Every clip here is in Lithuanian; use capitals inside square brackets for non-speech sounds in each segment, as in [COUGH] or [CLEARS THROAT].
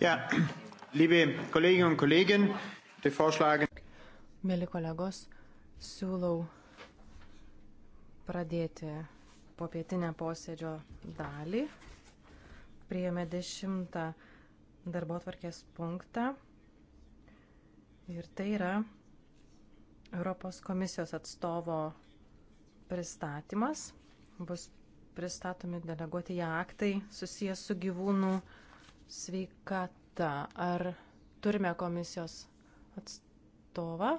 Ja, liebe Kolleginnen und Kollegen, die vorschlagen. Mėly kolegos, siūlau pradėti popietinę posėdžio dalį. Priėmė dešimtą darbo tvarkės punktą. Ir tai yra Europos komisijos atstovo pristatymas. Bus pristatomi deleguoti ją aktai susijęs su gyvūnų sveikata. Ar turime komisijos atstovą?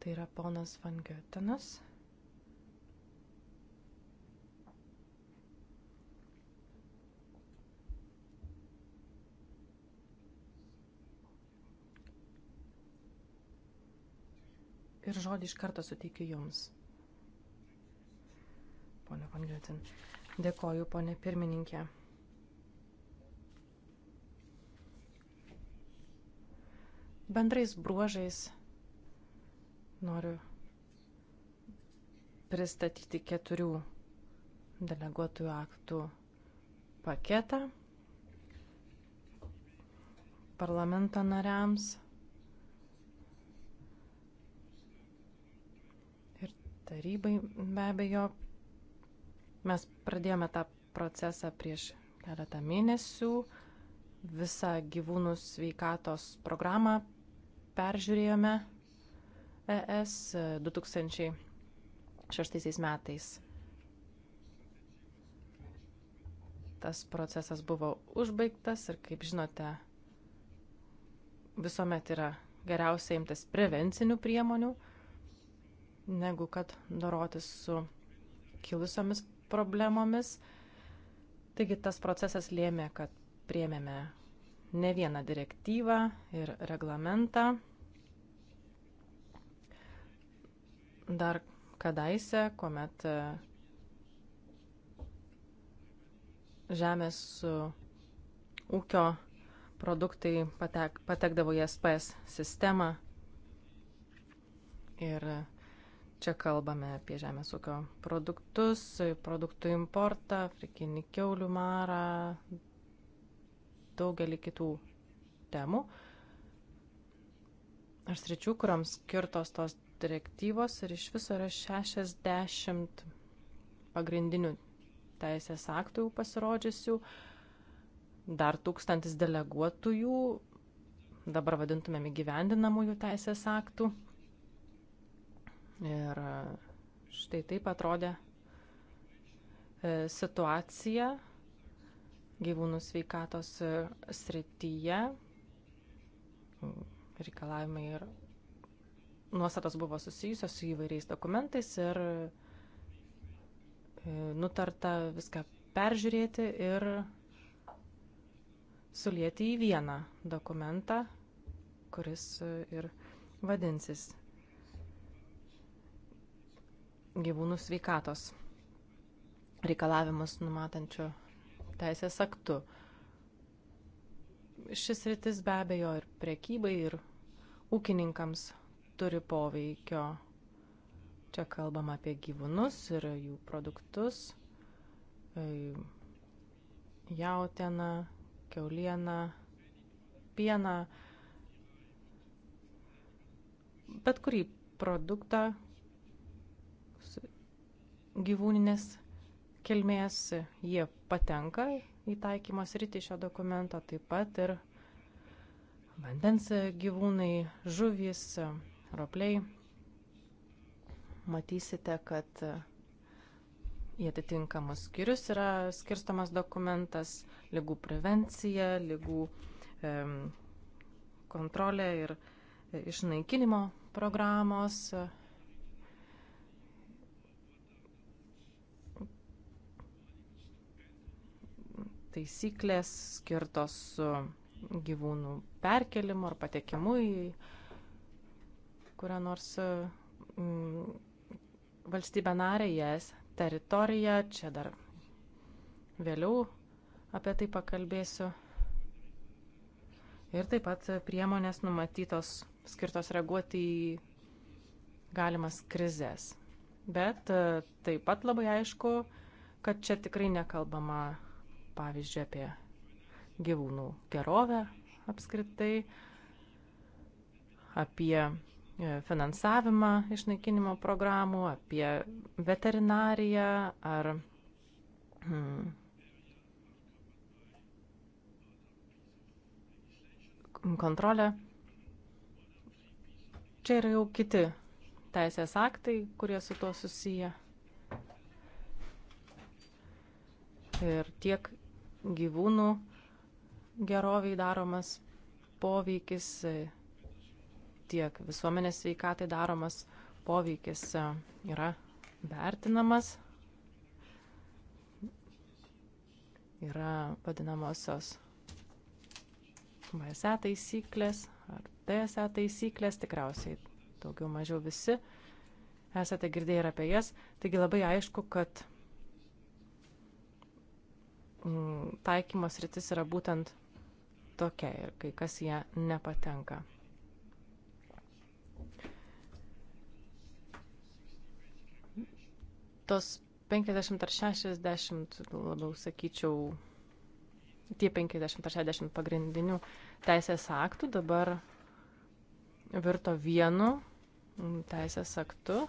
Tai yra ponas Van Götenas. Ir žodį iš karto suteikiu jums ponia Vangetin. Dėkoju, ponia pirmininkė. Bendrais bruožais noriu pristatyti keturių deleguotųjų aktų paketą parlamento nariams ir tarybai be abejo Mes pradėjome tą procesą prieš keletą mėnesių, visą gyvūnų sveikatos programą peržiūrėjome ES 2006 e, metais. Tas procesas buvo užbaigtas ir, kaip žinote, visuomet yra geriausia imtis prevencinių priemonių, negu kad dorotis su kilusiomis problemomis. Taigi tas procesas lėmė, kad priemėme ne vieną direktyvą ir reglamentą. Dar kadaise, kuomet e, žemės ūkio produktai patek, patekdavo į SPS sistemą ir Čia kalbame apie žemės ūkio produktus, produktų importą, afrikinį keulių marą, daugelį kitų temų ar sričių, kuriams skirtos tos direktyvos ir iš viso yra 60 pagrindinių teisės aktų jau pasirodžiusių, dar tūkstantis deleguotųjų, dabar vadintumėm įgyvendinamųjų teisės aktų. Ir e, štai taip atrodė e, situacija gyvūnų sveikatos e, srityje. Reikalavimai ir nuostatos buvo susijusios su įvairiais dokumentais ir nutarta viską peržiūrėti ir sulieti į vieną dokumentą, kuris ir vadinsis gyvūnų sveikatos reikalavimus numatančių teisės aktų. Šis rytis be abejo ir prekybai, ir ūkininkams turi poveikio. Čia kalbam apie gyvūnus ir jų produktus, e, jautieną, keulieną, pieną, bet kurį produktą, gyvūninės kilmės, jie patenka į taikymo sritį šio dokumento, taip pat ir vandens gyvūnai, žuvys, ropliai. Matysite, kad į atitinkamus skyrius yra skirstomas dokumentas - lygų prevencija, lygų e, kontrolė ir išnaikinimo programos, taisyklės skirtos gyvūnų perkelimu ar patekimu į kurią nors mm, valstybę narę, jas teritoriją. Čia dar vėliau apie tai pakalbėsiu. Ir taip pat priemonės numatytos skirtos reaguoti į galimas krizės. Bet e, taip pat labai aišku, kad čia tikrai nekalbama pavyzdžiui, apie gyvūnų gerovę apskritai, apie e, finansavimą išnaikinimo programų, apie veterinariją ar hmm, kontrolę. Čia yra jau kiti teisės aktai, kurie su tuo susiję. Ir tiek gyvūnų geroviai daromas poveikis, tiek visuomenės sveikatai daromas poveikis yra vertinamas. Yra vadinamosios VSA e taisyklės ar TSA e taisyklės, tikriausiai daugiau mažiau visi esate girdėję ir apie jas. Taigi labai aišku, kad taikymos rytis yra būtent tokia ir kai kas ją nepatenka. Tos 50 ar 60, labiau sakyčiau, tie 50 ar 60 pagrindinių teisės aktų dabar virto vienu teisės aktu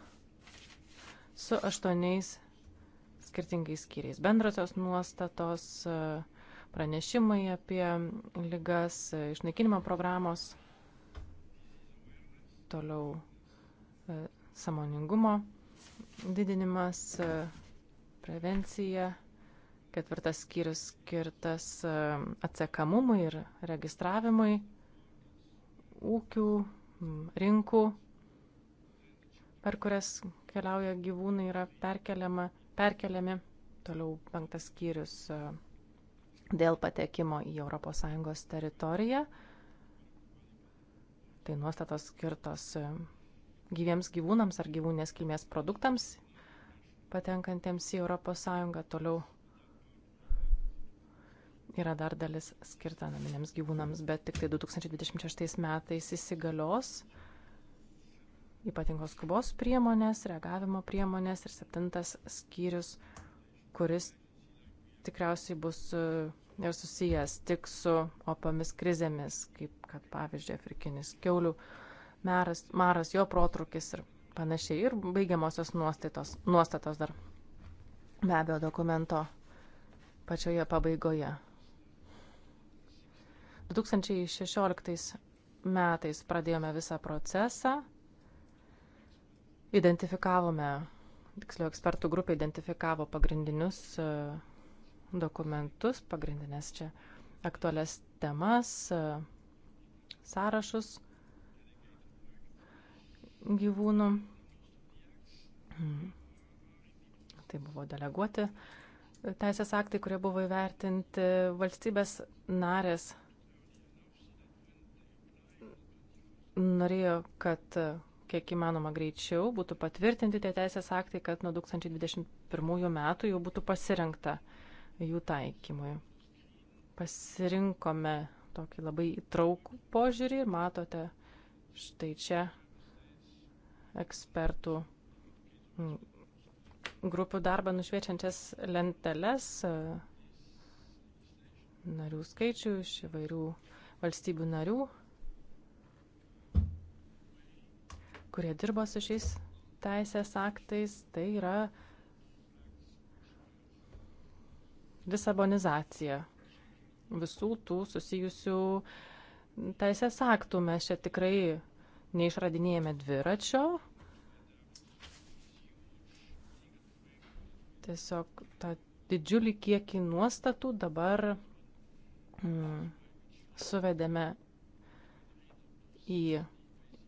su aštuoniais skirtingais skyriais. Bendrosios nuostatos, pranešimai apie lygas, išnaikinimo programos, toliau e, samoningumo didinimas, e, prevencija, ketvirtas skyrius skirtas e, atsekamumui ir registravimui ūkių, rinkų, per kurias keliauja gyvūnai, yra perkeliama perkeliami. Toliau penktas skyrius e, dėl patekimo į ES teritoriją. Tai nuostatos skirtos e, gyviems gyvūnams ar gyvūnės kilmės produktams patenkantiems į ES. Toliau yra dar dalis skirta naminiams gyvūnams, bet tik tai 2026 metais įsigalios ypatingos skubos priemonės, reagavimo priemonės ir septintas skyrius, kuris tikriausiai bus e, ir susijęs tik su opomis krizėmis, kaip kad pavyzdžiui afrikinis keulių meras, maras, jo protrukis ir panašiai. Ir baigiamosios nuostatos, nuostatos dar be abejo dokumento pačioje pabaigoje. 2016 metais pradėjome visą procesą Identifikavome, tiksliau ekspertų grupė identifikavo pagrindinius e, dokumentus, pagrindinės čia aktualias temas, e, sąrašus gyvūnų. Tai buvo deleguoti teisės aktai, kurie buvo įvertinti valstybės narės norėjo, kad kiek įmanoma greičiau būtų patvirtinti tie teisės aktai, kad nuo 2021 metų jau būtų pasirinkta jų taikymui. Pasirinkome tokį labai įtraukų požiūrį ir matote štai čia ekspertų grupių darbą nušviečiančias lenteles e, narių skaičių iš įvairių valstybių narių kurie dirba su šiais teisės aktais, tai yra disabonizacija visų tų susijusių teisės aktų. Mes čia tikrai neišradinėjame dviračio. Tiesiog tą didžiulį kiekį nuostatų dabar mm, suvedėme į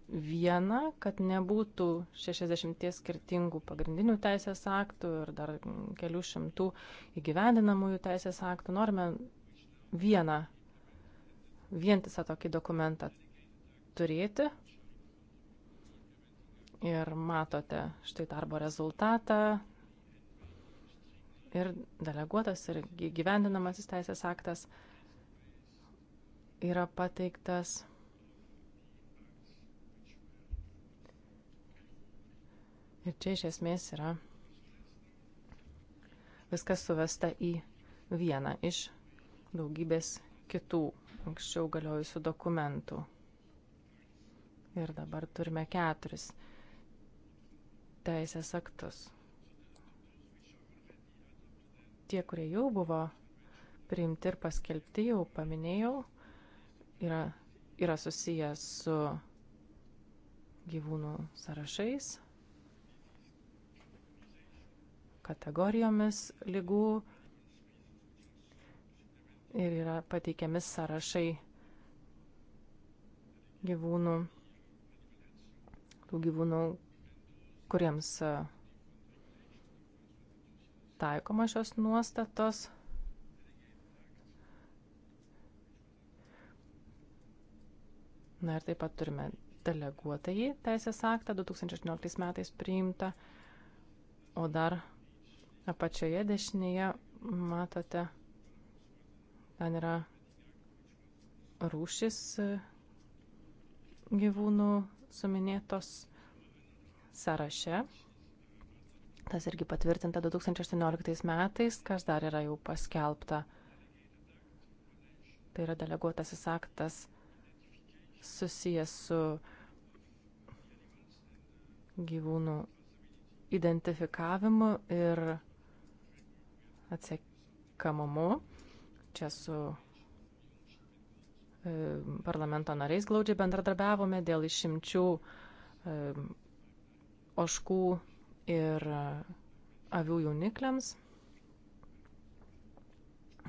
vieną, kad nebūtų 60 skirtingų pagrindinių teisės aktų ir dar kelių šimtų įgyvendinamųjų teisės aktų. Norime vieną, vientisą tokį dokumentą turėti. Ir matote štai darbo rezultatą. Ir deleguotas ir gyvendinamasis teisės aktas yra pateiktas Ir čia iš esmės yra viskas suvesta į vieną iš daugybės kitų anksčiau galiojusių dokumentų. Ir dabar turime keturis teisės aktus. Tie, kurie jau buvo priimti ir paskelbti, jau paminėjau, yra, yra susijęs su gyvūnų sąrašais kategorijomis lygų ir yra pateikiami sąrašai gyvūnų, tų gyvūnų, kuriems e, taikoma šios nuostatos. Na ir taip pat turime deleguotąjį teisės aktą 2018 metais priimtą, o dar Apačioje dešinėje matote, ten yra rūšis e, gyvūnų suminėtos sąraše. Tas irgi patvirtinta 2018 metais, kas dar yra jau paskelbta. Tai yra deleguotasis aktas susijęs su gyvūnų identifikavimu ir atsekamumu. Čia su e, parlamento nariais glaudžiai bendradarbiavome dėl išimčių e, oškų ir avių jaunikliams.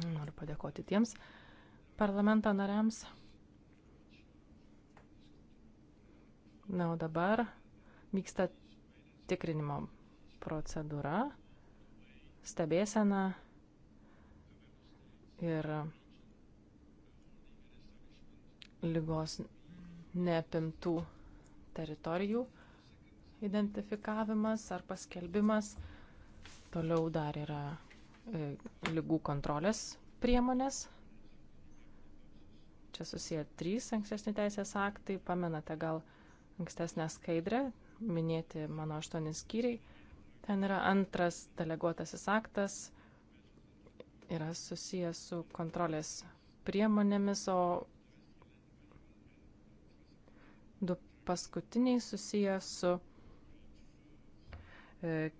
Noriu padėkoti tiems parlamento nariams. Na, o dabar vyksta tikrinimo procedūra stebėseną ir lygos neapimtų teritorijų identifikavimas ar paskelbimas. Toliau dar yra e, lygų kontrolės priemonės. Čia susiję trys ankstesni teisės aktai. Pamenate gal ankstesnę skaidrę, minėti mano aštuoni skyriai. Ten yra antras deleguotasis aktas, yra susijęs su kontrolės priemonėmis, o du paskutiniai susijęs su e,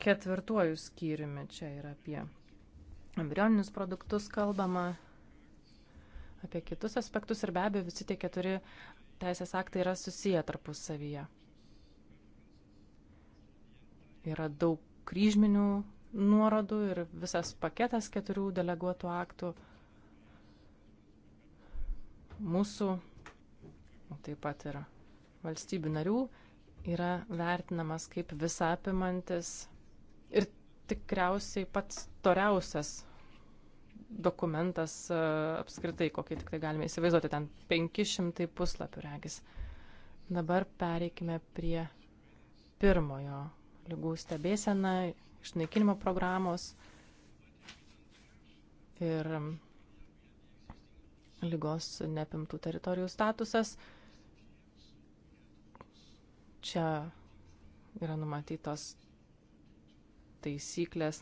ketvirtuoju skyriumi. Čia yra apie embrioninius produktus kalbama, apie kitus aspektus ir be abejo visi tie keturi teisės aktai yra susiję tarpusavyje. Yra daug kryžminių nuorodų ir visas paketas keturių deleguotų aktų mūsų, taip pat ir valstybių narių, yra vertinamas kaip visą apimantis ir tikriausiai pats toriausias dokumentas e, apskritai, kokį tik tai galime įsivaizduoti, ten 500 puslapių regis. Dabar pereikime prie pirmojo lygų stebėsena, išnaikinimo programos ir lygos neapimtų teritorijų statusas. Čia yra numatytos taisyklės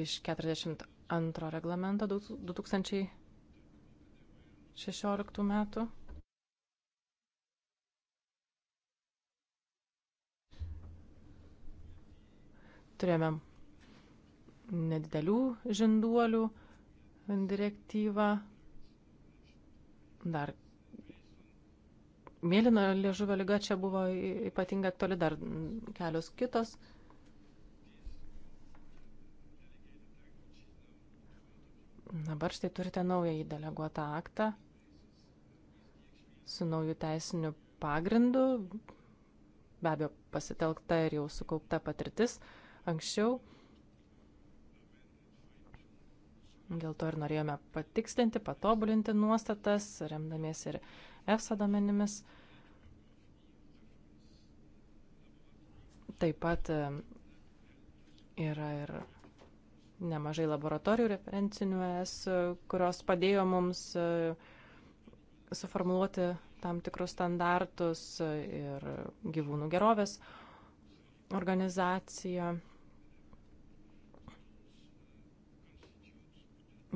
iš 42 reglamento 2016 metų. Turėjome nedidelių žinduolių direktyvą, dar mėlyno liežuvio lyga čia buvo ypatinga aktuali, dar kelios kitos. Dabar štai turite naują įdeleguotą aktą su naujų teisiniu pagrindu, be abejo pasitelkta ir jau sukaupta patirtis. Uh, anksčiau. Dėl to ir norėjome patikslinti, patobulinti nuostatas, remdamiesi ir EFSA domenimis. Taip pat e, yra ir nemažai laboratorijų referencinių ES, kurios padėjo mums e, suformuoluoti tam tikrus standartus e, ir gyvūnų gerovės organizacija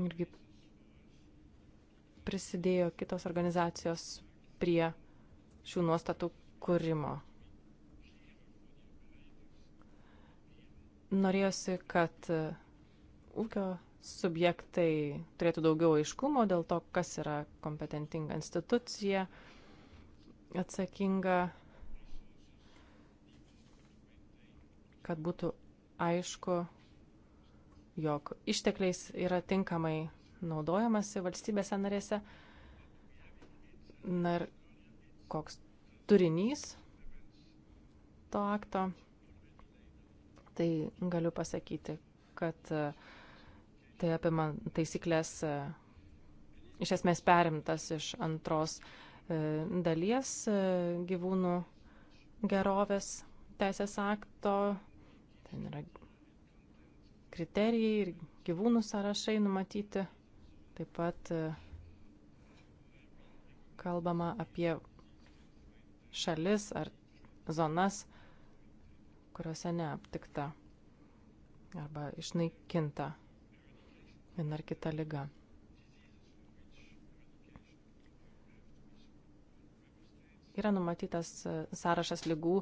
irgi prisidėjo kitos organizacijos prie šių nuostatų kūrimo. Norėjosi, kad e, ūkio subjektai turėtų daugiau aiškumo dėl to, kas yra kompetentinga institucija, atsakinga, kad būtų aišku, jog ištekliais yra tinkamai naudojamasi valstybėse narėse. Na ir koks turinys to akto, tai galiu pasakyti, kad e, tai apima taisyklės e, iš esmės perimtas iš antros e, dalies gyvūnų gerovės teisės akto. Ten yra kriterijai ir gyvūnų sąrašai numatyti. Taip pat e, kalbama apie šalis ar zonas, kuriuose neaptikta arba išnaikinta viena ar kita lyga. Yra numatytas e, sąrašas lygų,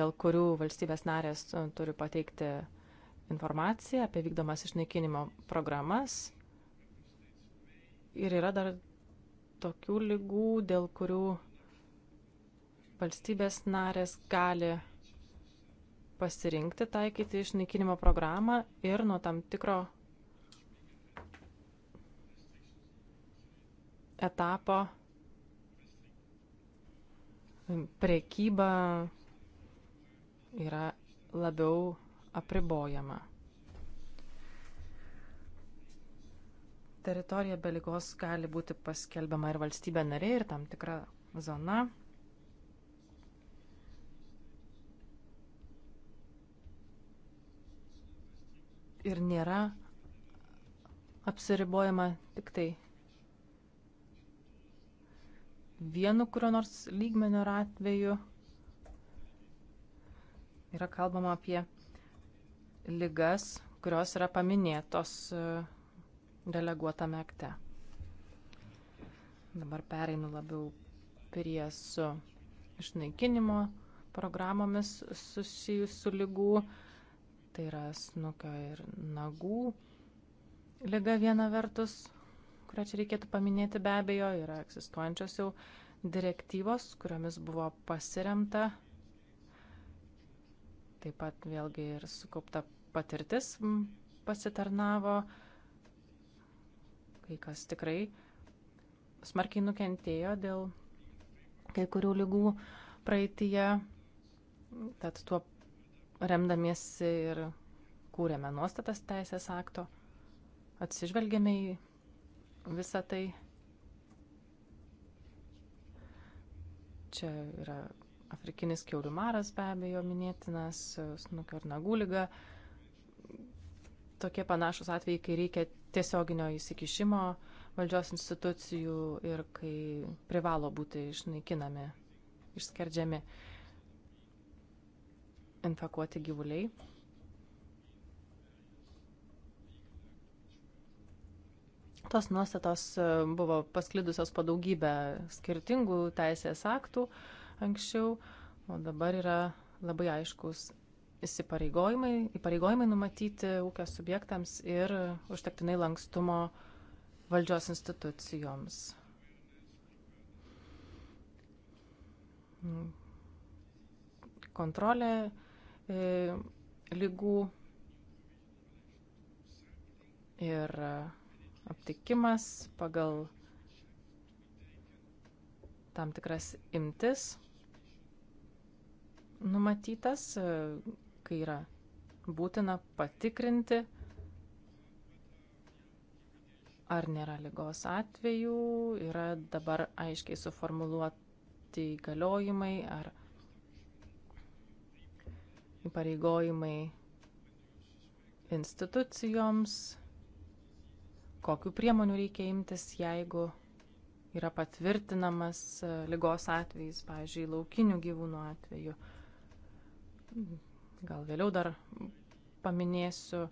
dėl kurių valstybės narės e, turi pateikti informaciją apie vykdomas išnaikinimo programas. Ir yra dar tokių lygų, dėl kurių valstybės narės gali pasirinkti taikyti išnaikinimo programą ir nuo tam tikro etapo prekyba yra labiau apribojama. Teritorija be lygos gali būti paskelbiama ir valstybė narė, ir tam tikra zona. Ir nėra apsiribojama tik tai vienu kurio nors lygmeniu ar atveju yra kalbama apie lygas, kurios yra paminėtos e, deleguotame akte. Dabar pereinu labiau prie su išnaikinimo programomis susijusių lygų. Tai yra snukio ir nagų lyga viena vertus, kurią čia reikėtų paminėti be abejo, yra egzistuojančios jau direktyvos, kuriomis buvo pasiremta. Taip pat vėlgi ir sukaupta patirtis pasitarnavo, kai kas tikrai smarkiai nukentėjo dėl kai kurių lygų praeitįje. Tad tuo remdamiesi ir kūrėme nuostatas teisės akto, atsižvelgėme į visą tai. Čia yra afrikinis kiaulių maras be abejo minėtinas, snukio ir nagų lyga, tokie panašus atvejai, kai reikia tiesioginio įsikišimo valdžios institucijų ir kai privalo būti išnaikinami, išskerdžiami infekuoti gyvuliai. Tos nuostatos e, buvo pasklidusios po daugybę skirtingų teisės aktų anksčiau, o dabar yra labai aiškus įsipareigojimai, įpareigojimai numatyti ūkio subjektams ir užtektinai lankstumo valdžios institucijoms. Kontrolė e, lygų ir aptikimas pagal tam tikras imtis numatytas, kai yra būtina patikrinti, ar nėra lygos atvejų, yra dabar aiškiai suformuluoti įgaliojimai ar įpareigojimai institucijoms, kokiu priemonių reikia imtis, jeigu yra patvirtinamas lygos atvejis, pavyzdžiui, laukinių gyvūnų atveju gal vėliau dar paminėsiu.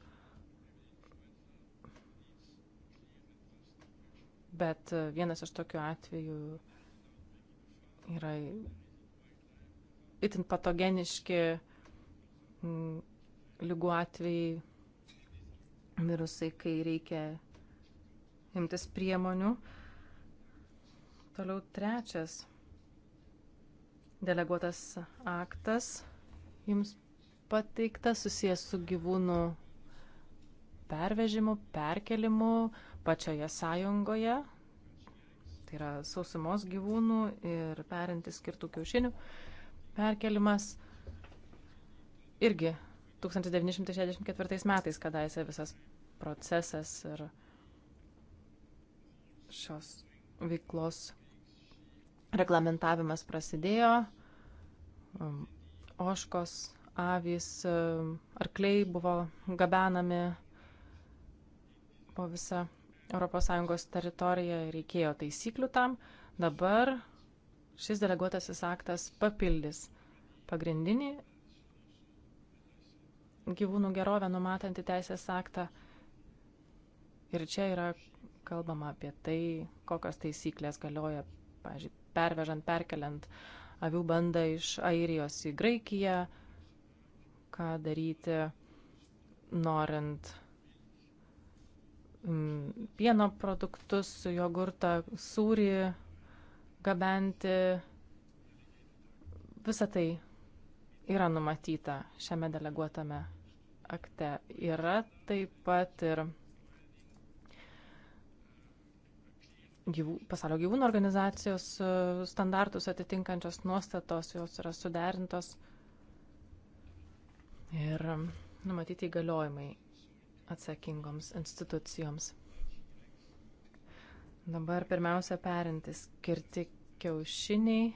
Bet vienas iš tokių atvejų yra itin patogeniški mm, lygų atvejai virusai, kai reikia imtis priemonių. Toliau trečias deleguotas aktas jums pateikta susijęs su gyvūnų pervežimu, perkelimu pačioje sąjungoje. Tai yra sausumos gyvūnų ir perinti skirtų kiaušinių perkelimas. Irgi 1964 metais kadaise visas procesas ir šios veiklos reglamentavimas prasidėjo. Oškos avys, e, arkliai buvo gabenami po visą ES teritoriją ir reikėjo taisyklių tam. Dabar šis deleguotasis aktas papildys pagrindinį gyvūnų gerovę numatantį teisės aktą. Ir čia yra kalbama apie tai, kokios taisyklės galioja, pažiūrėjau, pervežant, perkeliant avių bandą iš Airijos į Graikiją, ką daryti, norint mm, pieno produktus, jogurtą, sūrį gabenti. Visą tai yra numatyta šiame deleguotame akte. Yra taip pat ir gyvų, pasaulio gyvūnų organizacijos e, standartus atitinkančios nuostatos, jos yra suderintos ir um, numatyti įgaliojimai atsakingoms institucijoms. Dabar pirmiausia perintis skirti kiaušiniai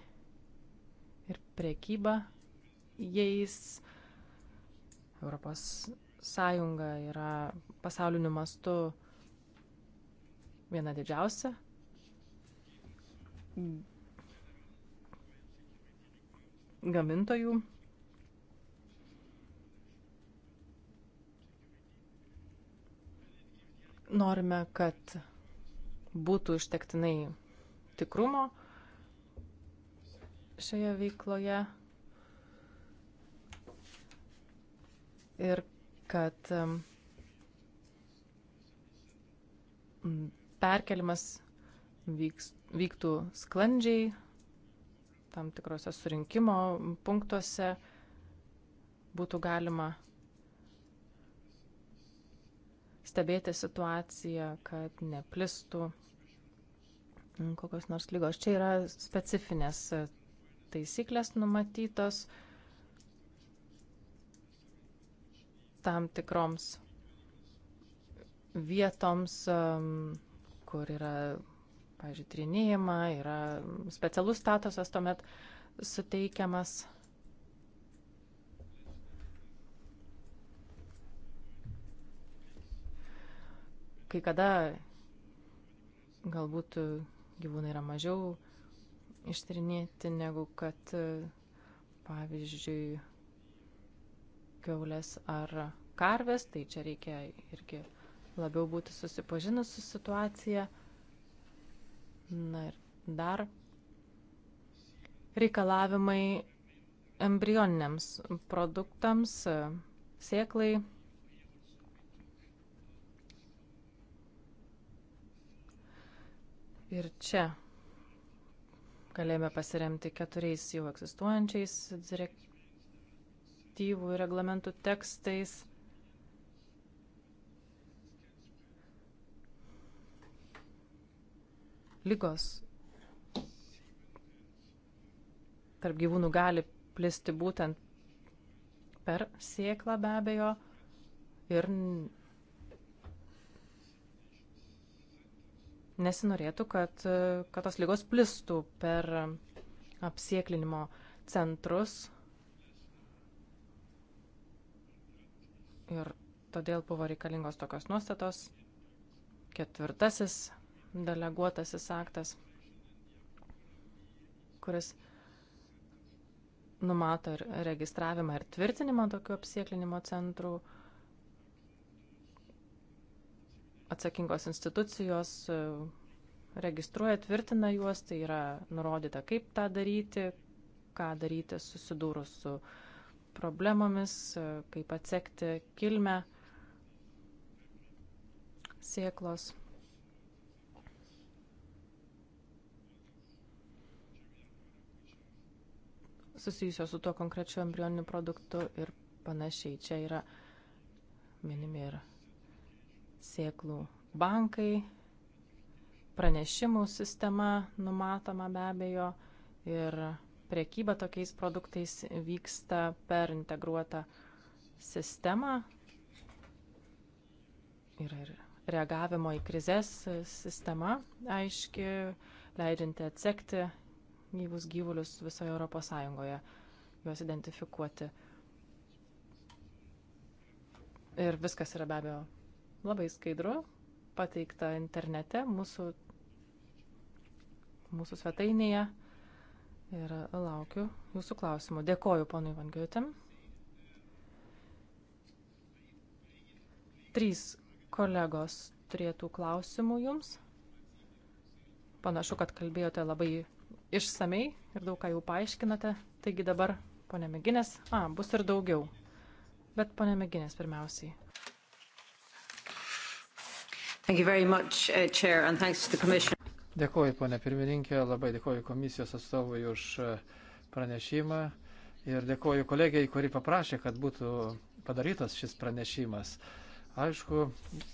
ir prekyba jais. Europos Sąjunga yra pasauliniu mastu viena didžiausia. Gamintojų Norime, kad būtų ištektinai tikrumo šioje veikloje ir kad um, perkelimas vyks, vyktų sklandžiai tam tikrose surinkimo punktuose būtų galima stebėti situaciją, kad neplistų kokios nors lygos. Čia yra specifinės taisyklės numatytos tam tikroms vietoms, um, kur yra, pažiūrėjau, trinėjama, yra specialus statusas tuomet suteikiamas kai kada galbūt gyvūnai yra mažiau ištyrinėti negu kad, pavyzdžiui, keulės ar karvės, tai čia reikia irgi labiau būti susipažinus su situacija. Na ir dar reikalavimai embrioniniams produktams, sėklai, Ir čia galėjome pasiremti keturiais jau egzistuojančiais direktyvų ir reglamentų tekstais. Lygos tarp gyvūnų gali plisti būtent per sieklą be abejo ir nesinorėtų, kad, kad tos lygos plistų per apsieklinimo centrus. Ir todėl buvo reikalingos tokios nuostatos. Ketvirtasis deleguotasis aktas, kuris numato ir registravimą ir tvirtinimą tokių apsieklinimo centrų atsakingos institucijos e, registruoja, tvirtina juos, tai yra nurodyta, kaip tą daryti, ką daryti susidūrus su problemomis, e, kaip atsekti kilmę sėklos. susijusios su tuo konkrečiu embrioniniu produktu ir panašiai. Čia yra minimi ir sėklų bankai, pranešimų sistema numatoma be abejo ir priekyba tokiais produktais vyksta per integruotą sistemą. Yra ir reagavimo į krizės sistema aiški, leidžianti atsekti gyvus gyvulius visoje Europos Sąjungoje, juos identifikuoti. Ir viskas yra be abejo Labai skaidru, pateikta internete, mūsų, mūsų svetainėje. Ir laukiu jūsų klausimų. Dėkoju ponui Van Goethem. Trys kolegos turėtų klausimų jums. Panašu, kad kalbėjote labai išsamei ir daug ką jau paaiškinote. Taigi dabar, ponė Mėginės, a, bus ir daugiau. Bet ponė Mėginės pirmiausiai. Much, uh, Chair, dėkuoju, ponė pirmininkė, labai dėkuoju komisijos atstovui už uh, pranešimą ir dėkuoju kolegijai, kuri paprašė, kad būtų padarytas šis pranešimas. Aišku,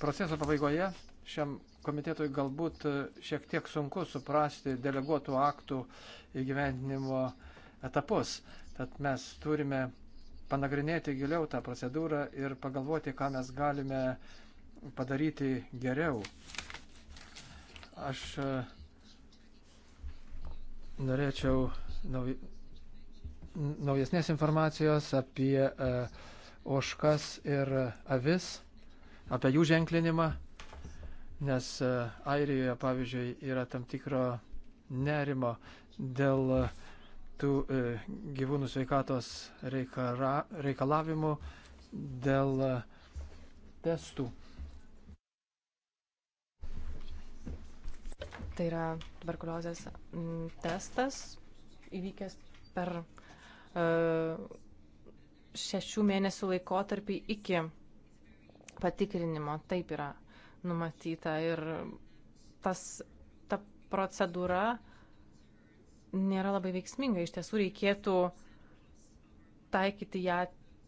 proceso pabaigoje šiam komitetui galbūt uh, šiek tiek sunku suprasti deleguotų aktų įgyvendinimo etapus. Tad mes turime panagrinėti giliau tą procedūrą ir pagalvoti, ką mes galime padaryti geriau. Aš e, norėčiau nauj, naujesnės informacijos apie e, oškas ir avis, apie jų ženklinimą, nes e, Airijoje, pavyzdžiui, yra tam tikro nerimo dėl tų gyvūnų sveikatos reikala, reikalavimų, dėl testų. Tai yra tuberkuliozės mm, testas įvykęs per e, šešių mėnesių laikotarpį iki patikrinimo. Taip yra numatyta ir tas, ta procedūra nėra labai veiksminga. Iš tiesų reikėtų taikyti ją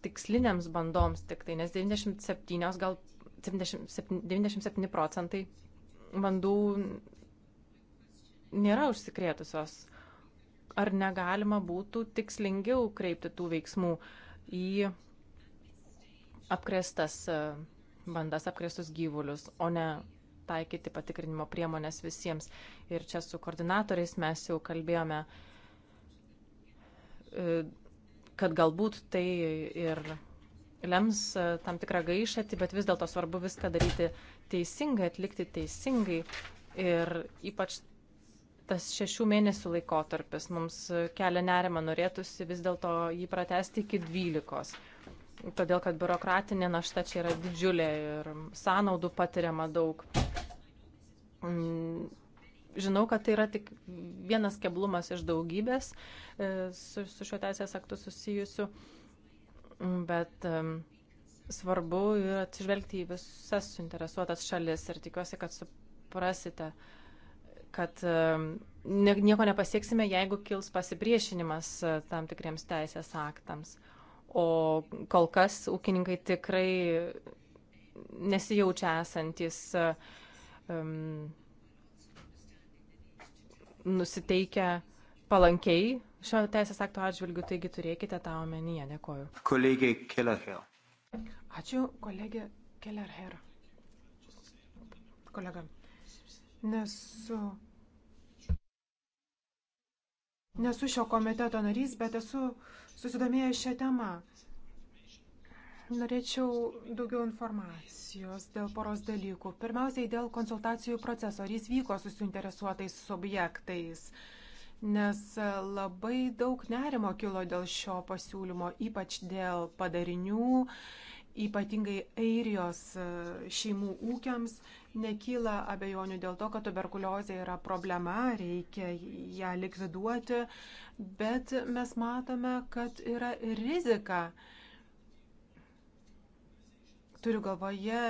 tiksliniams bandoms tik tai, nes 97, gal 77, 97 procentai bandų nėra užsikrėtusios. Ar negalima būtų tikslingiau kreipti tų veiksmų į apkrestas e, bandas, apkrestus gyvulius, o ne taikyti patikrinimo priemonės visiems. Ir čia su koordinatoriais mes jau kalbėjome, e, kad galbūt tai ir lems e, tam tikrą gaišatį, bet vis dėlto svarbu viską daryti teisingai, atlikti teisingai. Ir ypač tas šešių mėnesių laikotarpis mums kelia nerimą, norėtųsi vis dėlto jį pratesti iki dvylikos. Todėl, kad biurokratinė našta čia yra didžiulė ir sąnaudų patiriama daug. Mm, žinau, kad tai yra tik vienas keblumas iš daugybės e, su, su šiuo teisės aktu susijusiu, bet svarbu ir atsižvelgti į visas suinteresuotas šalis ir tikiuosi, kad suprasite uh, kad nieko nepasieksime, jeigu kils pasipriešinimas e, tam tikriems teisės aktams. O kol kas ūkininkai tikrai nesijaučia esantis um, e, nusiteikę palankiai šio teisės akto atžvilgių, taigi turėkite tą omenyje. Dėkoju. Kolegė Kellerher. Ačiū, kolegė Kellerher. Kolega. Nesu. Nesu šio komiteto narys, bet esu susidomėjęs šią temą. Norėčiau daugiau informacijos dėl poros dalykų. Pirmiausiai dėl konsultacijų proceso. Ar jis vyko su suinteresuotais subjektais? Nes labai daug nerimo kilo dėl šio pasiūlymo, ypač dėl padarinių, ypatingai airijos e, šeimų ūkiams, nekyla abejonių dėl to, kad tuberkuliozė yra problema, reikia ją likviduoti, bet mes matome, kad yra rizika. Turiu galvoje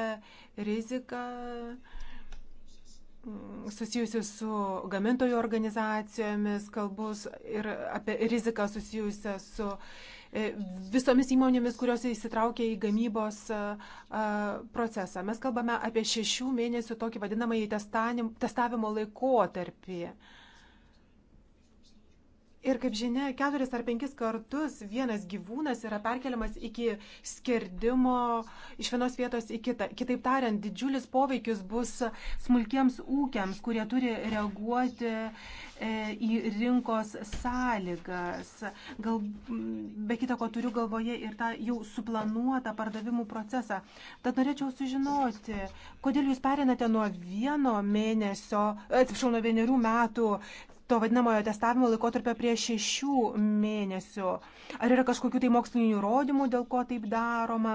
riziką mm, susijusi su gamintojų organizacijomis, kalbus ir apie riziką susijusią su uh, E, visomis įmonėmis, kurios įsitraukia į gamybos e, e, procesą. Mes kalbame apie šešių mėnesių tokį vadinamąjį testavimo laikotarpį. tarpį Ir kaip žinia, keturis ar penkis kartus vienas gyvūnas yra perkeliamas iki skerdimo iš vienos vietos į kitą. Kitaip tariant, didžiulis poveikis bus smulkiems ūkiams, kurie turi reaguoti e, į rinkos sąlygas. Gal be kita ko turiu galvoje ir tą jau suplanuotą pardavimų procesą. Tad norėčiau sužinoti, kodėl jūs perinate nuo vieno mėnesio, atsiprašau, nuo vienerių metų to vadinamojo testavimo laikotarpio prie šešių mėnesių? Ar yra kažkokių tai mokslinių įrodymų, dėl ko taip daroma,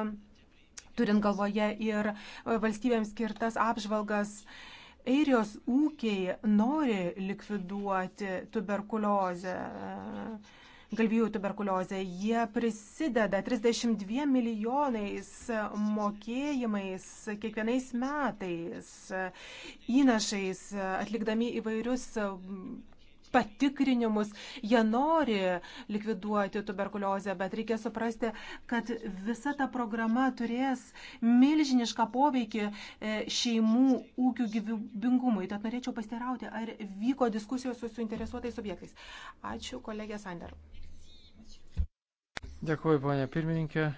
turint galvoje ir e, valstybėms skirtas apžvalgas? Airijos ūkiai nori likviduoti tuberkuliozę, e, galvijų tuberkuliozę. Jie prisideda 32 milijonais mokėjimais kiekvienais metais, e, įnašais, atlikdami įvairius patikrinimus. Jie nori likviduoti tuberkuliozę, bet reikia suprasti, kad visa ta programa turės milžinišką poveikį e, šeimų ūkių gyvybingumui. Tad norėčiau pasiteirauti, ar vyko diskusijos su suinteresuotais subjektais. Ačiū, kolegė Sander. Dėkuoju, ponė pirmininkė.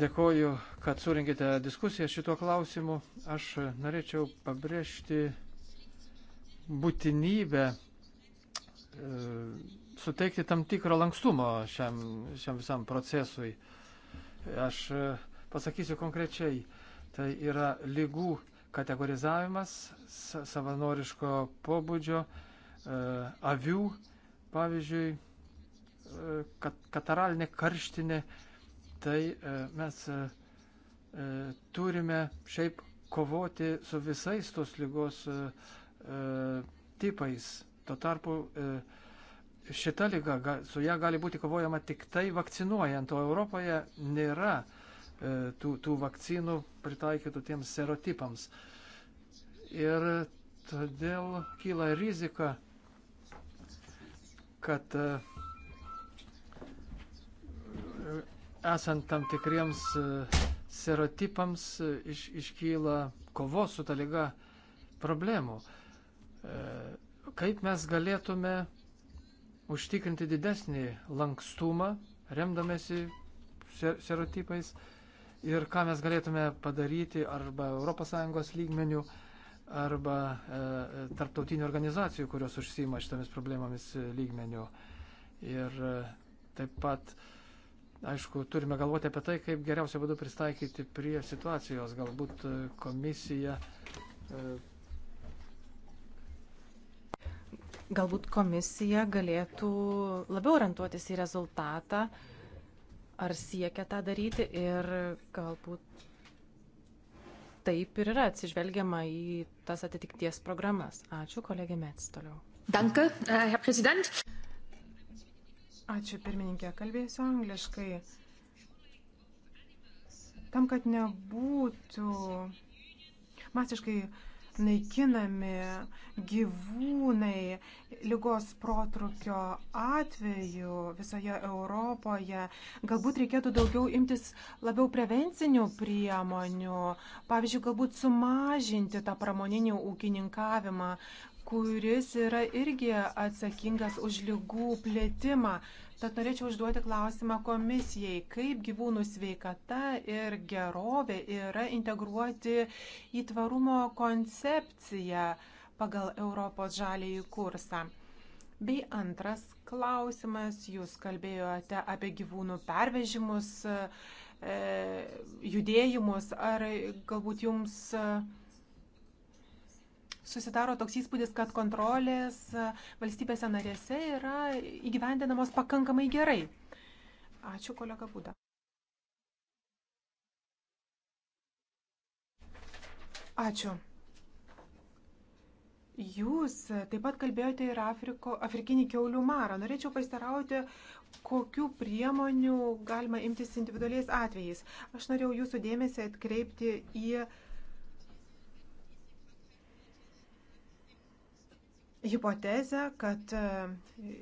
Dėkuoju, kad surinkite diskusiją šituo klausimu. Aš norėčiau pabrėžti būtinybę e, suteikti tam tikrą lankstumą šiam, šiam visam procesui. Aš e, pasakysiu konkrečiai, tai yra lygų kategorizavimas savanoriško pobūdžio, e, avių, pavyzdžiui, kataralinė karštinė, tai mes turime šiaip kovoti su visais tos lygos uh, E, tipais. Tuo tarpu e, šita lyga, su ją gali būti kovojama tik tai vakcinuojant, o Europoje nėra e, tų, tų vakcinų pritaikytų tiems serotipams. Ir todėl kyla rizika, kad esant tam tikriems serotipams iš, iškyla kovos su ta lyga problemų. E, kaip mes galėtume užtikrinti didesnį lankstumą, remdamėsi serotipais ir ką mes galėtume padaryti arba ES lygmenių, arba e, tarptautinių organizacijų, kurios užsima šitomis problemomis e, lygmenių. Ir e, taip pat, aišku, turime galvoti apie tai, kaip geriausia būdu pristaikyti prie situacijos. Galbūt e, komisija e, Galbūt komisija galėtų labiau orientuotis į rezultatą, ar siekia tą daryti ir galbūt taip ir yra atsižvelgiama į tas atitikties programas. Ačiū, kolegė Mets toliau. Danke, äh, Herr Präsident. Ačiū, pirmininkė, kalbėsiu angliškai. Tam, kad nebūtų masiškai uh, naikinami gyvūnai lygos protrukio atveju visoje Europoje. Galbūt reikėtų daugiau imtis labiau prevencinių priemonių, pavyzdžiui, galbūt sumažinti tą pramoninį ūkininkavimą, kuris yra irgi atsakingas už lygų plėtimą. Tad norėčiau užduoti klausimą komisijai, kaip gyvūnų sveikata ir gerovė yra integruoti į tvarumo koncepciją pagal Europos žalėjį kursą. Bei antras klausimas, jūs kalbėjote apie gyvūnų pervežimus, e, judėjimus, ar galbūt jums e, susidaro toks įspūdis, kad kontrolės e, valstybėse narėse yra įgyvendinamos pakankamai gerai. Ačiū, kolega Būda. Ačiū. Jūs taip pat kalbėjote ir Afriko, afrikinį keulių marą. Norėčiau pasitarauti, kokiu priemonių galima imtis individualiais atvejais. Aš norėjau jūsų dėmesį atkreipti į uh, hipotezę, kad e,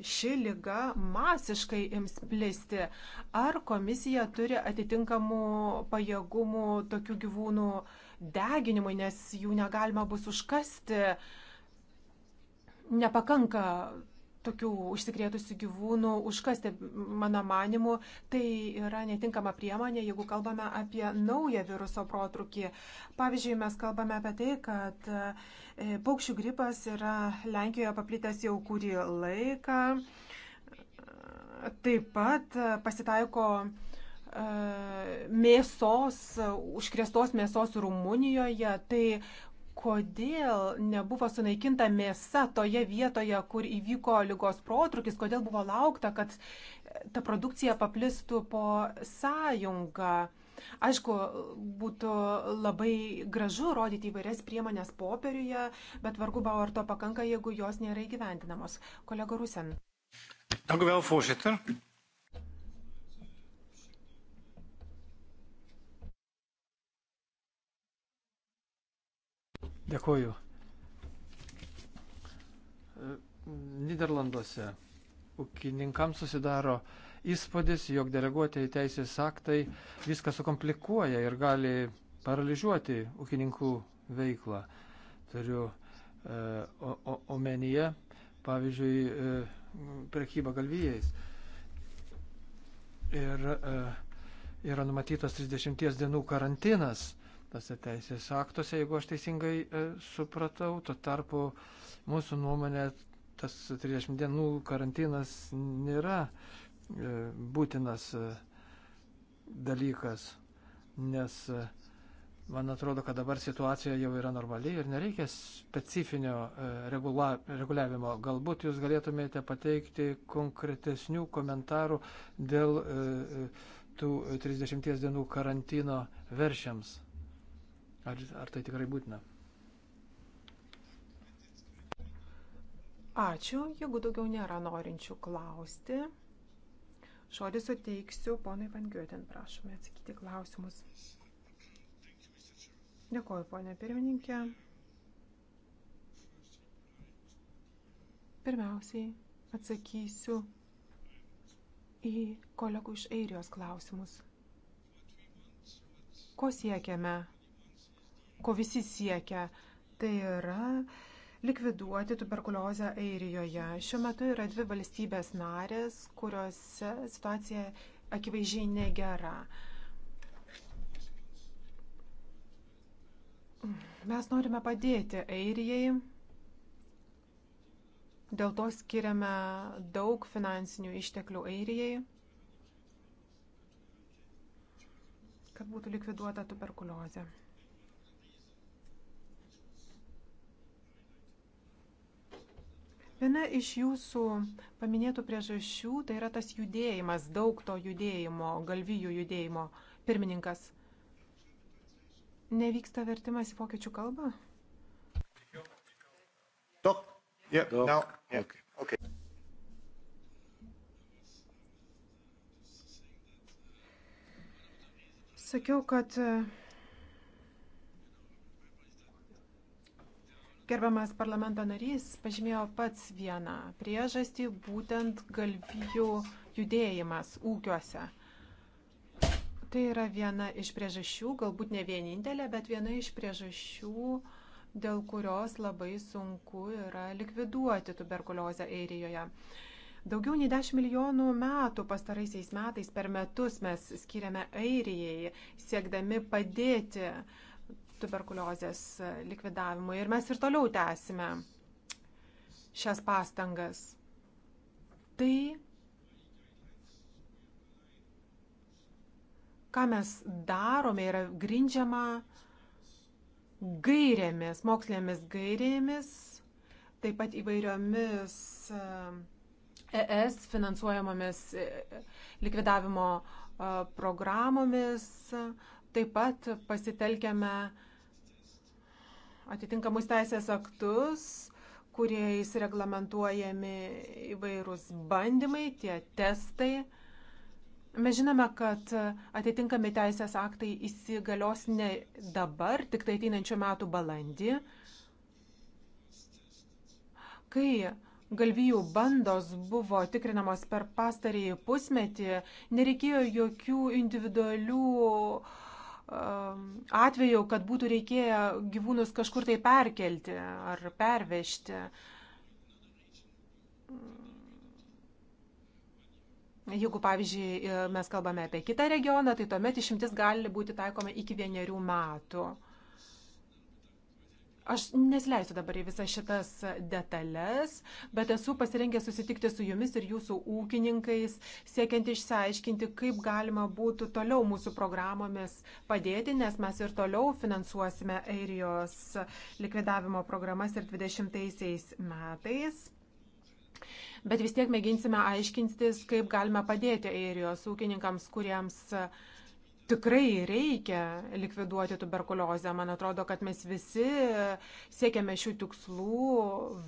ši lyga masiškai ims plisti. Ar komisija turi atitinkamų pajėgumų tokių gyvūnų deginimui, nes jų negalima bus užkasti? Nepakanka tokių užsikrėtusių gyvūnų užkasti, mano manimu, tai yra netinkama priemonė, jeigu kalbame apie naują viruso protrukį. Pavyzdžiui, mes kalbame apie tai, kad e, paukščių gripas yra Lenkijoje paplitęs jau kurį laiką. Taip pat e, pasitaiko e, mėsos, užkrėstos mėsos Rumunijoje, tai kodėl nebuvo sunaikinta mėsa toje vietoje, kur įvyko lygos protrukis, kodėl buvo laukta, kad ta produkcija paplistų po sąjungą. Aišku, būtų labai gražu rodyti įvairias priemonės popieriuje, bet vargu bau ar to pakanka, jeigu jos nėra įgyventinamos. Kolega Rusen. Dank u wel, voorzitter. Dėkuoju. Niderlanduose ūkininkams susidaro įspūdis, jog deleguotieji teisės aktai viską sukomplikuoja ir gali paralyžiuoti ūkininkų veiklą. Turiu e, omenyje, pavyzdžiui, e, prekybą galvijais. Ir e, yra numatytas 30 dienų karantinas tose teisės aktuose, jeigu aš teisingai e, supratau. Tuo tarpu mūsų nuomonė tas 30 dienų karantinas nėra e, būtinas e, dalykas, nes e, man atrodo, kad dabar situacija jau yra normali ir nereikia specifinio e, regula, reguliavimo. Galbūt jūs galėtumėte pateikti konkretesnių komentarų dėl e, e, tų 30 dienų karantino veršiams. Ar, ar tai tikrai būtina? Ačiū, jeigu daugiau nėra norinčių klausti. Žodį suteiksiu ponui Van Giuoten, prašome atsakyti klausimus. Dėkuoju, ponė pirmininkė. Pirmiausiai atsakysiu į kolegų iš Airijos klausimus. Ko siekiame ko visi siekia, tai yra likviduoti tuberkuliozę Airijoje. Šiuo metu yra dvi valstybės narės, kuriuose situacija akivaizdžiai negera. Mes norime padėti Airijai. Dėl to skiriame daug finansinių išteklių Airijai, kad būtų likviduota tuberkuliozė. Viena iš jūsų paminėtų priežasčių tai yra tas judėjimas, daug to judėjimo, galvijų judėjimo. Pirmininkas, nevyksta vertimas į vokiečių kalbą? Tok. Yeah, Tok. Now, yeah. okay. Okay. Sakiau, kad Gerbiamas parlamento narys pažymėjo pats vieną priežastį, būtent galvijų judėjimas ūkiuose. Tai yra viena iš priežasčių, galbūt ne vienintelė, bet viena iš priežasčių, dėl kurios labai sunku yra likviduoti tuberkuliozę Airijoje. Daugiau nei 10 milijonų metų pastaraisiais metais per metus mes skiriame Airijai, siekdami padėti uh, tuberkuliozės likvidavimui. Ir mes ir toliau tęsime šias pastangas. Tai, ką mes darome, yra grindžiama gairėmis, mokslinėmis gairėmis, taip pat įvairiomis e, ES finansuojamomis e, likvidavimo e, programomis, taip pat pasitelkiame atitinkamus teisės aktus, kuriais reglamentuojami įvairūs bandymai, tie testai. Mes žinome, kad atitinkami teisės aktai įsigalios ne dabar, tik tai ateinančių metų balandį, kai galvijų bandos buvo tikrinamos per pastarį pusmetį, nereikėjo jokių individualių uh, Um, atveju, kad būtų reikėję gyvūnus kažkur tai perkelti ar pervežti. Jeigu, pavyzdžiui, mes kalbame apie kitą regioną, tai tuomet išimtis gali būti taikoma iki vienerių metų. Aš nesileisiu dabar į visas šitas detalės, bet esu pasirengęs susitikti su jumis ir jūsų ūkininkais, siekiant išsiaiškinti, kaip galima būtų toliau mūsų programomis padėti, nes mes ir toliau finansuosime Airijos likvidavimo programas ir 20 metais. Bet vis tiek mėginsime aiškintis, kaip galime padėti airijos ūkininkams, kuriems uh, tikrai reikia likviduoti tuberkuliozę. Man atrodo, kad mes visi siekiame šių tikslų,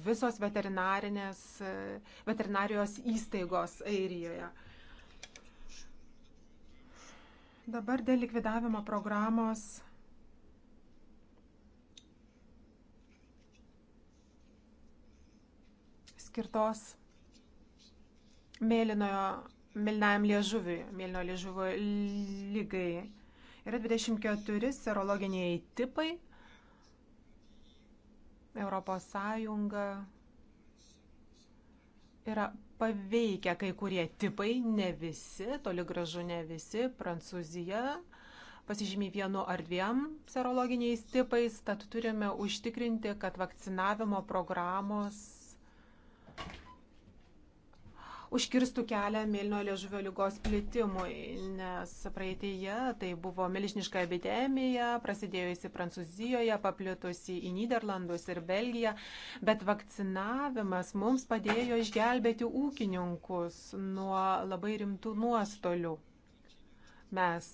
visos veterinarijos įstaigos Airijoje. Dabar dėl likvidavimo programos. skirtos mėlynojo milnajam liežuviui, milno liežuvio lygai. Yra 24 serologiniai tipai. Europos Sąjunga yra paveikia kai kurie tipai, ne visi, toli gražu ne visi. Prancūzija pasižymi vienu ar dviem serologiniais tipais, tad turime užtikrinti, kad vakcinavimo programos užkirstų kelią mėlyno liežuvio lygos plitimui, nes praeitėje tai buvo milžiniška epidemija, prasidėjusi Prancūzijoje, paplitusi į Niderlandus ir Belgiją, bet vakcinavimas mums padėjo išgelbėti ūkininkus nuo labai rimtų nuostolių. Mes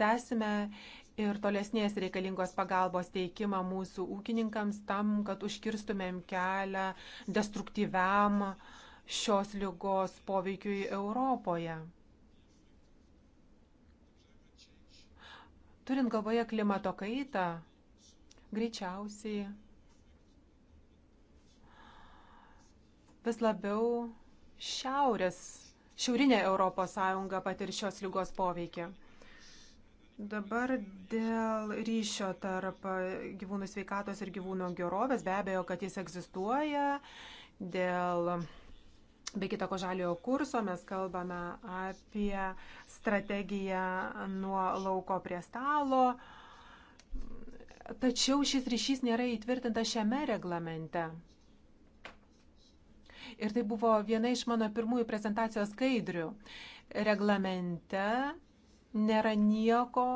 tęsime ir tolesnės reikalingos pagalbos teikimą mūsų ūkininkams tam, kad užkirstumėm kelią destruktyviam uh, šios lygos poveikiui Europoje. Turint galvoje klimato kaitą, greičiausiai vis labiau šiaurės, šiaurinė Europos Sąjunga patir šios lygos poveikį. Dabar dėl ryšio tarp gyvūnų sveikatos ir gyvūnų gerovės, be abejo, kad jis egzistuoja, dėl Be kitako žaliojo kurso mes kalbame apie strategiją nuo lauko prie stalo, tačiau šis ryšys nėra įtvirtintas šiame reglamente. Ir tai buvo viena iš mano pirmųjų prezentacijos skaidrių. Reglamente nėra nieko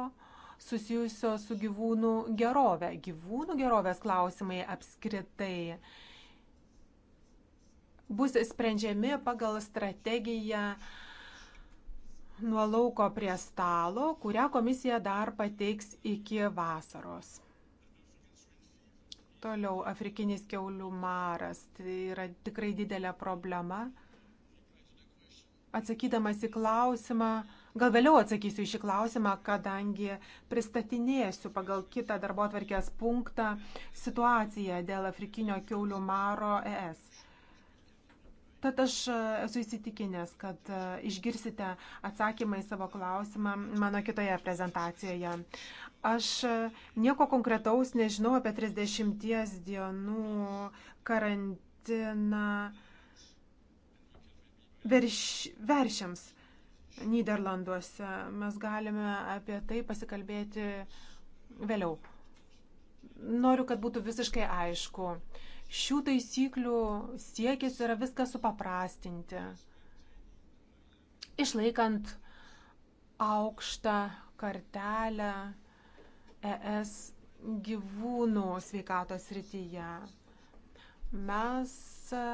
susijusio su gyvūnų gerove. Gyvūnų gerovės klausimai apskritai bus sprendžiami pagal strategiją nuo lauko prie stalo, kurią komisija dar pateiks iki vasaros. Toliau afrikinis keulių maras. Tai yra tikrai didelė problema. Atsakydamas į klausimą, gal vėliau atsakysiu į šį klausimą, kadangi pristatinėsiu pagal kitą darbo atvarkės punktą situaciją dėl afrikinio keulių maro ES. Tad aš e, esu įsitikinęs, kad e, išgirsite atsakymą į savo klausimą mano kitoje prezentacijoje. Aš e, nieko konkretaus nežinau apie 30 dienų karantiną verš, veršiams Niderlanduose. Mes galime apie tai pasikalbėti vėliau. Noriu, kad būtų visiškai aišku. Uh, Šių taisyklių siekis yra viską supaprastinti, išlaikant aukštą kartelę ES gyvūnų sveikatos rytyje. Mes e,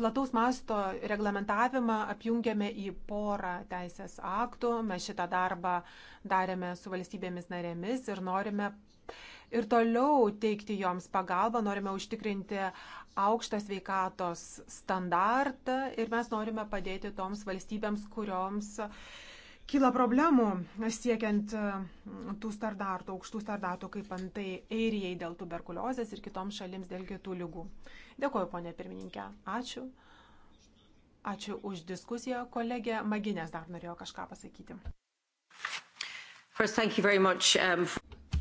plataus masto reglamentavimą apjungiame į porą teisės aktų. Mes šitą darbą darėme su valstybėmis narėmis ir norime ir toliau teikti joms pagalbą, norime užtikrinti aukštą sveikatos standartą ir mes norime padėti toms valstybėms, kurioms kyla problemų siekiant mm, tų standartų, aukštų standartų, kaip antai Eirijai dėl tuberkuliozės ir kitoms šalims dėl kitų lygų. Dėkuoju, ponė pirmininkė. Ačiū. Ačiū už diskusiją. Kolegė Maginės dar norėjo kažką pasakyti. First, thank you very much. Um...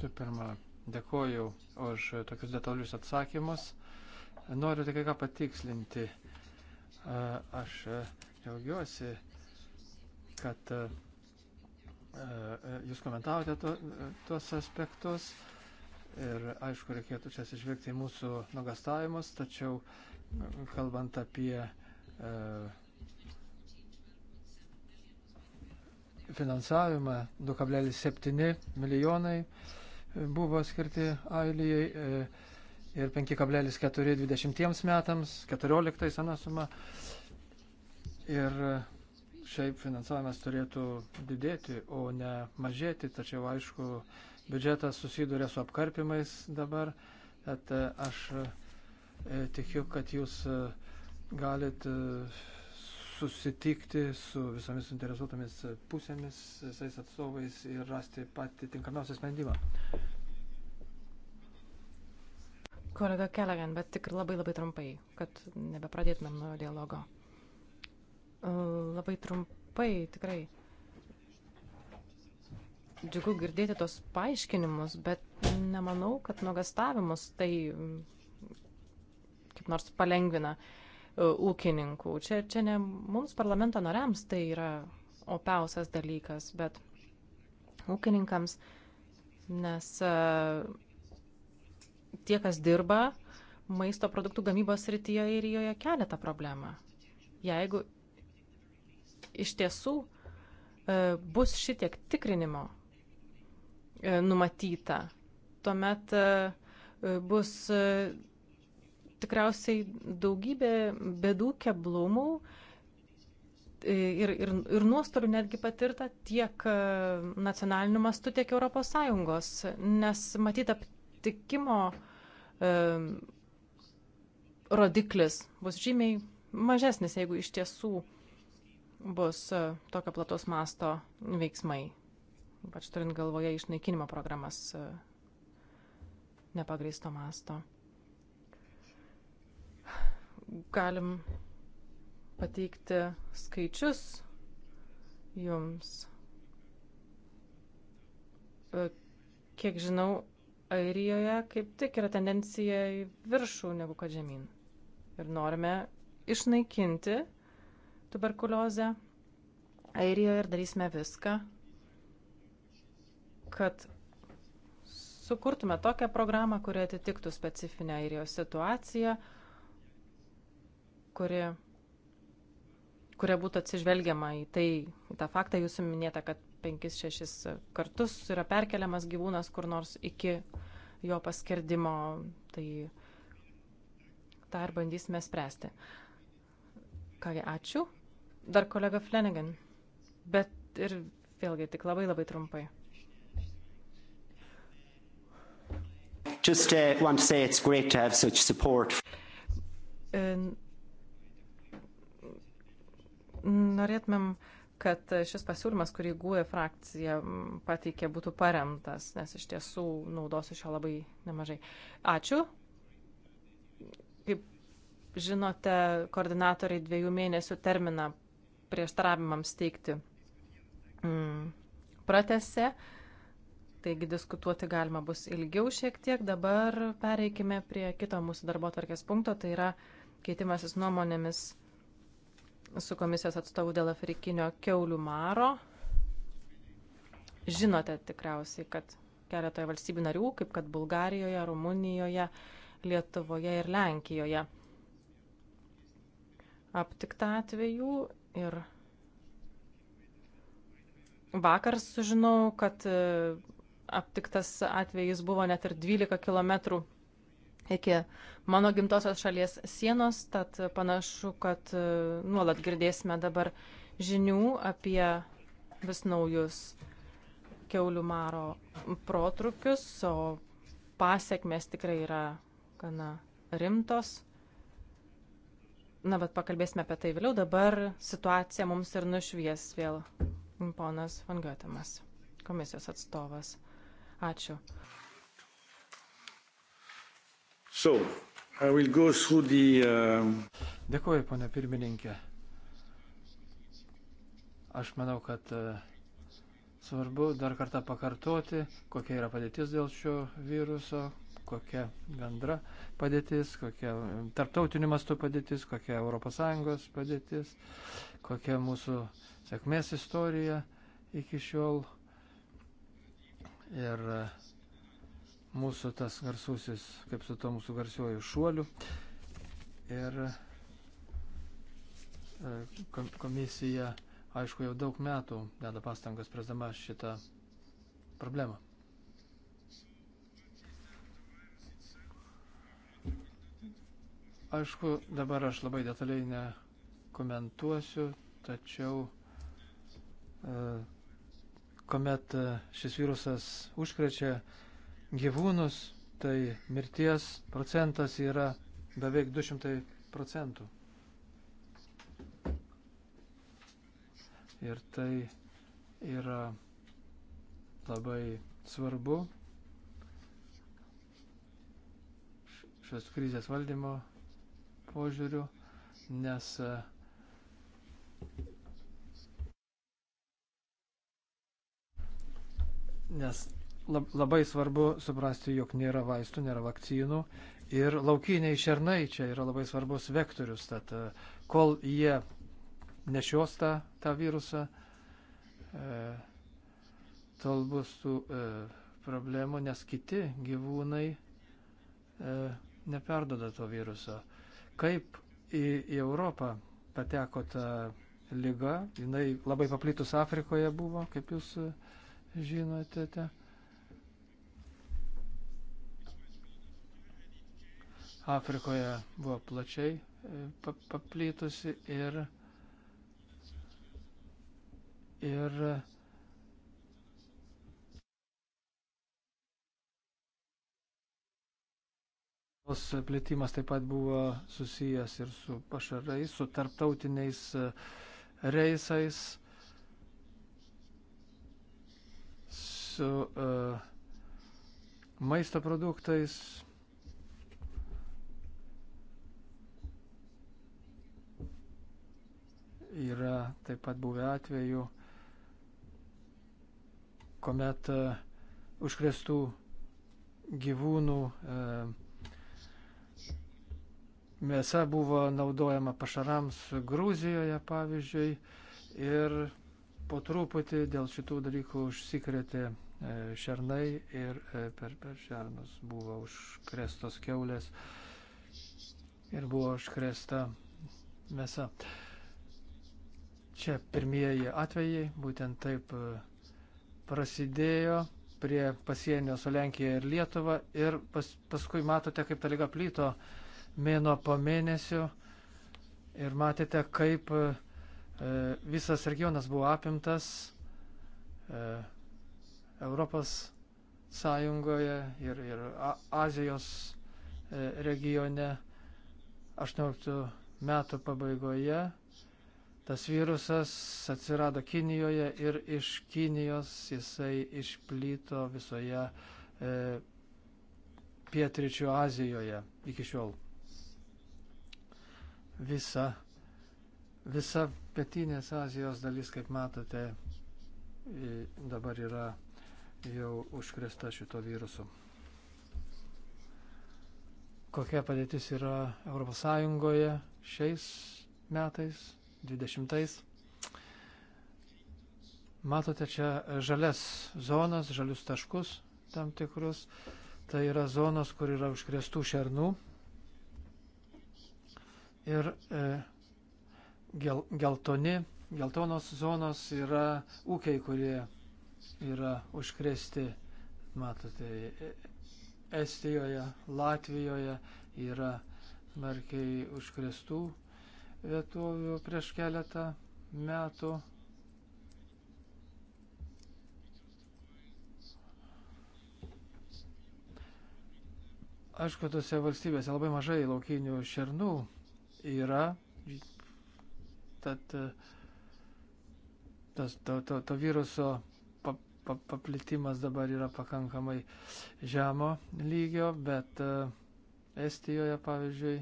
Pirma, Dėkuoju už tokius detalius atsakymus. Noriu tik ką patikslinti. Aš e, džiaugiuosi, kad e, e, jūs komentavote to, tuos aspektus ir aišku, reikėtų čia atsižvelgti į mūsų nugastavimus, tačiau kalbant apie finansavimą 2,7 milijonai buvo skirti Ailijai e, ir 5,420 metams, 14 sena suma. Ir e, šiaip finansavimas turėtų didėti, o ne mažėti, tačiau aišku, biudžetas susiduria su apkarpimais dabar, tad e, aš tikiu, kad jūs galit susitikti su visomis interesuotomis pusėmis, visais atstovais ir rasti patį tinkamiausią sprendimą. Kolega Kelegan, bet tik labai labai trumpai, kad nebepradėtumėm nuo dialogo. E, labai trumpai, tikrai. Džiugu girdėti tos paaiškinimus, bet nemanau, kad nuogastavimus tai mm, kaip nors palengvina. Uh, E, ūkininkų. Čia, čia ne mums parlamento nariams tai yra opiausias dalykas, bet ūkininkams, nes e, tie, kas dirba maisto produktų gamybos rytyje ir joje kelia tą problemą. Jeigu iš tiesų e, bus šitiek tikrinimo numatyta, tuomet bus tikriausiai daugybė bėdų, keblumų e, ir, ir, ir nuostolių netgi patirta tiek e, nacionaliniu mastu, tiek ES, nes matyt aptikimo e, rodiklis bus žymiai mažesnis, jeigu iš tiesų bus e, tokio platos masto veiksmai, ypač turint galvoje išnaikinimo programas nepagreisto masto galim pateikti skaičius jums. E, kiek žinau, Airijoje kaip tik yra tendencija į viršų negu kad žemyn. Ir norime išnaikinti tuberkuliozę Airijoje ir darysime viską, kad sukurtume tokią programą, kuri atitiktų specifinę Airijos situaciją, uh, kuri, kuria būtų atsižvelgiama į tai, į tą faktą jūsų minėta, kad 5-6 kartus yra perkeliamas gyvūnas kur nors iki jo paskerdimo, tai tą ir bandysime spręsti. Kągi, ačiū. Dar kolega Flanagan. Bet ir vėlgi tik labai labai trumpai. Just uh, want to say it's great to have such support. Norėtumėm, kad šis pasiūlymas, kurį GUE frakcija pateikė, būtų paremtas, nes iš tiesų naudos iš jo labai nemažai. Ačiū. Kaip žinote, koordinatoriai dviejų mėnesių terminą prieštaravimams teikti mm, pratese, taigi diskutuoti galima bus ilgiau šiek tiek. Dabar pereikime prie kito mūsų darbo tvarkės punkto, tai yra keitimasis nuomonėmis su komisijos atstovu dėl afrikinio keulių maro. Žinote tikriausiai, kad keletoje valstybių narių, kaip kad Bulgarijoje, Rumunijoje, Lietuvoje ir Lenkijoje aptikta atvejų ir vakar sužinau, kad e, aptiktas atvejis buvo net ir 12 km iki mano gimtosios šalies sienos, tad panašu, kad e, nuolat girdėsime dabar žinių apie vis naujus keulių maro protrukius, o pasiekmes tikrai yra gana rimtos. Na, bet pakalbėsime apie tai vėliau. Dabar situacija mums ir nušvies vėl ponas Van Goetemas, komisijos atstovas. Ačiū. So, the, uh... Dėkuoju, ponė pirmininkė. Aš manau, kad e, svarbu dar kartą pakartoti, kokia yra padėtis dėl šio viruso, kokia bendra padėtis, kokia tarptautiniu mastu padėtis, kokia ES padėtis, kokia mūsų sėkmės istorija iki šiol. Ir uh, mūsų tas garsusis, kaip su to mūsų garsiuoju šuoliu. Ir e, komisija, aišku, jau daug metų deda pastangas prasdama šitą problemą. Aišku, dabar aš labai detaliai nekomentuosiu, tačiau e, kuomet šis virusas užkrečia, gyvūnus, tai mirties procentas yra beveik 200 procentų. Ir tai yra labai svarbu šios krizės valdymo požiūrių, nes nes labai svarbu suprasti, jog nėra vaistų, nėra vakcinų ir laukiniai šernai čia yra labai svarbus vektorius. Tad e, kol jie nešios tą, tą virusą, e, tol bus tų e, problemų, nes kiti gyvūnai e, neperdoda to viruso. Kaip į, į Europą pateko ta lyga, jinai labai paplitus Afrikoje buvo, kaip jūs e, žinote. Te. Afrikoje buvo plačiai e, paplitusi ir, ir tos plėtimas taip pat buvo susijęs ir su pašarais, su tarptautiniais e, reisais, su uh, maisto produktais, Yra taip pat buvę atveju, kuomet e, užkrestų gyvūnų e, mėsa buvo naudojama pašarams Gruzijoje, pavyzdžiui, ir po truputį dėl šitų dalykų užsikrėtė e, šernai ir per, per šernus buvo užkrestos keulės ir buvo užkresta mėsa. Čia pirmieji atvejai būtent taip e, prasidėjo prie pasienio su Lenkija ir Lietuva ir pas, paskui matote, kaip ta lyga plyto mėno po mėnesio ir matėte, kaip e, e, visas regionas buvo apimtas e, Europos Sąjungoje ir, ir A Azijos e, regione 18 metų pabaigoje Tas virusas atsirado Kinijoje ir iš Kinijos jisai išplyto visoje e, Pietričių Azijoje iki šiol. Visa, visa pietinės Azijos dalis, kaip matote, dabar yra jau užkresta šito virusu. Kokia padėtis yra ES šiais metais? 20. Matote čia žalias zonas, žalius taškus tam tikrus. Tai yra zonas, kur yra užkrėstų šernų. Ir e, gel, geltoni, geltonos zonos yra ūkiai, kurie yra užkrėsti. Matote, e, Estijoje, Latvijoje yra smarkiai užkrėstų vietovių prieš keletą metų. Aišku, tose valstybėse labai mažai laukinių šernų yra, tad tas, to, to, to viruso paplitimas dabar yra pakankamai žemo lygio, bet Estijoje, pavyzdžiui,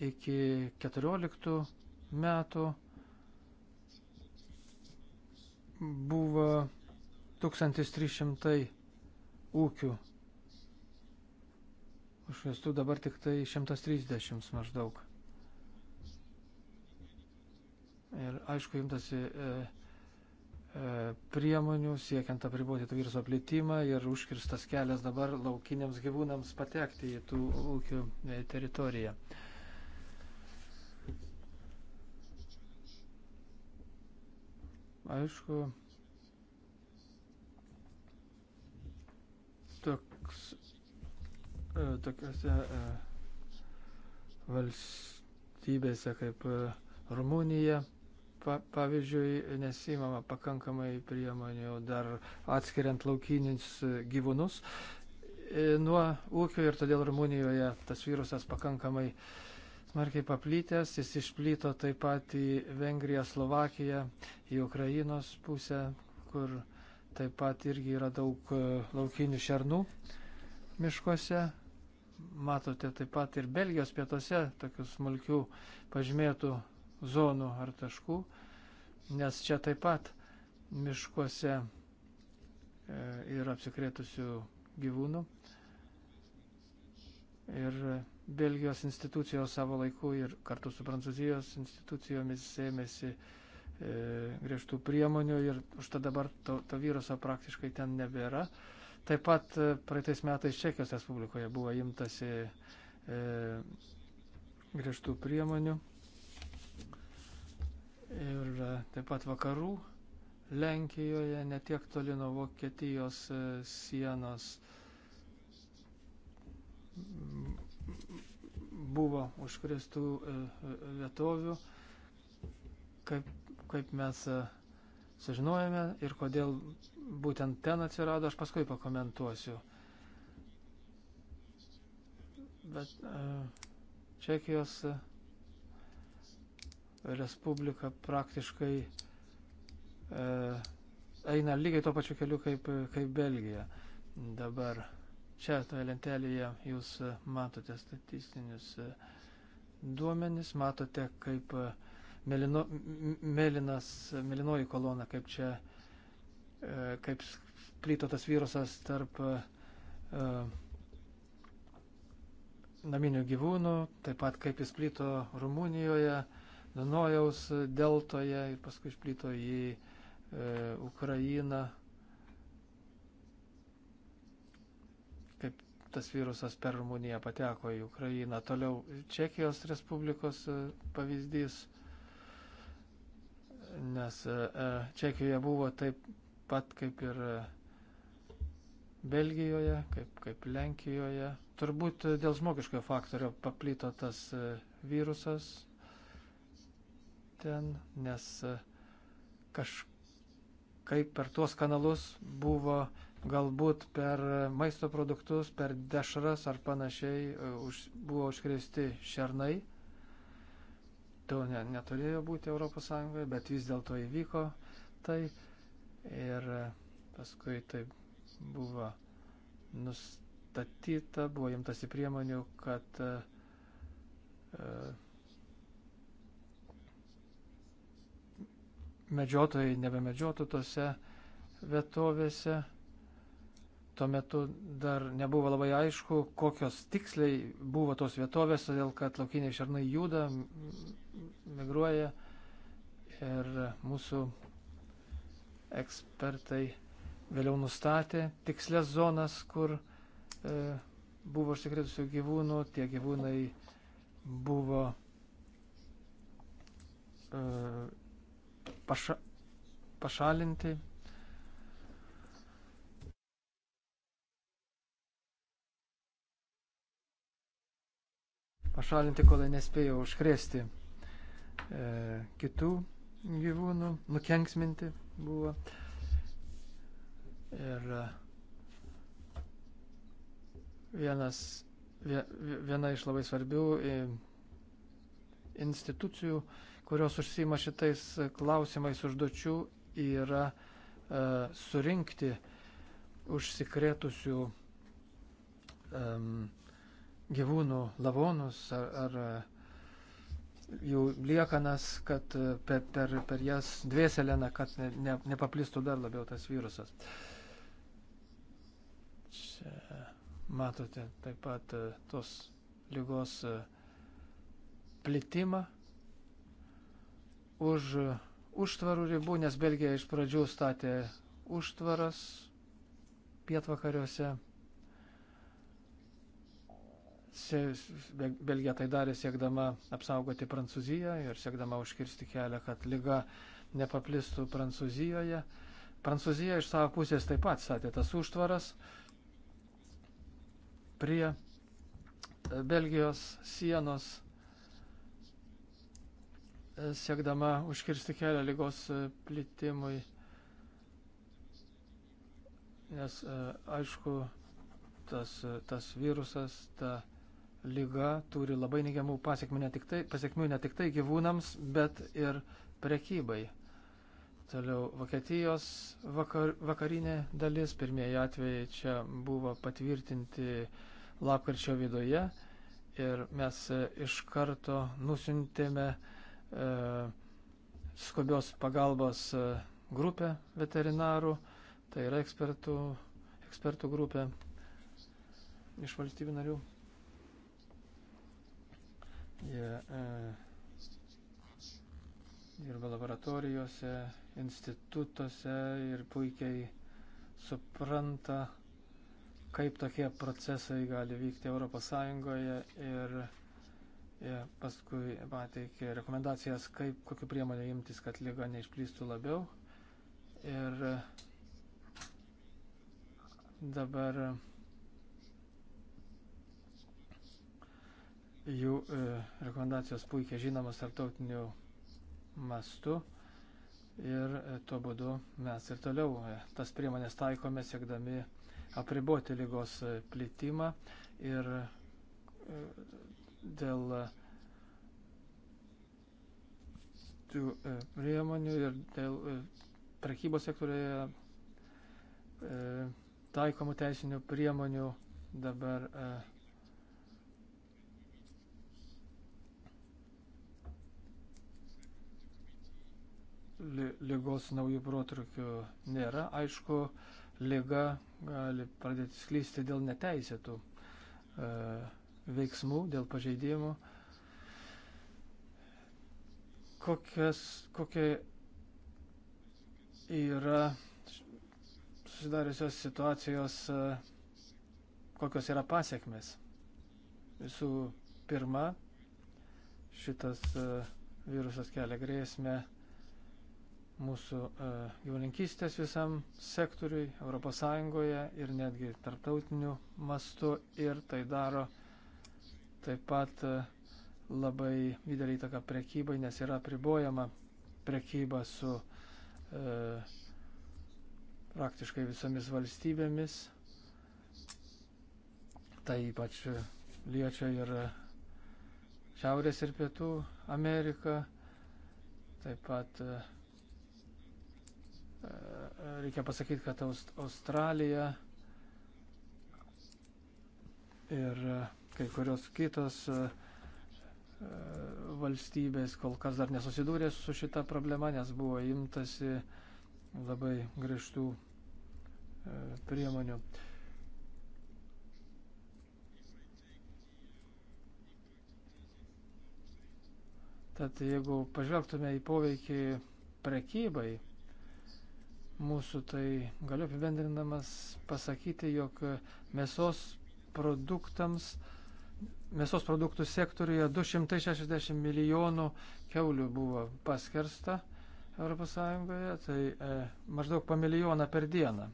iki 14 metų buvo 1300 ūkių. Užvestų dabar tik tai 130 maždaug. Ir aišku, imtasi e, e, priemonių siekiant apriboti to viruso plitimą ir užkirstas kelias dabar laukiniams gyvūnams patekti į tų ūkių e, teritoriją. E, Aišku, toks, e, tokiuose e, valstybėse kaip e, Rumunija, pa, pavyzdžiui, nesimama pakankamai priemonių dar atskiriant laukinius gyvūnus nuo ūkio ir todėl Rumunijoje tas virusas pakankamai uh, smarkiai paplytęs, jis išplyto taip pat į Vengriją, Slovakiją, į Ukrainos pusę, kur taip pat irgi yra daug e, laukinių šernų miškuose. Matote taip pat ir Belgijos pietuose tokių smulkių pažymėtų zonų ar taškų, nes čia taip pat miškuose e, yra apsikrėtusių gyvūnų. Ir Belgijos institucijos savo laiku ir kartu su Prancūzijos institucijomis ėmėsi e, griežtų priemonių ir užtą dabar to, to viruso praktiškai ten nebėra. Taip pat e, praeitais metais Čekijos Respublikoje buvo imtasi e, griežtų priemonių. Ir e, taip pat vakarų Lenkijoje, netiek toli nuo Vokietijos e, sienos, buvo užkristų e, e, vietovių, kaip, kaip mes e, sužinojame ir kodėl būtent ten atsirado, aš paskui pakomentuosiu. Bet Čekijos Respublika praktiškai eina lygiai tuo pačiu keliu kaip, kaip Belgija dabar. Čia toje lentelėje jūs e, matote statistinius e, duomenis, matote kaip e, melino, melinas, melinoji kolona, kaip čia, kaip plyto tas virusas tarp naminių gyvūnų, taip pat kaip jis plyto Rumunijoje, Danojaus deltoje ir paskui išplyto į e, Ukrainą, tas virusas per Rumuniją pateko į Ukrainą. Toliau Čekijos Respublikos e, pavyzdys, nes e, e, Čekijoje buvo taip pat kaip ir Belgijoje, kaip, kaip Lenkijoje. Turbūt dėl žmogiškojo faktorio paplito tas virusas ten, nes kažkaip per tuos kanalus buvo uh, galbūt per maisto produktus, per dešras ar panašiai e, už, buvo užkrėsti šernai. To ne, neturėjo būti ES, bet vis dėlto įvyko tai. Ir e, paskui tai buvo nustatyta, buvo imtasi priemonių, kad e, medžiotojai nebemedžiotų tose vietovėse. Tuo metu dar nebuvo labai aišku, kokios tiksliai buvo tos vietovės, todėl kad laukiniai šernai juda, migruoja ir mūsų ekspertai vėliau nustatė tikslės zonas, kur e, buvo užsikrėtusių gyvūnų, tie gyvūnai buvo e, paša, pašalinti pašalinti, kol nespėjo užkrėsti e, kitų gyvūnų, nukenksminti buvo. Ir e, vienas, viena iš labai svarbių e, institucijų, kurios užsima šitais klausimais užduočių, yra e, surinkti užsikrėtusių um, gyvūnų lavonus ar, ar e, jų liekanas, kad e, per, per, per jas dvieselena, kad ne, ne, nepaplistų dar labiau tas virusas. Čia matote taip pat e, tos lygos plitimą už užtvarų ribų, nes Belgija iš pradžių statė užtvaras pietvakariuose Belgija tai darė siekdama apsaugoti Prancūziją ir siekdama užkirsti kelią, kad lyga nepaplistų Prancūzijoje. Prancūzija iš savo pusės taip pat statė tas užtvaras prie e, Belgijos sienos, e, siekdama užkirsti kelią lygos e, plitimui. Nes aišku, tas, tas virusas, ta lyga turi labai neigiamų pasiekmių ne tik tai, pasiekmių ne tik tai gyvūnams, bet ir prekybai. Toliau Vokietijos vakar, vakarinė dalis, pirmieji atvejai čia buvo patvirtinti lapkarčio viduje ir mes e, iš karto nusintėme e, skubios pagalbos e, grupę veterinarų, tai yra ekspertų, ekspertų grupė iš valstybių narių. Jie e, dirba laboratorijose, institutuose ir puikiai supranta, kaip tokie procesai gali vykti ES ir jie paskui pateikė rekomendacijas, kaip, kokiu priemonė imtis, kad lyga neišplystų labiau. Ir dabar Jų e, rekomendacijos puikiai žinomos tarptautiniu mastu ir e, tuo būdu mes ir toliau e, tas priemonės taikome, siekdami apriboti lygos plitimą ir dėl tų priemonių ir dėl prekybos sektorėje taikomų teisinių priemonių dabar lygos naujų protrukių nėra. Aišku, lyga gali pradėti sklysti dėl neteisėtų e, veiksmų, dėl pažeidimų. Kokias, kokie yra susidariusios situacijos, e, kokios yra pasiekmes. Visų pirma, šitas e, virusas kelia grėsmę mūsų e, gyvulinkystės visam sektoriui ES ir netgi tarptautiniu mastu ir tai daro taip pat e, labai didelį įtaką prekybai, nes yra pribojama prekyba su e, praktiškai visomis valstybėmis. Tai ypač liečia ir Šiaurės ir Pietų Ameriką, taip pat e, reikia pasakyti, kad Aust Australija ir kai kurios kitos e, valstybės kol kas dar nesusidūrė su šita problema, nes buvo imtasi labai grįžtų e, priemonių. Tad jeigu pažvelgtume į poveikį prekybai, mūsų, tai galiu apibendrinamas pasakyti, jog mėsos produktams, mėsos produktų sektoriuje 260 milijonų keulių buvo paskersta ES, tai e, maždaug po milijoną per dieną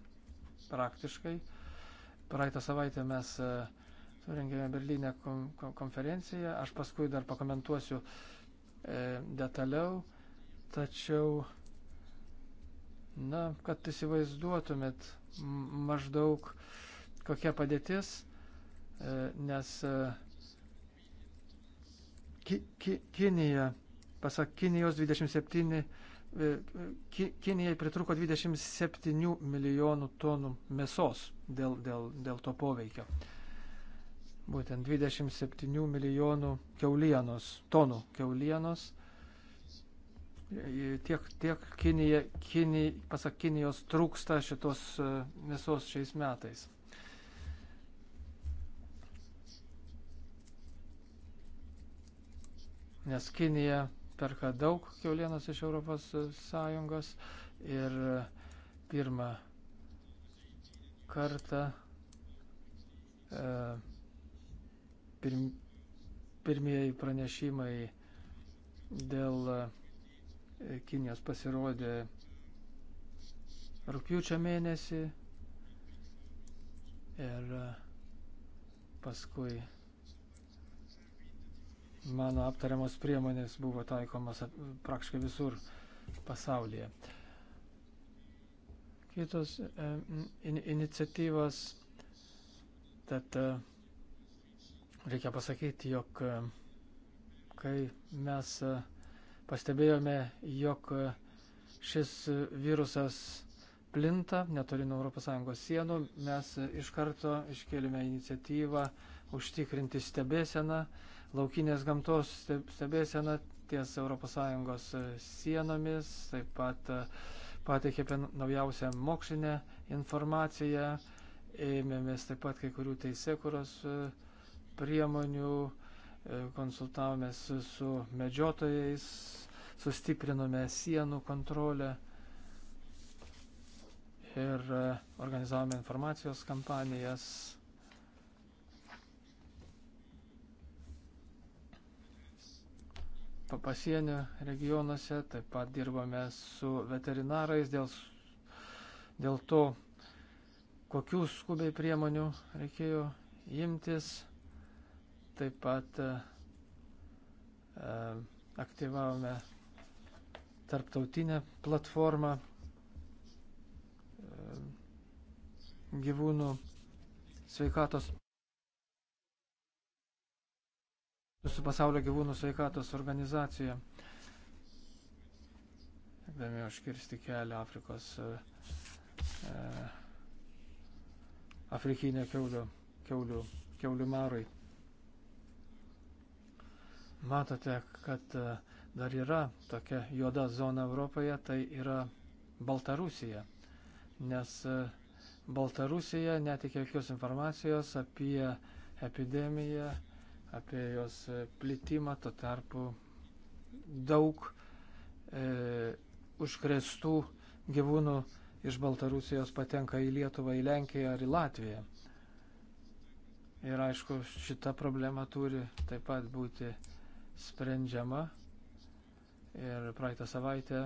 praktiškai. Praeitą savaitę mes e, surengėme Berlyne kom, kom, konferenciją, aš paskui dar pakomentuosiu e, detaliau, tačiau Na, kad įsivaizduotumėt maždaug kokia padėtis, e, nes e, ki, ki, Kinija, pasak Kinijos 27, e, ki, Kinijai pritruko 27 milijonų tonų mėsos dėl, dėl, dėl to poveikio. Būtent 27 milijonų keulienos, tonų keulienos tiek, tiek Kinija, Kinija, pasak Kinijos trūksta šitos e, mėsos šiais metais. Nes Kinija perka daug kiaulienos iš Europos e, Sąjungos ir e, pirmą kartą e, pirm, pirmieji pranešimai dėl e, Kinijos pasirodė rūpiučio mėnesį ir paskui mano aptariamos priemonės buvo taikomas praktiškai visur pasaulyje. Kitos e, in, iniciatyvos, tad e, reikia pasakyti, jog e, kai mes uh, Pastebėjome, jog šis virusas plinta netoli nuo ES sienų. Mes iš karto iškėlėme iniciatyvą užtikrinti stebėseną, laukinės gamtos stebėseną ties ES sienomis, taip pat pateikė apie naujausią mokslinę informaciją, ėmėmės taip pat kai kurių teisėkuros priemonių, E, konsultavomės su medžiotojais, sustiprinome sienų kontrolę ir e, organizavome informacijos kampanijas. Pasienio regionuose taip pat dirbame su veterinarais dėl, dėl to, kokių skubiai priemonių reikėjo imtis. Taip pat e, e, aktyvavome tarptautinę platformą e, gyvūnų sveikatos su pasaulio gyvūnų sveikatos organizacija, siekdami užkirsti kelią Afrikos e, afrikinio keulio, keulių, keulių marui matote, kad e, dar yra tokia juoda zona Europoje, tai yra Baltarusija. Nes e, Baltarusija netikė jokios informacijos apie epidemiją, apie jos e, plitimą, tuo tarpu daug e, užkrestų gyvūnų iš Baltarusijos patenka į Lietuvą, į Lenkiją ar į Latviją. Ir aišku, šita problema turi taip pat būti sprendžiama. Ir praeitą savaitę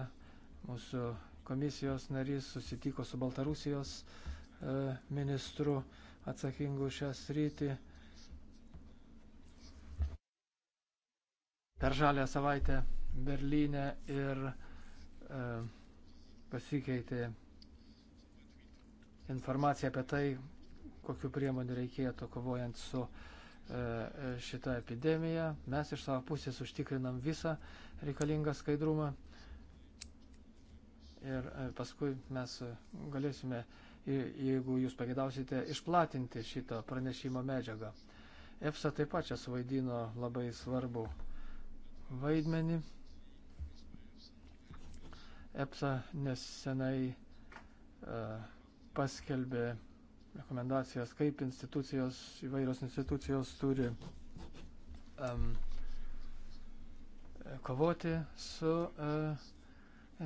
mūsų komisijos narys susitiko su Baltarusijos e, ministru atsakingu šią sritį. Per žalę savaitę Berlyne ir e, pasikeitė informacija apie tai, kokiu priemoniu reikėtų kovojant su e, E, šitą epidemiją. Mes iš savo pusės užtikrinam visą reikalingą skaidrumą. Ir e, paskui mes galėsime, jeigu jūs pagėdausite, išplatinti šitą pranešimo medžiagą. EFSA taip pat čia suvaidino labai svarbu vaidmenį. EFSA nesenai uh, paskelbė uh, rekomendacijas, kaip institucijos, įvairios institucijos turi um, kovoti su uh,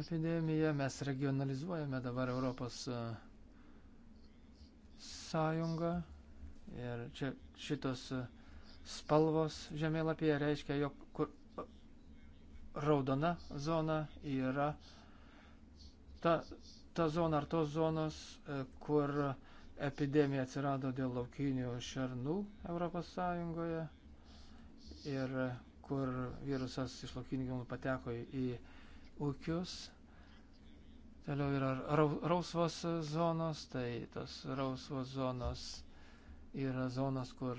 epidemija. Mes regionalizuojame dabar Europos uh, sąjungą ir čia šitos uh, spalvos žemėlapyje reiškia, jog kur, raudona zona yra ta, ta zona ar tos zonos, kur uh, epidemija atsirado dėl laukinių šernų ES ir kur virusas iš laukinių gyvūnų pateko į ūkius. Toliau yra rausvos zonos, tai tos rausvos zonos yra zonos, kur,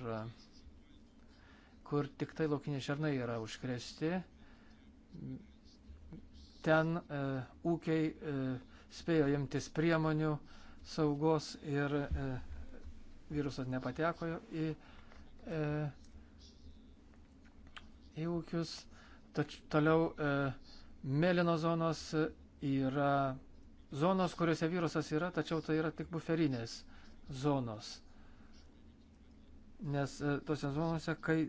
kur tik tai laukiniai šernai yra užkresti. Ten e, ūkiai e, spėjo imtis priemonių, e, saugos ir e, virusas nepateko į, e, į ūkius. Tač, toliau e, mėlynos zonos yra zonos, kuriuose virusas yra, tačiau tai yra tik buferinės zonos. Nes e, tose zonose, kai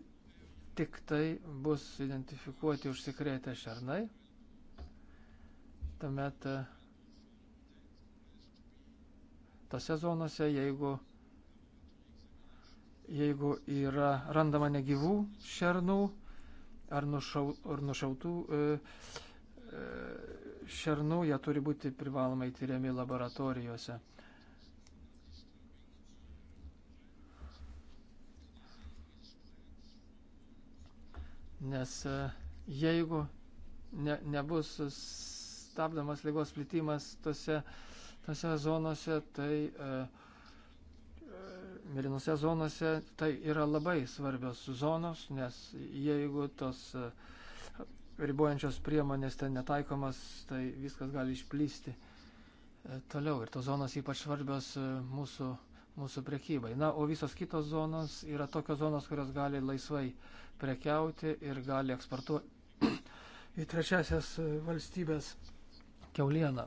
tik tai bus identifikuoti užsikrėtę šernai, tuomet e, tose zonose, jeigu, jeigu yra randama negyvų šernų ar, nušau, ar nušautų e, e, šernų, jie turi būti privalomai tyriami laboratorijose. Nes e, jeigu ne, nebus stabdomas lygos plitimas tose uh, tose zonose, tai e, e, mėlynose zonose tai yra labai svarbios zonos, nes jeigu tos e, ribojančios priemonės ten netaikomas, tai viskas gali išplysti e, toliau. Ir tos zonos ypač svarbios mūsų, mūsų prekybai. Na, o visos kitos zonos yra tokios zonos, kurios gali laisvai prekiauti ir gali eksportuoti [CLEARS THROAT] į trečiasias valstybės keulieną.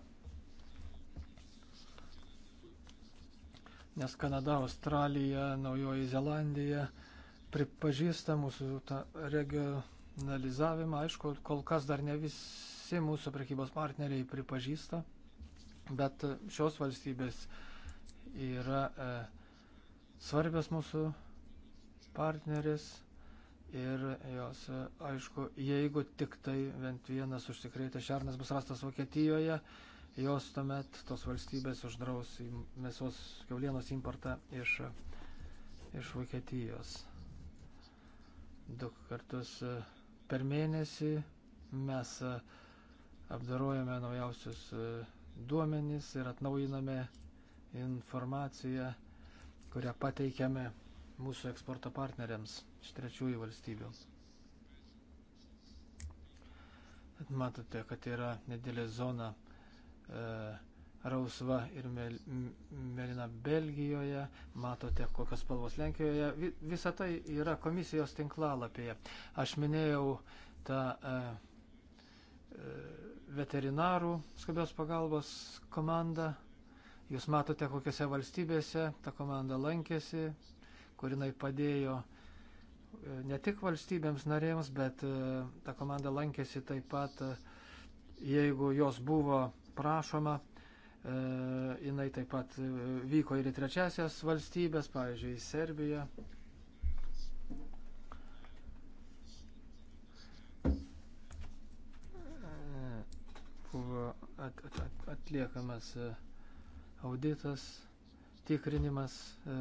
nes Kanada, Australija, Naujoji Zelandija pripažįsta mūsų tą regionalizavimą. Aišku, kol kas dar ne visi mūsų prekybos partneriai pripažįsta, bet šios valstybės yra e, svarbios mūsų partneris. Ir jos, e, aišku, jeigu tik tai bent vienas užsikrėtęs šernas bus rastas Vokietijoje, jos tuomet tos valstybės uždraus mėsos kiaulienos importą iš, iš Vokietijos. Du kartus e, per mėnesį mes e, apdarojame naujausius e, duomenys ir atnaujiname informaciją, kurią pateikiame mūsų eksporto partneriams iš trečiųjų valstybių. Matote, kad tai yra nedėlė zona E, rausva ir melina Belgijoje, matote kokios spalvos Lenkijoje. Visa tai yra komisijos tinklalapyje. Aš minėjau tą e, e, veterinarų skubios pagalbos komandą. Jūs matote, kokiose valstybėse ta komanda lankėsi, kur jinai padėjo ne tik valstybėms narėms, bet ta komanda lankėsi taip pat, jeigu jos buvo prašoma. E, jinai taip pat e, vyko ir į trečiasias valstybės, pavyzdžiui, į Serbiją. Buvo at, at, at, atliekamas e, auditas, tikrinimas, e,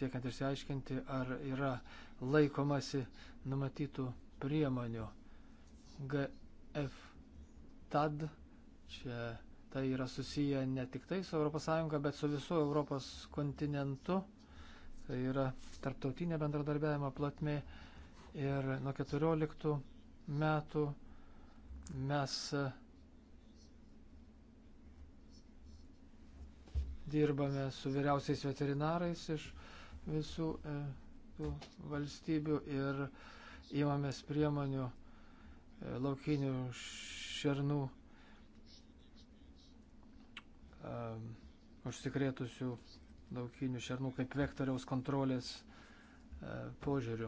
siekiant išsiaiškinti, ar yra laikomasi numatytų priemonių. GF TAD Čia tai yra susiję ne tik tai su ES, bet su visu Europos kontinentu. Tai yra tarptautinė bendradarbiavimo platmė. Ir nuo 14 metų mes dirbame su vyriausiais veterinarais iš visų e, valstybių ir įmamės priemonių e, laukinių šernų Um, užsikrėtusių laukinių šernų kaip vektoriaus kontrolės uh, požiūrių.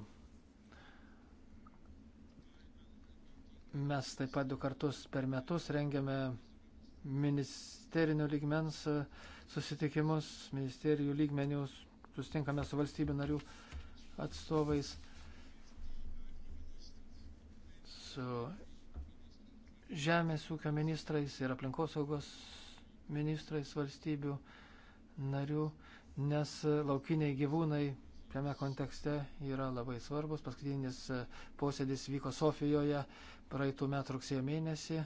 Mes taip pat du kartus per metus rengiame ministerinio lygmens uh, susitikimus, ministerijų lygmenių susitinkame su valstybių narių atstovais, su žemės ūkio ministrais ir aplinkosaugos ministrais valstybių narių, nes laukiniai gyvūnai šiame kontekste yra labai svarbus. Paskutinis e, posėdis vyko Sofijoje praeitų metų rugsėjo mėnesį.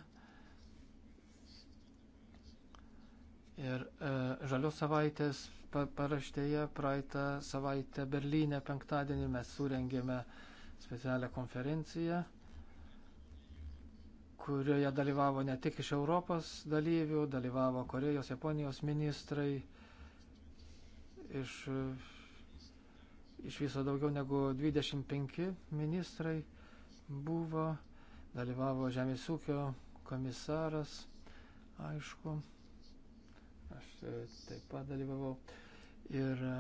Ir e, žalios savaitės paraštėje praeitą savaitę Berlyne penktadienį mes surengėme specialią konferenciją kurioje dalyvavo ne tik iš Europos dalyvių, dalyvavo Korejos, Japonijos ministrai, iš, iš viso daugiau negu 25 ministrai buvo, dalyvavo Žemės ūkio komisaras, aišku, aš e, taip pat dalyvavau ir e,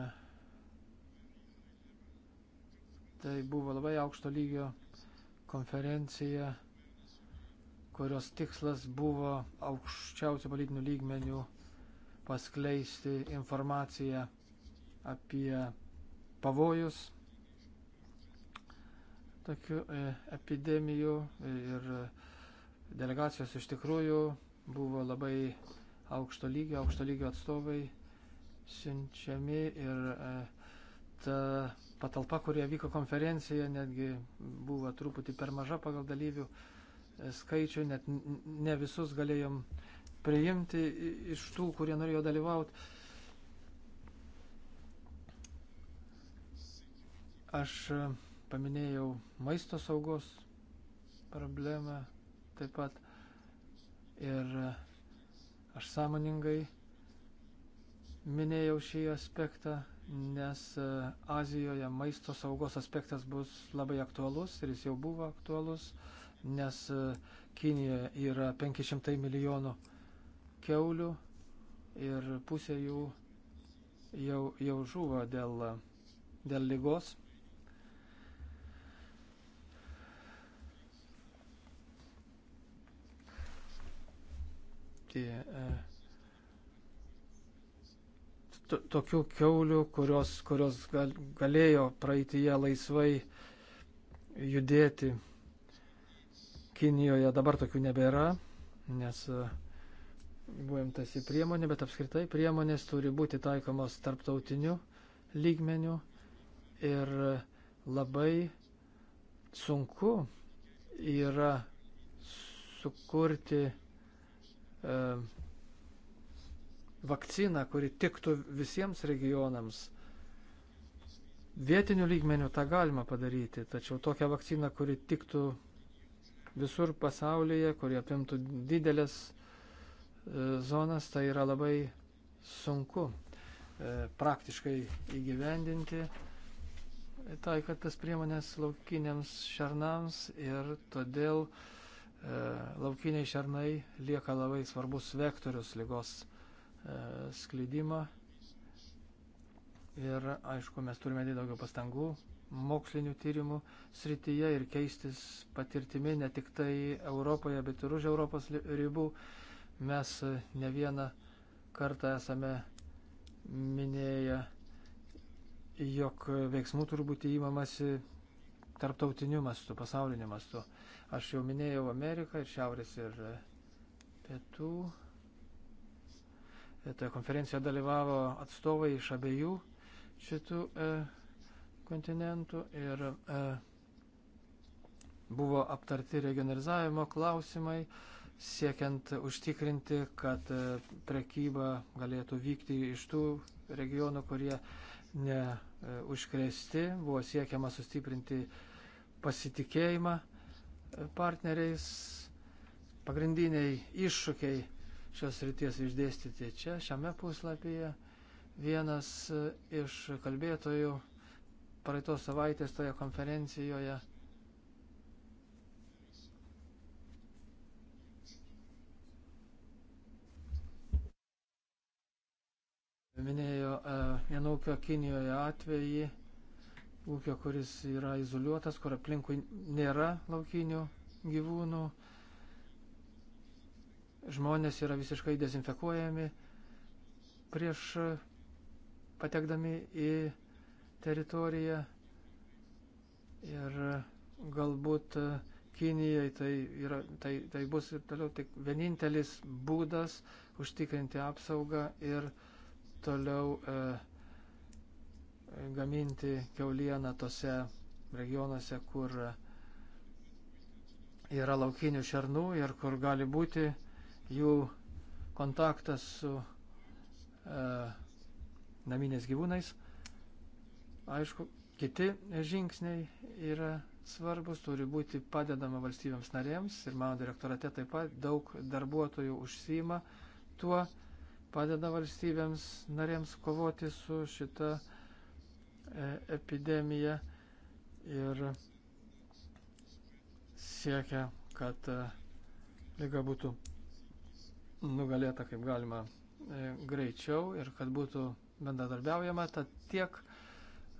tai buvo labai aukšto lygio konferencija kurios tikslas buvo aukščiausio politinių lygmenių paskleisti informaciją apie pavojus tokių e, epidemijų ir delegacijos iš tikrųjų buvo labai aukšto lygio, aukšto lygio atstovai siunčiami ir e, ta patalpa, kurioje vyko konferencija, netgi buvo truputį per maža pagal dalyvių skaičių, net ne visus galėjom priimti iš tų, kurie norėjo dalyvauti. Aš e, paminėjau maisto saugos problemą taip pat ir e, aš sąmoningai minėjau šį aspektą, nes e, Azijoje maisto saugos aspektas bus labai aktualus ir jis jau buvo aktualus. Uh, nes e, Kinijoje yra 500 milijonų keulių ir pusė jų jau, jau žuvo dėl, dėl lygos. Tai, e, tokių keulių, kurios, kurios gal, galėjo praeitįje laisvai judėti Kinijoje dabar tokių nebėra, nes buvo e, imtasi priemonė, bet apskritai priemonės turi būti taikomos tarptautiniu lygmeniu ir labai sunku yra sukurti e, vakciną, kuri tiktų visiems regionams. Vietiniu lygmeniu tą galima padaryti, tačiau tokią vakciną, kuri tiktų visur pasaulyje, kurie apimtų didelės e, zonas, tai yra labai sunku e, praktiškai įgyvendinti, e, taikant tas priemonės laukiniams šernams ir todėl laukiniai šernai lieka labai svarbus vektorius lygos sklydimą. Ir aišku, mes turime dėti daugiau pastangų, mokslinių tyrimų srityje ir keistis patirtimi ne tik tai Europoje, bet ir už Europos ribų. Mes e, ne vieną kartą esame minėję, jog veiksmų turbūt įmamasi tarptautiniu mastu, pasauliniu mastu. Aš jau minėjau Ameriką ir Šiaurės ir e, Pietų. E, toje konferencijoje dalyvavo atstovai iš abiejų šitų e, kontinentų ir e, buvo aptarti regionalizavimo klausimai, siekiant užtikrinti, kad e, prekyba galėtų vykti iš tų regionų, kurie neužkrėsti, e, buvo siekiama sustiprinti pasitikėjimą e, partneriais. Pagrindiniai iššūkiai šios ryties išdėstyti čia, šiame puslapyje. Vienas iš kalbėtojų praeitos savaitės toje konferencijoje. Minėjo e, vieną ūkio Kinijoje atvejį, ūkio, kuris yra izoliuotas, kur aplinkui nėra laukinių gyvūnų. Žmonės yra visiškai dezinfekuojami prieš patekdami į teritoriją ir galbūt e, Kinijai tai, yra, tai, tai bus ir toliau tik vienintelis būdas užtikrinti apsaugą ir toliau e, gaminti keulieną tose regionuose, kur yra laukinių šernų ir kur gali būti jų kontaktas su e, naminiais gyvūnais. Aišku, kiti žingsniai yra svarbus, turi būti padedama valstybėms narėms ir mano direktorate taip pat daug darbuotojų užsima tuo, padeda valstybėms narėms kovoti su šita e, epidemija ir siekia, kad e, lyga būtų nugalėta kaip galima e, greičiau ir kad būtų bendradarbiaujama, tad tiek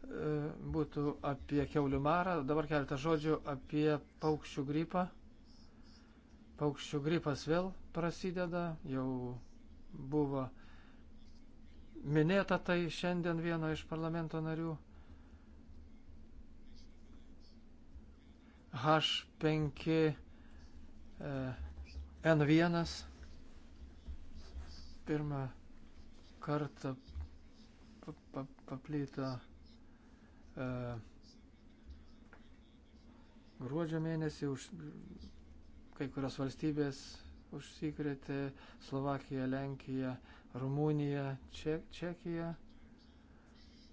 būtų apie keulių marą, dabar keletą žodžių apie paukščių gripą. Paukščių gripas vėl prasideda, jau buvo minėta tai šiandien vieno iš parlamento narių. H5N1 pirmą kartą paplyta. Pa, pa, E, gruodžio mėnesį už kai kurios valstybės užsikrėtė Slovakija, Lenkija, Rumunija, Ček, Čekija.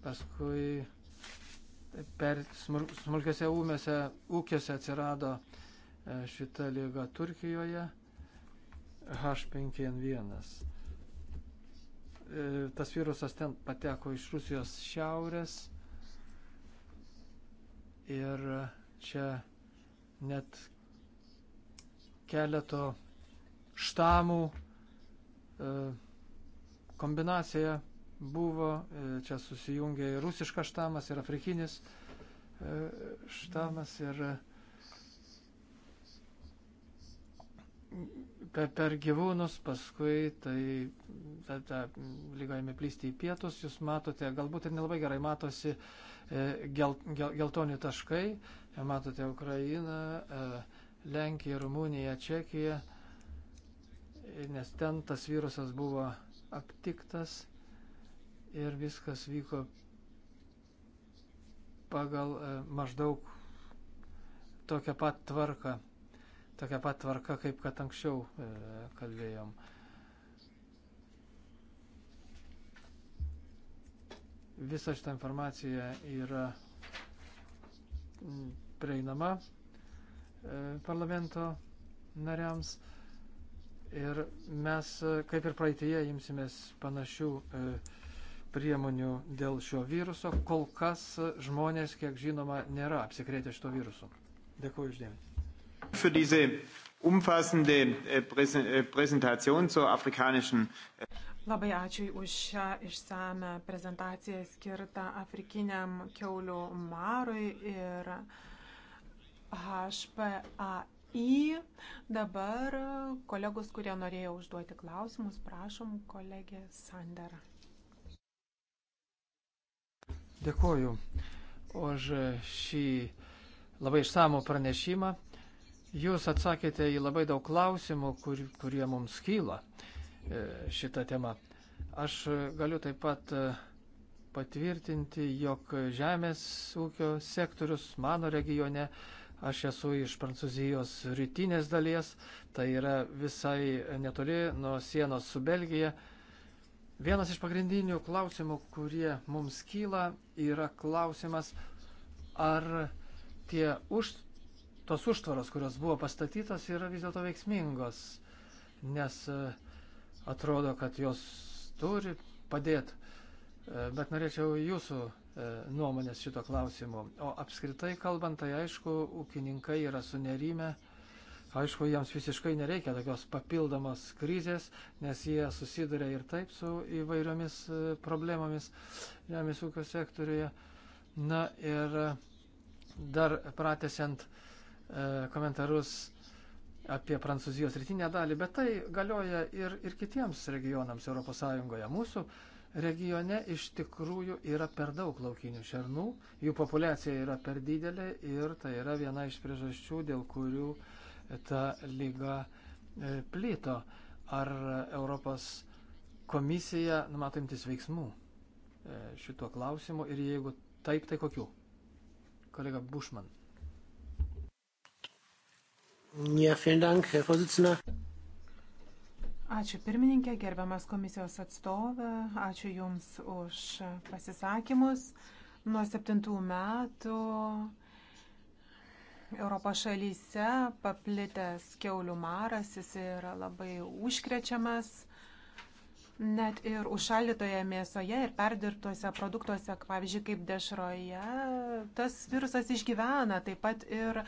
Paskui per smulkiose ūmėse, ūkiuose atsirado e, šita lyga Turkijoje H5N1. E, tas virusas ten pateko iš Rusijos šiaurės Ir čia net keleto štamų e, kombinacija buvo. E, čia susijungia ir rusiškas štamas, ir afrikinis e, štamas. Ir, per, per gyvūnus, paskui tai ta, ta lyga ėmė plysti į pietus, jūs matote, galbūt ir nelabai gerai matosi e, gel, gel, geltoni taškai, e, matote Ukrainą, e, Lenkiją, Rumuniją, Čekiją, e, nes ten tas virusas buvo aptiktas ir viskas vyko pagal e, maždaug tokią pat tvarką tokia pat tvarka, kaip kad anksčiau e, kalbėjom. Visa šitą informaciją yra mm, prieinama e, parlamento nariams ir mes, e, kaip ir praeitėje, imsimės panašių priemonių dėl šio viruso. Kol kas žmonės, kiek žinoma, nėra apsikrėtę šito virusu. Dėkuoju uždėmesi. Für diese umfassende äh, äh, Präsentation zur afrikanischen. Äh, labai ačiū už šią išsame prezentaciją skirtą afrikiniam keulių marui ir HPAI. Dabar kolegos, kurie norėjo užduoti klausimus, prašom kolegė Sandera. Dėkuoju už šį labai išsamų pranešimą. Jūs atsakėte į labai daug klausimų, kur, kurie mums kyla e, šitą temą. Aš e, galiu taip pat e, patvirtinti, jog žemės ūkio sektorius mano regione, aš esu iš Prancūzijos rytinės dalies, tai yra visai netoli nuo sienos su Belgija. Vienas iš pagrindinių klausimų, kurie mums kyla, yra klausimas, ar tie už, tos užtvaros, kurios buvo pastatytos, yra vis dėlto veiksmingos, nes e, atrodo, kad jos turi padėti. E, bet norėčiau jūsų e, nuomonės šito klausimu. O apskritai kalbant, tai aišku, ūkininkai yra sunerime. Aišku, jiems visiškai nereikia tokios papildomos krizės, nes jie susiduria ir taip su įvairiomis problemomis žemės ūkio sektoriuje. Na ir dar pratesiant uh, E, komentarus apie Prancūzijos rytinę dalį, bet tai galioja ir, ir kitiems regionams ES. Mūsų regione iš tikrųjų yra per daug laukinių šernų, jų populiacija yra per didelė ir tai yra viena iš priežasčių, dėl kurių ta lyga e, plyto. Ar Europos komisija numatantis veiksmų e, šituo klausimu ir jeigu taip, tai kokiu? Kolega Bušman. Ja, Dank, ačiū pirmininkė, gerbiamas komisijos atstovė, ačiū Jums už pasisakymus. Nuo septintų metų Europos šalyse paplitęs keulių maras, jis yra labai užkrečiamas net ir užšaldytoje mėsoje ir perdirbtuose produktuose, pavyzdžiui, kaip dešroje, tas virusas išgyvena, taip pat ir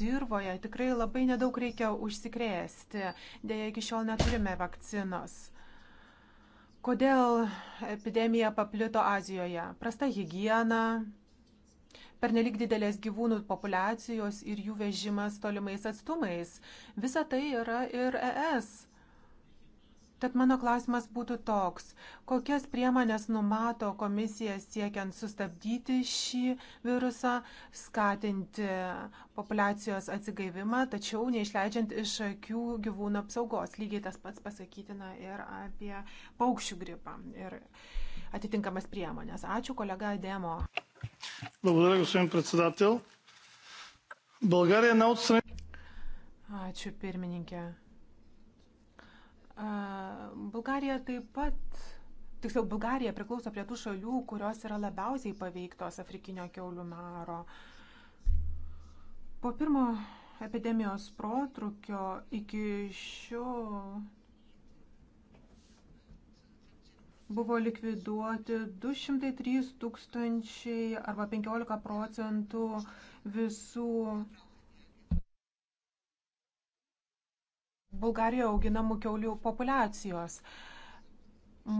dirboje. Tikrai labai nedaug reikia užsikrėsti. Deja, iki šiol neturime vakcinos. Kodėl epidemija paplito Azijoje? Prasta hygiena, pernelik didelės gyvūnų populiacijos ir jų vežimas tolimais atstumais. Visa tai yra ir ES Tad mano klausimas būtų toks, kokias priemonės numato komisija siekiant sustabdyti šį virusą, skatinti populacijos atsigaivimą, tačiau neišleidžiant iš akių gyvūnų apsaugos. Lygiai tas pats pasakytina ir apie paukščių gripą ir atitinkamas priemonės. Ačiū, kolega Demo. Благодаря, господин председател. България е една от страните. Ačiū, pirmininkė. Bulgarija taip pat, tiksliau, Bulgarija priklauso prie tų šalių, kurios yra labiausiai paveiktos afrikinio keulių maro. Po pirmo epidemijos protrukio iki šiol buvo likviduoti 203 tūkstančiai arba 15 procentų visų Bulgarijoje auginamų keulių populacijos.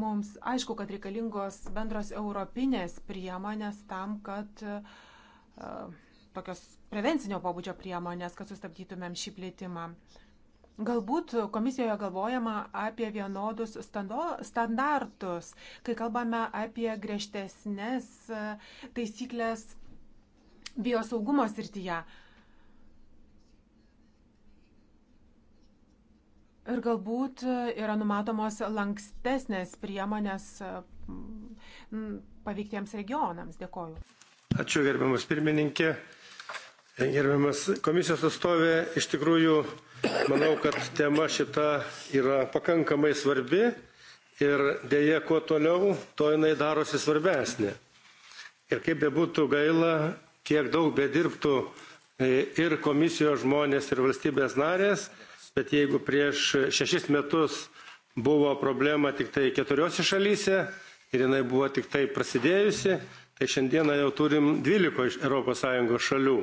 Mums aišku, kad reikalingos bendros europinės priemonės tam, kad e, tokios prevencinio pobūdžio priemonės, kad sustabdytumėm šį plėtimą. Galbūt komisijoje galvojama apie vienodus standartus, kai kalbame apie griežtesnės e, taisyklės biosaugumo srityje. Ir galbūt e, yra numatomos lankstesnės priemonės e, paveiktiems regionams. Dėkoju. Ačiū gerbiamas pirmininkė. Gerbiamas komisijos atstovė, iš tikrųjų manau, kad tema šita yra pakankamai svarbi ir dėje kuo toliau, to jinai darosi svarbesnė. Ir kaip bebūtų gaila, kiek daug bedirbtų e, ir komisijos žmonės, ir valstybės narės, bet jeigu prieš šešis metus buvo problema tik tai keturiose šalyse ir jinai buvo tik tai prasidėjusi, tai šiandieną jau turim 12 ES šalių.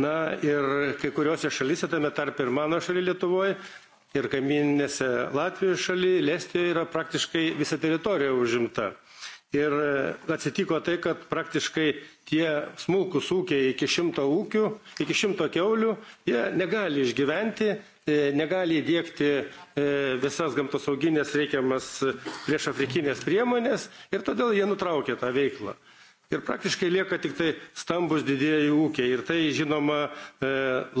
Na ir kai kuriuose šalyse, tame tarp ir mano šaly Lietuvoje, ir kaiminėse Latvijos šaly, Lestijoje yra praktiškai visa teritorija užimta. Ir atsitiko tai, kad praktiškai tie smulkus ūkiai iki šimto ūkių, iki šimto keulių, jie negali išgyventi, E, negali įdėkti e, visas gamtosauginės reikiamas e, prieš afrikinės priemonės ir todėl jie nutraukė tą veiklą. Ir praktiškai lieka tik tai stambus didėjai ūkiai. Ir tai, žinoma,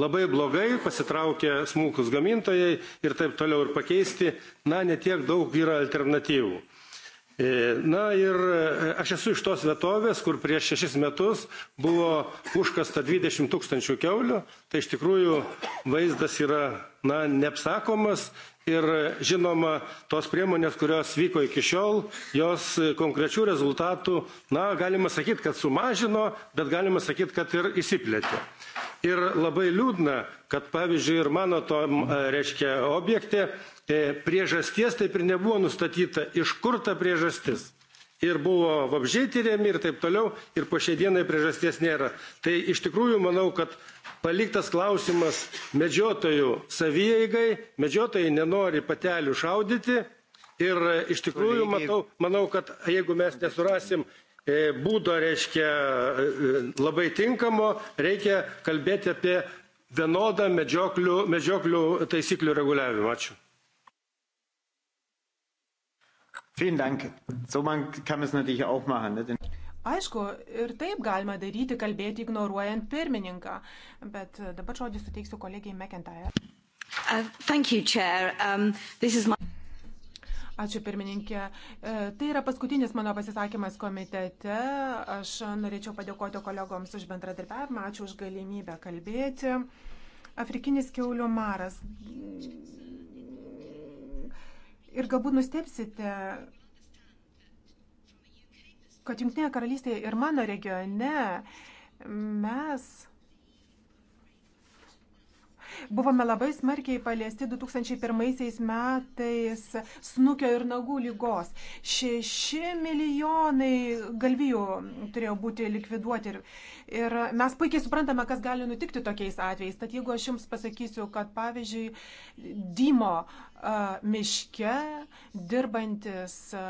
labai blogai, pasitraukia smulkus gamintojai ir taip toliau ir pakeisti, na, netiek daug yra alternatyvų. E, na ir e, aš esu iš tos vietovės, kur prieš šešis metus buvo užkasta 20 tūkstančių keulių, tai iš tikrųjų vaizdas yra na, neapsakomas ir e, žinoma, tos priemonės, kurios vyko iki šiol, jos konkrečių rezultatų, na, galima sakyti, kad sumažino, bet galima sakyti, kad ir įsiplėtė. Ir labai liūdna, kad pavyzdžiui ir mano tom, reiškia, objekte Tai priežasties taip ir nebuvo nustatyta, iš kur ta priežastis. Ir buvo vabžiai tyriami ir taip toliau, ir po šiai dienai priežasties nėra. Tai iš tikrųjų manau, kad paliktas klausimas medžiotojų savieigai, medžiotojai nenori patelių šaudyti. Ir iš tikrųjų matau, manau, kad jeigu mes nesurasim e, būdo, reiškia, e, e, labai tinkamo, reikia kalbėti apie vienodą medžioklių, medžioklių taisyklių reguliavimą. Ačiū. Vielen Dank. So man kann es natürlich auch machen. Ne? Aišku, ir taip galima daryti, kalbėti ignoruojant pirmininką, bet e, dabar žodį suteiksiu kolegijai McIntyre. Uh, thank you, Chair. Um, this is my... Ačiū pirmininkė. E, tai yra paskutinis mano pasisakymas komitete. Aš norėčiau padėkoti kolegoms už bendradarbiavimą, ačiū už galimybę kalbėti. Afrikinis keulių maras Ir galbūt nustepsite, kad Junktinė karalystė ir mano regione mes Buvome labai smarkiai paliesti 2001 metais snukio ir nagų lygos. Šeši milijonai galvijų turėjo būti likviduoti. Ir, ir mes puikiai suprantame, kas gali nutikti tokiais atvejais. Tad jeigu aš jums pasakysiu, kad pavyzdžiui, Dymo a, miške dirbantis a,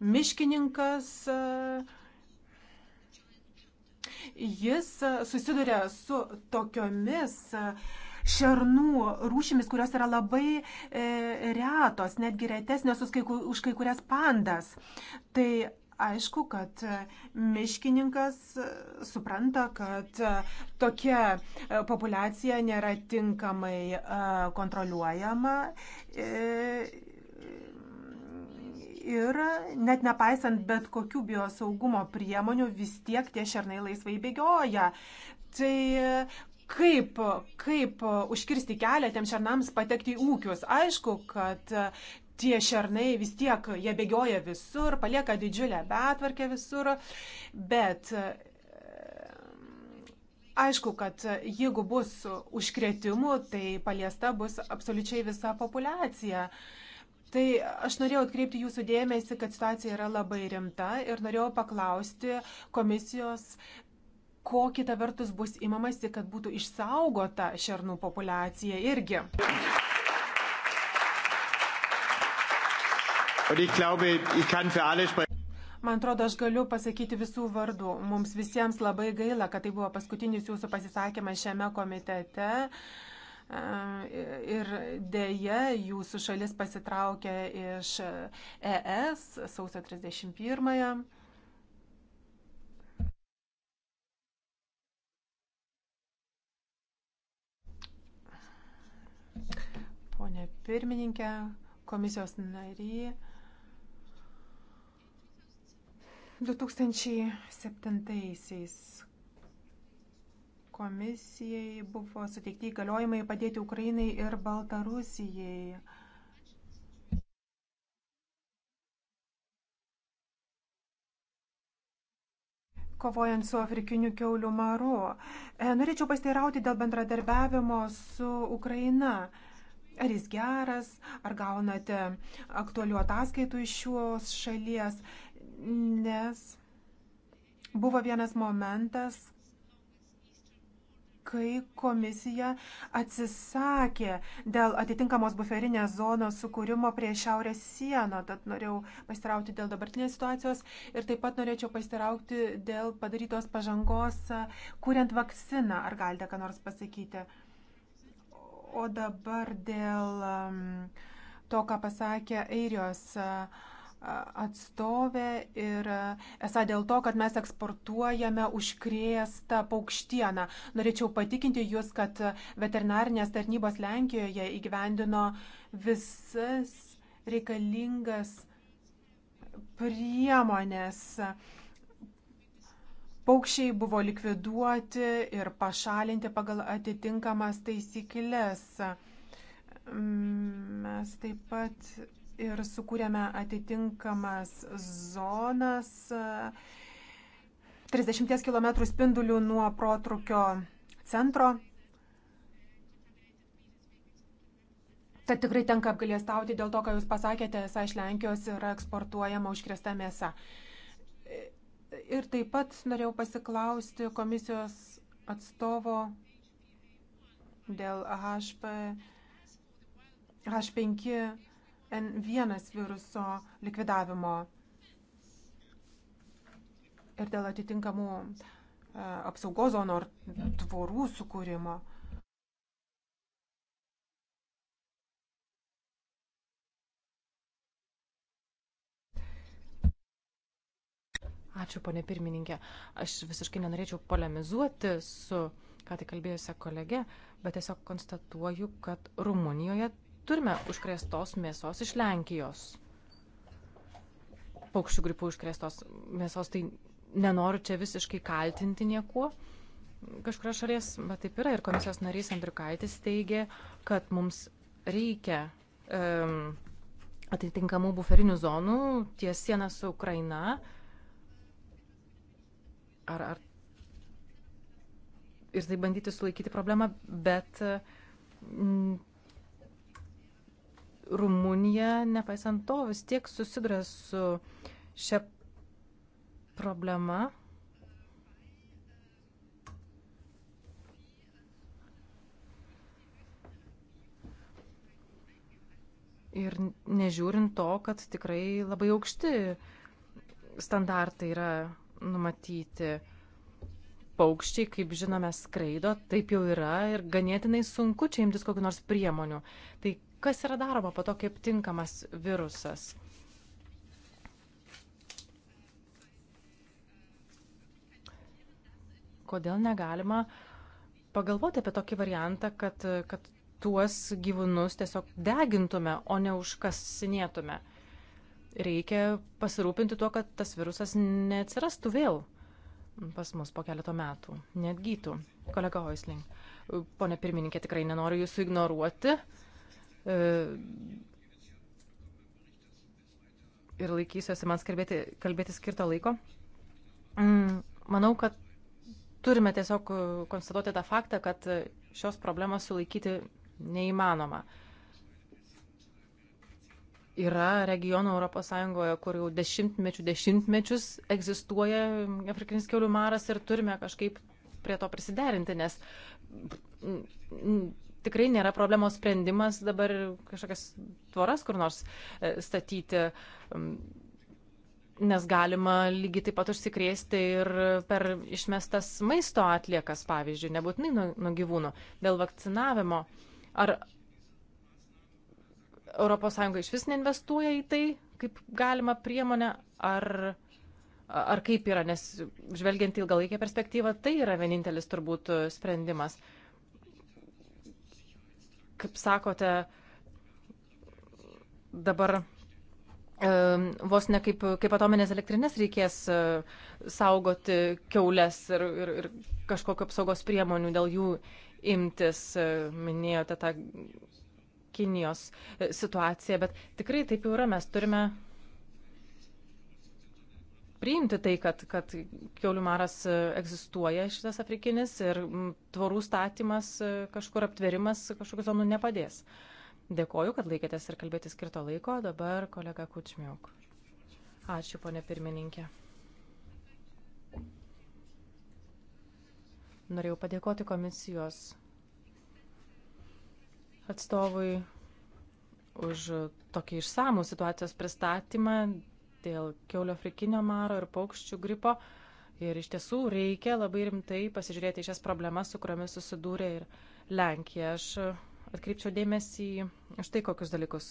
miškininkas. A, jis susiduria su tokiomis šernų rūšimis, kurios yra labai e, retos, netgi retesnės kai, už kai kurias pandas. Tai aišku, kad e, miškininkas e, supranta, kad e, tokia populiacija nėra tinkamai kontroliuojama. Ir net nepaisant bet kokių biosaugumo priemonių, vis tiek tie šernai laisvai bėgioja. Tai kaip, kaip užkirsti kelią tiem šernams patekti į ūkius. Aišku, kad tie šernai vis tiek, jie bėgioja visur, palieka didžiulę betvarkę visur, bet e, aišku, kad jeigu bus užkretimų, tai paliesta bus absoliučiai visa populiacija. Tai aš norėjau atkreipti jūsų dėmesį, kad situacija yra labai rimta ir norėjau paklausti komisijos, ko kita vertus bus imamasi, kad būtų išsaugota šernų populiacija irgi. Man atrodo, aš galiu pasakyti visų vardų. Mums visiems labai gaila, kad tai buvo paskutinis jūsų pasisakymas šiame komitete. Ehm, ir dėja, jūsų šalis pasitraukė iš ES sausio 31. -ąją. ponė pirmininkė, komisijos nary. 2007-aisiais komisijai buvo suteikti įgaliojimai padėti Ukrainai ir Baltarusijai. kovojant su afrikiniu keulių maru. Norėčiau pasteirauti dėl bendradarbiavimo su Ukraina ar jis geras, ar gaunate aktualių ataskaitų iš šios šalies, nes buvo vienas momentas, kai komisija atsisakė dėl atitinkamos buferinės zonos sukūrimo prie šiaurės sieno. Tad norėjau pasirauti dėl dabartinės situacijos ir taip pat norėčiau pasirauti dėl padarytos pažangos, kuriant vakciną. Ar galite ką nors pasakyti? O dabar dėl um, to, ką pasakė Airijos atstovė ir esą dėl to, kad mes eksportuojame užkrėstą paukštieną. Norėčiau patikinti Jūs, kad veterinarinės tarnybos Lenkijoje įgyvendino visas reikalingas priemonės Paukščiai buvo likviduoti ir pašalinti pagal atitinkamas taisyklės. Mes taip pat ir sukūrėme atitinkamas zonas 30 km spindulių nuo protrukio centro. Tad tikrai tenka apgalėstauti dėl to, ką Jūs pasakėte, esą iš Lenkijos yra eksportuojama užkrėsta mėsa. Ir taip pat norėjau pasiklausti komisijos atstovo dėl HP, H5N1 viruso likvidavimo ir dėl atitinkamų e, apsaugos zonų ar tvorų sukūrimo. Ačiū, ponė pirmininkė. Aš visiškai nenorėčiau polemizuoti su ką tik kalbėjusią kolegę, bet tiesiog konstatuoju, kad Rumunijoje turime užkrėstos mėsos iš Lenkijos. Paukščių gripų užkrėstos mėsos, tai nenoriu čia visiškai kaltinti niekuo kažkurios šalies, bet taip yra. Ir komisijos narys Andriukaitis teigė, kad mums reikia um, atitinkamų buferinių zonų ties sieną su Ukraina. Uh, ar, ar ir tai bandyti sulaikyti problemą, bet mm, Rumunija, nepaisant to, vis tiek susiduria su šia problema. Ir nežiūrint to, kad tikrai labai aukšti standartai yra numatyti. Paukščiai, kaip žinome, skraido, taip jau yra ir ganėtinai sunku čia imtis kokiu nors priemonių. Tai kas yra daroma po to, kaip tinkamas virusas? Kodėl negalima pagalvoti apie tokį variantą, kad, kad tuos gyvūnus tiesiog degintume, o ne užkasinėtume? Uh, reikia pasirūpinti tuo, kad tas virusas neatsirastų vėl pas mus po keleto metų, netgytų. Kolega Hoisling, ponė pirmininkė, tikrai nenoriu jūsų ignoruoti e, ir laikysiuosi man skalbėti, kalbėti skirto laiko. Mm, manau, kad turime tiesiog konstatuoti tą faktą, kad šios problemos sulaikyti neįmanoma. Uh, yra regionų ES, kur jau dešimtmečių dešimtmečius egzistuoja afrikinis keulių maras ir turime kažkaip prie to prisiderinti, nes tikrai nėra problemos sprendimas dabar kažkokias tvoras kur nors e, statyti, nes galima lygiai taip pat užsikrėsti ir per išmestas maisto atliekas, pavyzdžiui, nebūtinai nuo, nuo gyvūnų, dėl vakcinavimo. Ar ES iš vis neinvestuoja į tai, kaip galima priemonę, ar, ar kaip yra, nes žvelgiant ilgalaikę perspektyvą, tai yra vienintelis turbūt sprendimas. Kaip sakote, dabar vos ne kaip, kaip atomenės elektrinės reikės e, saugoti keulės ir, ir, ir kažkokio apsaugos priemonių dėl jų imtis. E, minėjote tą Kinijos e, situaciją, bet tikrai taip jau yra, mes turime priimti tai, kad, kad keulių maras e, egzistuoja šitas afrikinis ir tvorų statymas, e, kažkur aptverimas kažkokiu zonu nepadės. Dėkoju, kad laikėtės ir kalbėti skirto laiko. Dabar kolega Kučmiuk. Ačiū, ponė pirmininkė. Norėjau padėkoti komisijos atstovui už tokį išsamų situacijos pristatymą dėl keulio frikinio maro ir paukščių gripo. Ir iš tiesų reikia labai rimtai pasižiūrėti į šias problemas, su kuriomis susidūrė ir Lenkija. Aš atkreipčiau dėmesį į štai kokius dalykus.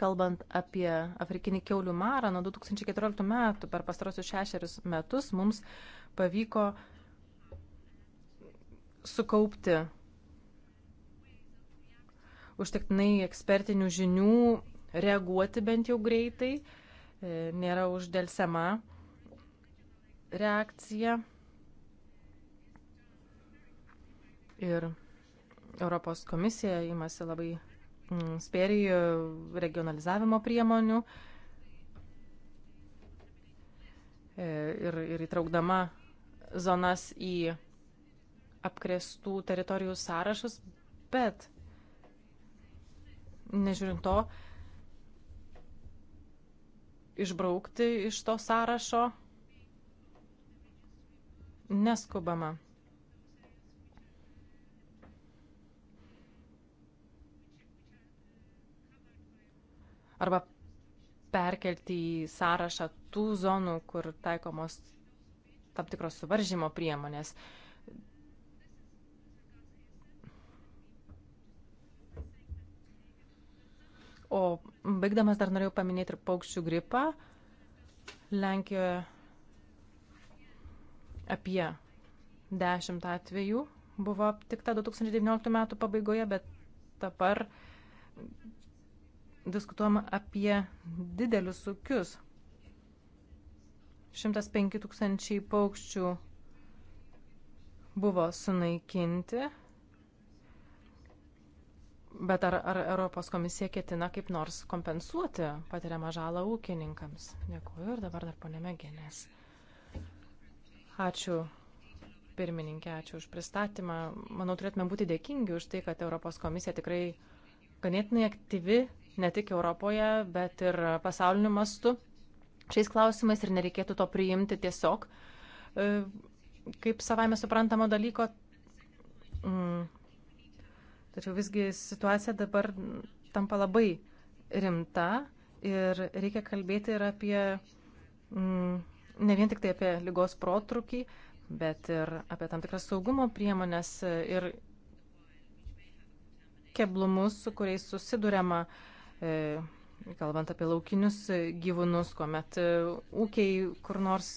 Kalbant apie afrikinį keulių marą, nuo 2014 metų per pastarosius šešerius metus mums pavyko sukaupti užtektinai ekspertinių žinių, reaguoti bent jau greitai, e, nėra uždelsiama reakcija. Ir Europos komisija imasi labai mm, spėriai regionalizavimo priemonių e, ir, ir įtraukdama zonas į apkrestų teritorijų sąrašus, bet nežiūrint to, išbraukti iš to sąrašo neskubama. Arba perkelti į sąrašą tų zonų, kur taikomos tam tikros suvaržymo priemonės. Uh, O baigdamas dar norėjau paminėti ir paukščių gripą. Lenkijoje apie 10 atvejų buvo aptikta 2019 metų pabaigoje, bet dabar diskutuojama apie didelius sukius. 105 tūkstančiai paukščių buvo sunaikinti Bet ar, ar Europos komisija ketina kaip nors kompensuoti patiriamą žalą ūkininkams? Dėkuoju ir dabar dar ponėme genės. Ačiū pirmininkė, ačiū už pristatymą. Manau, turėtume būti dėkingi už tai, kad Europos komisija tikrai ganėtinai aktyvi ne tik Europoje, bet ir pasauliniu mastu šiais klausimais ir nereikėtų to priimti tiesiog e, kaip savame suprantamo dalyko mm, Tačiau visgi situacija dabar tampa labai rimta ir reikia kalbėti ir apie, mm, ne vien tik tai apie lygos protrukį, bet ir apie tam tikras saugumo priemonės ir keblumus, su kuriais susidurėma, e, kalbant apie laukinius gyvūnus, kuomet e, ūkiai kur nors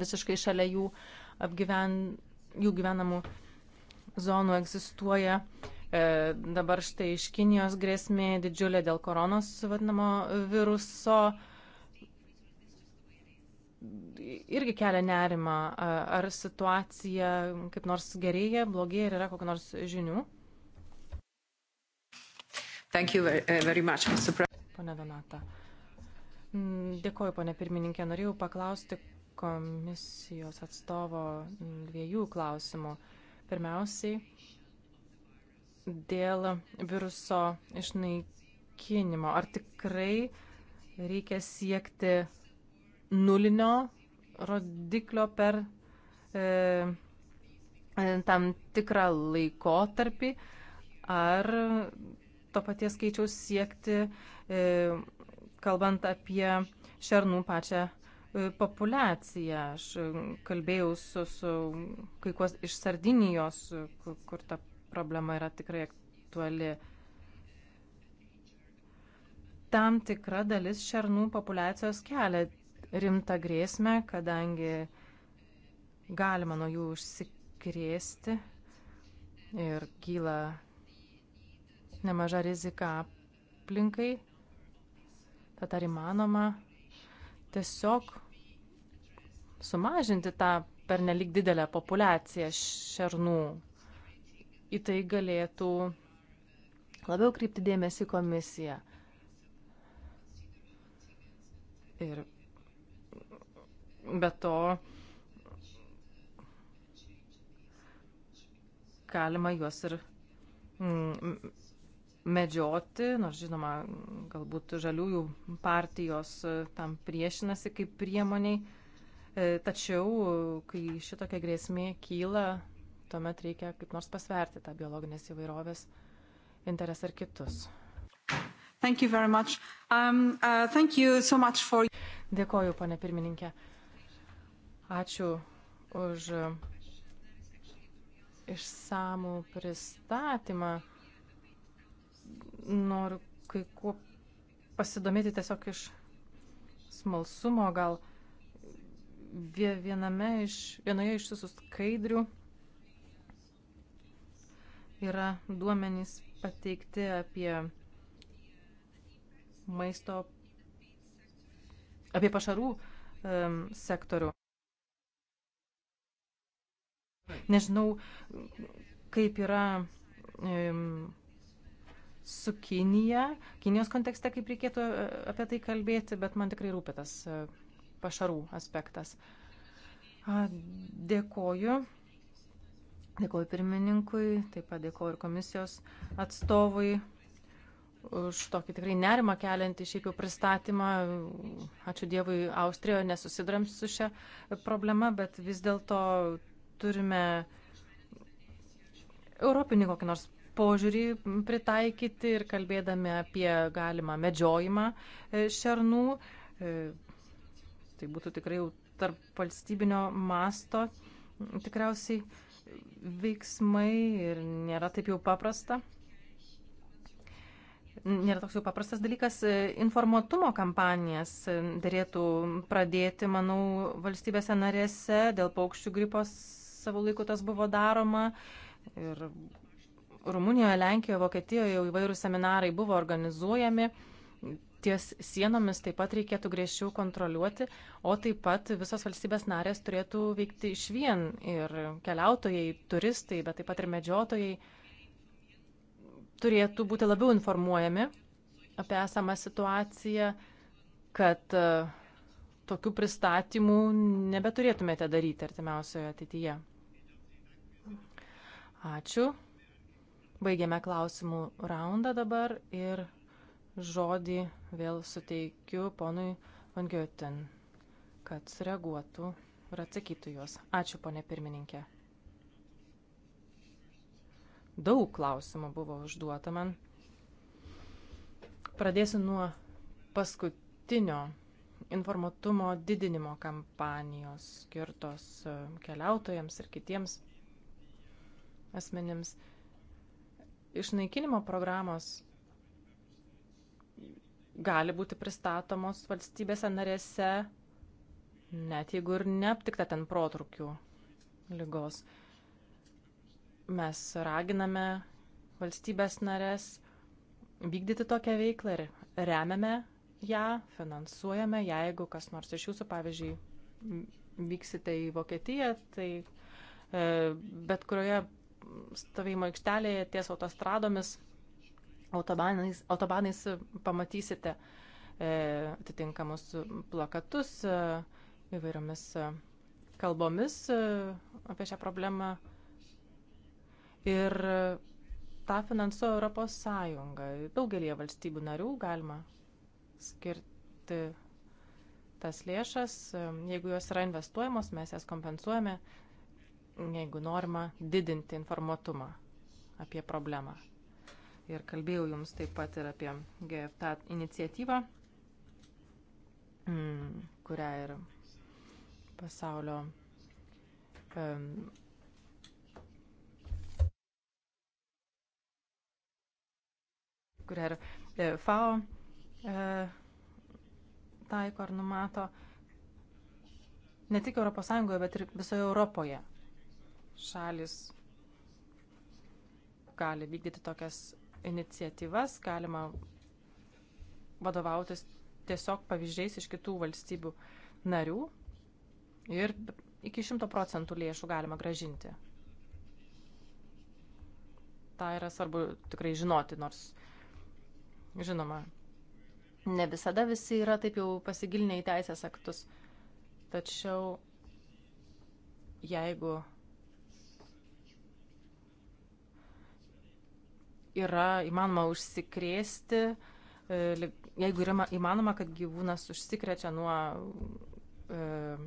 visiškai šalia jų, apgyven, jų gyvenamų zonų egzistuoja. E, dabar štai iš Kinijos grėsmė didžiulė dėl koronos vadinamo viruso. Irgi kelia nerima, ar situacija kaip nors gerėja, blogėja ir yra kokių nors žinių. Thank you very eh, much, Mr. President. Pone Donata. Mm, dėkoju, ponė pirmininkė. Norėjau paklausti komisijos atstovo dviejų klausimų. Uh, Pirmiausiai, dėl viruso išnaikinimo. Ar tikrai reikia siekti nulinio rodiklio per e, e, tam tikrą laikotarpį, ar to paties skaičiaus siekti, e, kalbant apie šernų pačią populiacija. Aš kalbėjau su, su kai kuos iš Sardinijos, kur, kur ta problema yra tikrai aktuali. Tam tikra dalis šernų populacijos kelia rimtą grėsmę, kadangi galima nuo jų užsikrėsti ir kyla nemaža rizika aplinkai. Tad ar įmanoma tiesiog sumažinti tą pernelik didelę populiaciją šernų. Į tai galėtų labiau krypti dėmesį komisija. Ir be to galima juos ir mm, medžioti, nors žinoma, galbūt žaliųjų partijos e, tam priešinasi kaip priemoniai E, tačiau, kai šitokia grėsmė kyla, tuomet reikia kaip nors pasverti tą biologinės įvairovės interesą ar kitus. Thank you very much. Um, uh, thank you so much for... Dėkoju, pane pirmininkė. Ačiū už išsamų pristatymą. Noriu kai kuo pasidomėti tiesiog iš smalsumo gal. Uh, viename iš, vienoje iš jūsų skaidrių yra duomenys pateikti apie maisto, apie pašarų um, sektorių. Nežinau, kaip yra um, su Kinija, Kinijos kontekste, kaip reikėtų e, apie tai kalbėti, bet man tikrai rūpė tas uh, pašarų aspektas. Dėkoju. Dėkoju pirmininkui, taip pat dėkoju ir komisijos atstovui už tokį tikrai nerimą keliantį šiaip jau pristatymą. Ačiū Dievui, Austrijoje nesusidurėm su šia problema, bet vis dėlto turime europinį kokį nors požiūrį pritaikyti ir kalbėdami apie galimą medžiojimą e, šernų e, Tai būtų tikrai jau tarp valstybinio masto tikriausiai veiksmai ir nėra taip jau paprasta. Nėra toks jau paprastas dalykas. E, informuotumo kampanijas e, dėrėtų pradėti, manau, valstybėse narėse. Dėl paukščių gripos savo laiku tas buvo daroma. Ir Rumunijoje, Lenkijoje, Vokietijoje jau įvairūs seminarai buvo organizuojami ties sienomis taip pat reikėtų griežčiau kontroliuoti, o taip pat visos valstybės narės turėtų veikti iš vien ir keliautojai, turistai, bet taip pat ir medžiotojai turėtų būti labiau informuojami apie esamą situaciją, kad e, tokių pristatymų nebeturėtumėte daryti artimiausioje ateityje. Ačiū. Baigėme klausimų raundą dabar ir žodį vėl suteikiu ponui Van Goeten, kad sureaguotų ir atsakytų juos. Ačiū, ponė pirmininkė. Daug klausimų buvo užduota man. Pradėsiu nuo paskutinio informatumo didinimo kampanijos skirtos e, keliautojams ir kitiems asmenims. Išnaikinimo programos gali būti pristatomos valstybėse narėse, net jeigu ir neaptikta ten protrukių lygos. Mes raginame valstybės narės vykdyti tokią veiklą ir remiame ją, finansuojame ją. Jeigu kas nors iš jūsų, pavyzdžiui, vyksite į Vokietiją, tai e, bet kurioje stovėjimo aikštelėje ties autostradomis autobanais, autobanais pamatysite e, atitinkamus plakatus e, įvairiomis e, kalbomis apie šią problemą. Ir tą finansuoja Europos Sąjunga. Daugelie valstybių narių galima skirti tas lėšas. Jeigu jos yra investuojamos, mes jas kompensuojame, jeigu norima didinti informatumą apie problemą ir kalbėjau jums taip pat ir apie GFTA iniciatyvą, mm, kurią ir pasaulio kurią ir e, FAO e, taiko ar numato ne tik ES, bet ir visoje Europoje šalis gali vykdyti tokias iniciatyvas, galima vadovautis tiesiog pavyzdžiais iš kitų valstybių narių ir iki 100 procentų lėšų galima gražinti. Ta yra svarbu tikrai žinoti, nors žinoma, ne visada visi yra taip jau pasigilinę į teisės aktus. Tačiau jeigu yra įmanoma užsikrėsti, e, jeigu yra įmanoma, kad gyvūnas užsikrečia nuo e,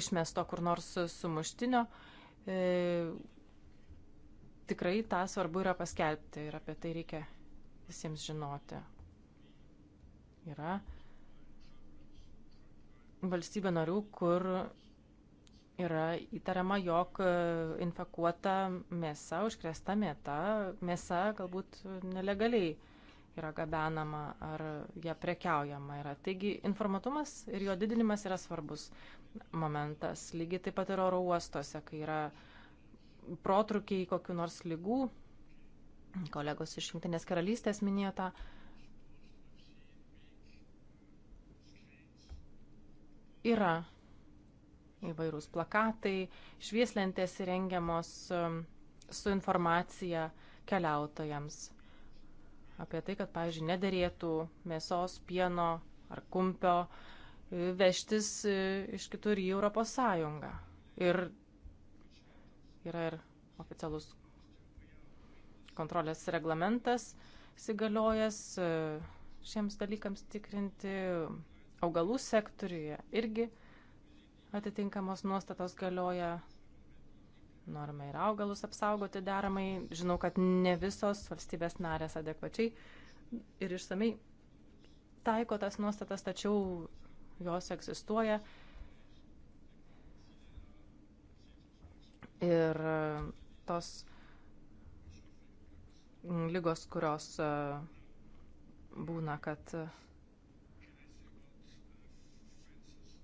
išmesto kur nors sumuštinio, e, tikrai tą svarbu yra paskelbti ir apie tai reikia visiems žinoti. Yra valstybė narių, kur yra įtariama, jog e, infekuota mėsa, užkrėsta mėta, mėsa galbūt nelegaliai yra gabenama ar ją prekiaujama yra. Taigi informatumas ir jo didinimas yra svarbus momentas. Lygiai taip pat ir oro uostuose, kai yra protrukiai kokiu nors lygų. Kolegos iš Junktinės karalystės minėjo tą. Yra įvairūs plakatai, švieslentės įrengiamos um, su informacija keliautojams apie tai, kad, pavyzdžiui, nederėtų mėsos, pieno ar kumpio e, vežtis e, iš kitur į Europos Sąjungą. Ir yra ir oficialus kontrolės reglamentas įsigaliojęs e, šiems dalykams tikrinti augalų sektoriuje irgi atitinkamos nuostatos galioja. Norime ir augalus apsaugoti deramai. Žinau, kad ne visos valstybės narės adekvačiai ir išsamei taiko tas nuostatas, tačiau jos egzistuoja. Ir e, tos lygos, kurios e, būna, kad e,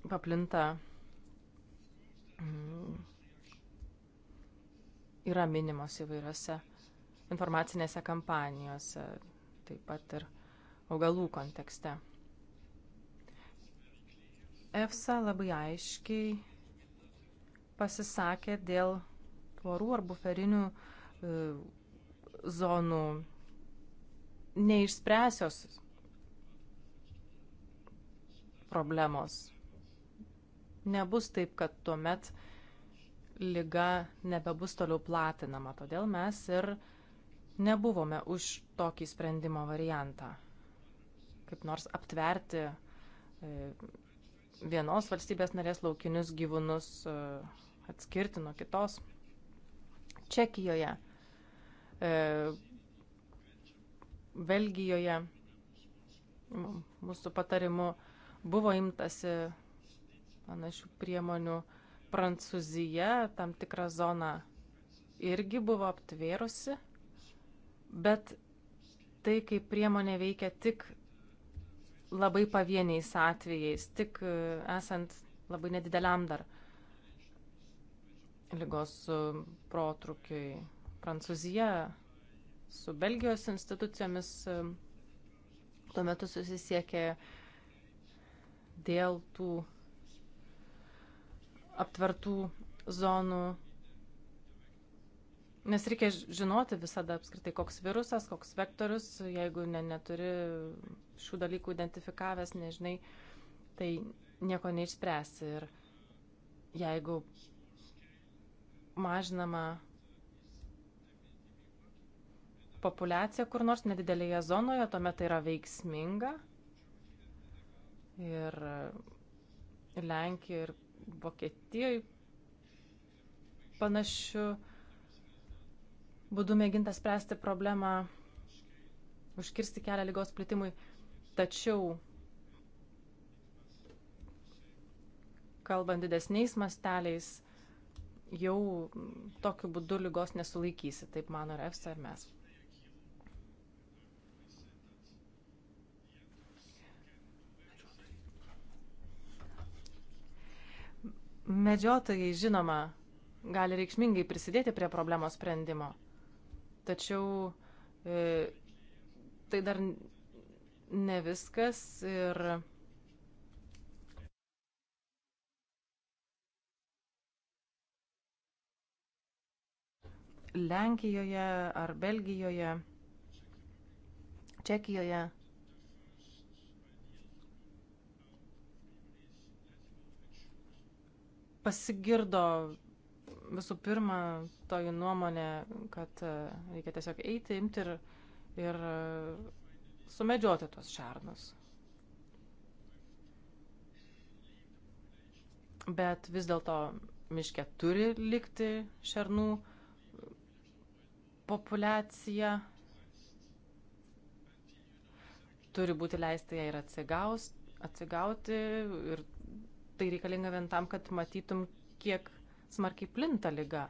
paplinta Mm. yra minimos įvairiose informacinėse kampanijose, taip pat ir augalų kontekste. EFSA labai aiškiai pasisakė dėl tvorų ar buferinių e, zonų neišspręsios problemos nebus taip, kad tuomet lyga nebebus toliau platinama. Todėl mes ir nebuvome už tokį sprendimo variantą. Kaip nors aptverti e, vienos valstybės narės laukinius gyvūnus, e, atskirti nuo kitos. Čekijoje, e, Belgijoje mūsų patarimu buvo imtasi panašių priemonių. Prancūzija tam tikrą zoną irgi buvo aptvėrusi, bet tai, kaip priemonė veikia tik labai pavieniais atvejais, tik e, esant labai nedideliam dar lygos e, protrukiui. Prancūzija su Belgijos institucijomis e, tuo metu susisiekė dėl tų aptvertų zonų. Nes reikia žinoti visada apskritai, koks virusas, koks vektorius, jeigu ne, neturi šių dalykų identifikavęs, nežinai, tai nieko neišspręsi. Ir jeigu mažinama populiacija kur nors nedidelėje zonoje, tuomet tai yra veiksminga. Ir Lenkija ir Vokietijoje panašiu būdu mėginta spręsti problemą, užkirsti kelią lygos plitimui. Tačiau, kalbant didesniais masteliais, jau tokiu būdu lygos nesulaikysi, taip mano Refsa ir mes. Medžiotojai, žinoma, gali reikšmingai prisidėti prie problemos sprendimo. Tačiau e, tai dar ne viskas ir. Lenkijoje ar Belgijoje, Čekijoje pasigirdo visų pirma toji nuomonė, kad e, reikia tiesiog eiti, imti ir, ir e, sumedžioti tuos šernus. Bet vis dėlto miške turi likti šernų populiacija. Turi būti leista ją ir atsigaus, atsigauti ir tai reikalinga vien tam, kad matytum, kiek smarkiai plinta lyga.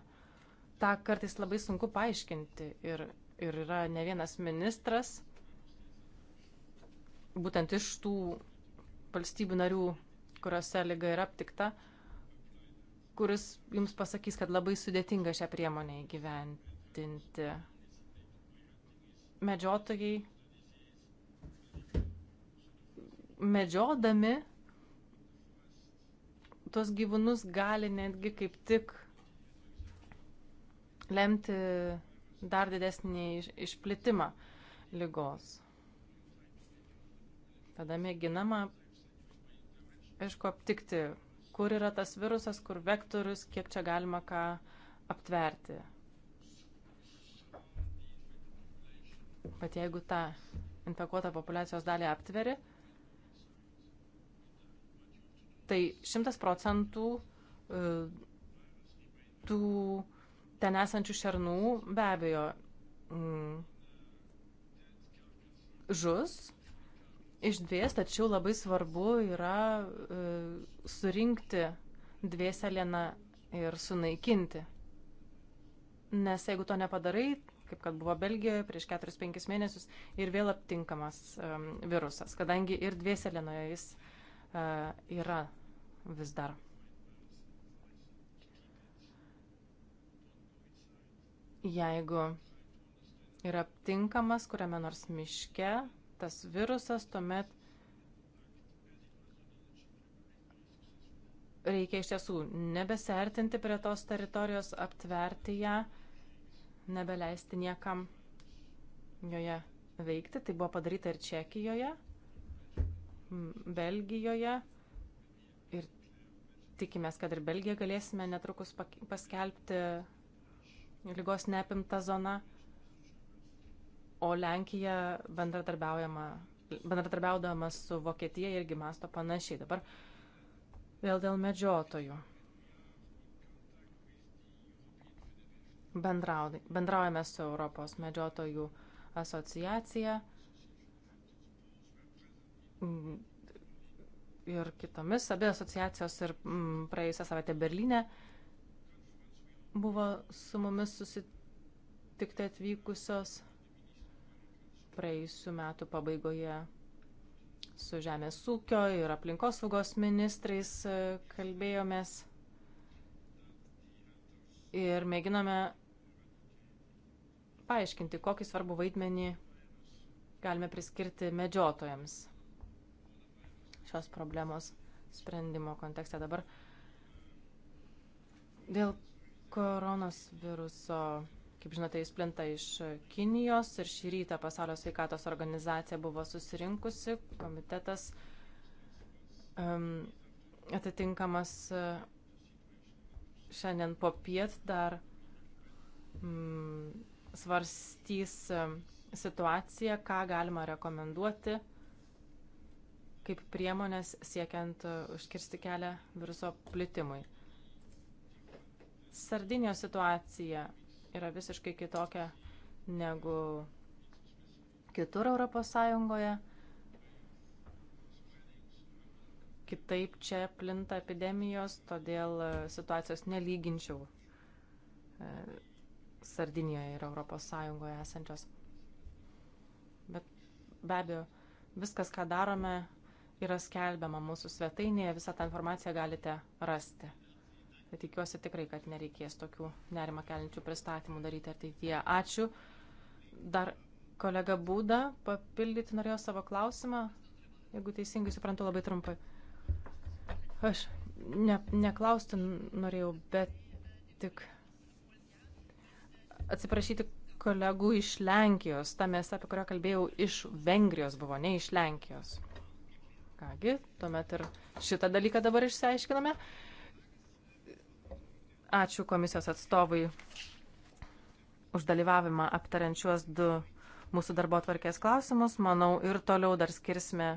Ta kartais labai sunku paaiškinti ir, ir yra ne vienas ministras, būtent iš tų valstybių narių, kuriuose lyga yra aptikta, kuris jums pasakys, kad labai sudėtinga šią priemonę įgyventinti. Medžiotojai medžiodami tuos gyvūnus gali netgi kaip tik lemti dar didesnį išplitimą lygos. Tada mėginama, aišku, aptikti, kur yra tas virusas, kur vektorius, kiek čia galima ką aptverti. Bet jeigu tą infekuotą populacijos dalį aptveri, tai 100 procentų e, tų ten esančių šernų be abejo mm, žus iš dvies, tačiau labai svarbu yra e, surinkti dvieselieną ir sunaikinti. Nes jeigu to nepadarai, kaip kad buvo Belgijoje prieš 4-5 mėnesius, ir vėl aptinkamas um, virusas, kadangi ir dvieselienoje jis uh, yra vis dar. Jeigu yra aptinkamas kuriame nors miške tas virusas, tuomet reikia iš tiesų nebesertinti prie tos teritorijos, aptverti ją, nebeleisti niekam joje veikti. Tai buvo padaryta ir Čekijoje, Belgijoje, tikimės, kad ir Belgiją galėsime netrukus paskelbti lygos neapimta zona, o Lenkija bendradarbiaudama su Vokietija irgi masto panašiai. Dabar vėl dėl medžiotojų. Bendraudai, bendraujame su Europos medžiotojų asociacija ir kitomis. Abi asociacijos ir mm, praėjusią savaitę Berlyne buvo su mumis susitikti atvykusios praėjusiu metu pabaigoje su žemės ūkio ir aplinkosaugos ministrais e, kalbėjomės ir mėginome paaiškinti, kokį svarbų vaidmenį galime priskirti medžiotojams šios problemos sprendimo kontekste. Dabar dėl koronos viruso, kaip žinote, jis plinta iš Kinijos ir šį rytą pasaulio sveikatos organizacija buvo susirinkusi, komitetas um, atitinkamas šiandien po piet dar mm, svarstys situaciją, ką galima rekomenduoti kaip priemonės siekiant e, užkirsti kelią viruso plitimui. Sardinijos situacija yra visiškai kitokia negu kitur Europos Sąjungoje. Kitaip čia plinta epidemijos, todėl e, situacijos nelyginčiau e, Sardinijoje ir Europos Sąjungoje esančios. Bet be abejo, viskas, ką darome, yra skelbiama mūsų svetainėje, visą tą informaciją galite rasti. Tai tikiuosi tikrai, kad nereikės tokių nerima kelinčių pristatymų daryti ateityje. Ačiū. Dar kolega Būda papildyti norėjo savo klausimą, jeigu teisingai suprantu labai trumpai. Aš ne, neklausti norėjau, bet tik atsiprašyti kolegų iš Lenkijos. Ta mėsa, apie kurią kalbėjau, iš Vengrijos buvo, ne iš Lenkijos. Kągi, tuomet ir šitą dalyką dabar išsiaiškiname. Ačiū komisijos atstovui už dalyvavimą aptariančios du mūsų darbo atvarkės klausimus. Manau, ir toliau dar skirsime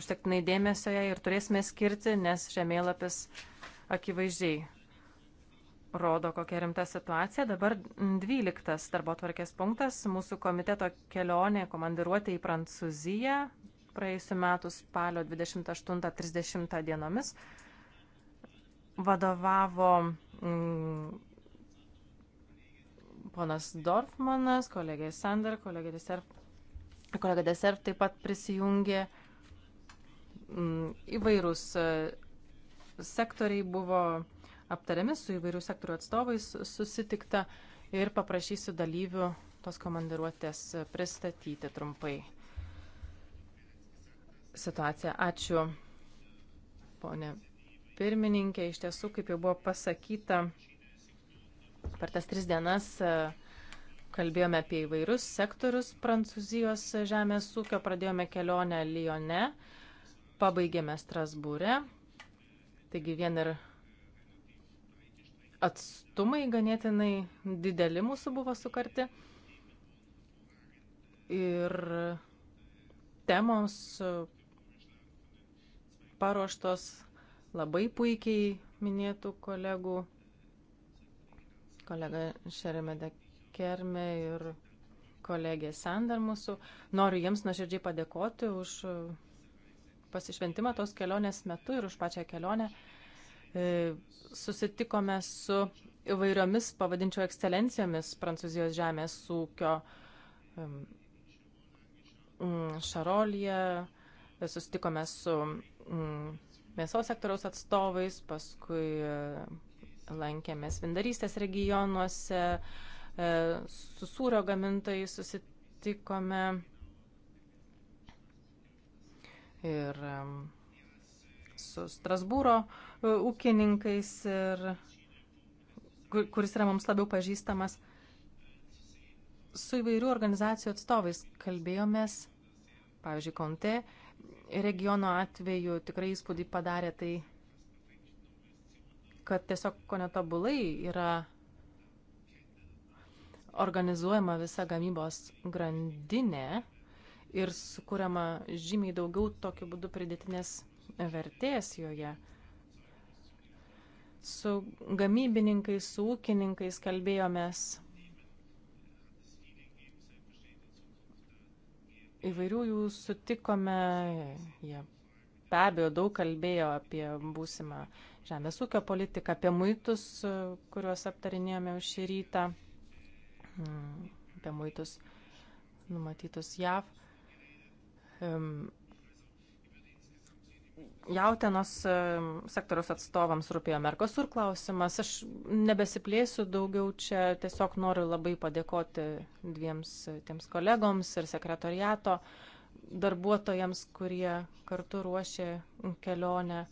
užtektinai dėmesio jai ir turėsime skirti, nes žemėlapis akivaizdžiai rodo, kokia rimta situacija. Dabar 12 darbo atvarkės punktas - mūsų komiteto kelionė komandiruoti į Prancūziją praėjusiu metu spalio 28-30 dienomis vadovavo mm, ponas Dorfmanas, kolegė Sander, kolegė Deserf, kolega Deserf taip pat prisijungė. Mm, įvairūs e, sektoriai buvo aptariami su įvairių sektorių atstovais susitikta ir paprašysiu dalyvių tos komandiruotės pristatyti trumpai situaciją. Ačiū, ponė pirmininkė. Iš tiesų, kaip jau buvo pasakyta, per tas tris dienas e, kalbėjome apie įvairius sektorius Prancūzijos žemės ūkio, pradėjome kelionę Lyone, pabaigėme Strasbūre. Taigi vien ir atstumai ganėtinai dideli mūsų buvo sukarti. Ir temos paruoštos labai puikiai minėtų kolegų, kolega Šeremede Kerme ir kolegė Sandar mūsų. Noriu jiems nuoširdžiai padėkoti už pasišventimą tos kelionės metu ir už pačią kelionę. E, susitikome su įvairiomis, pavadinčiau, ekscelencijomis Prancūzijos žemės ūkio Šarolija, susitikome su Mm, mėsos sektoriaus atstovais, paskui e, lankėmės vindarystės regionuose, e, su sūrio gamintojai susitikome ir e, su Strasbūro ūkininkais, ir, kuris yra mums labiau pažįstamas. Su įvairių organizacijų atstovais kalbėjomės, pavyzdžiui, Konte regiono atveju tikrai įspūdį padarė tai, kad tiesiog ko netobulai yra organizuojama visa gamybos grandinė ir sukūriama žymiai daugiau tokiu būdu pridėtinės vertės joje. Su gamybininkais, su ūkininkais kalbėjomės įvairių jų sutikome, jie be abejo daug kalbėjo apie būsimą žemės ūkio politiką, apie muitus, kuriuos aptarinėjome šį rytą, mm, apie muitus numatytus JAV. Um, jautenos e, sektoriaus atstovams rūpėjo Merkosur klausimas. Aš nebesiplėsiu daugiau čia, tiesiog noriu labai padėkoti dviems e, tiems kolegoms ir sekretariato darbuotojams, kurie kartu ruošė kelionę.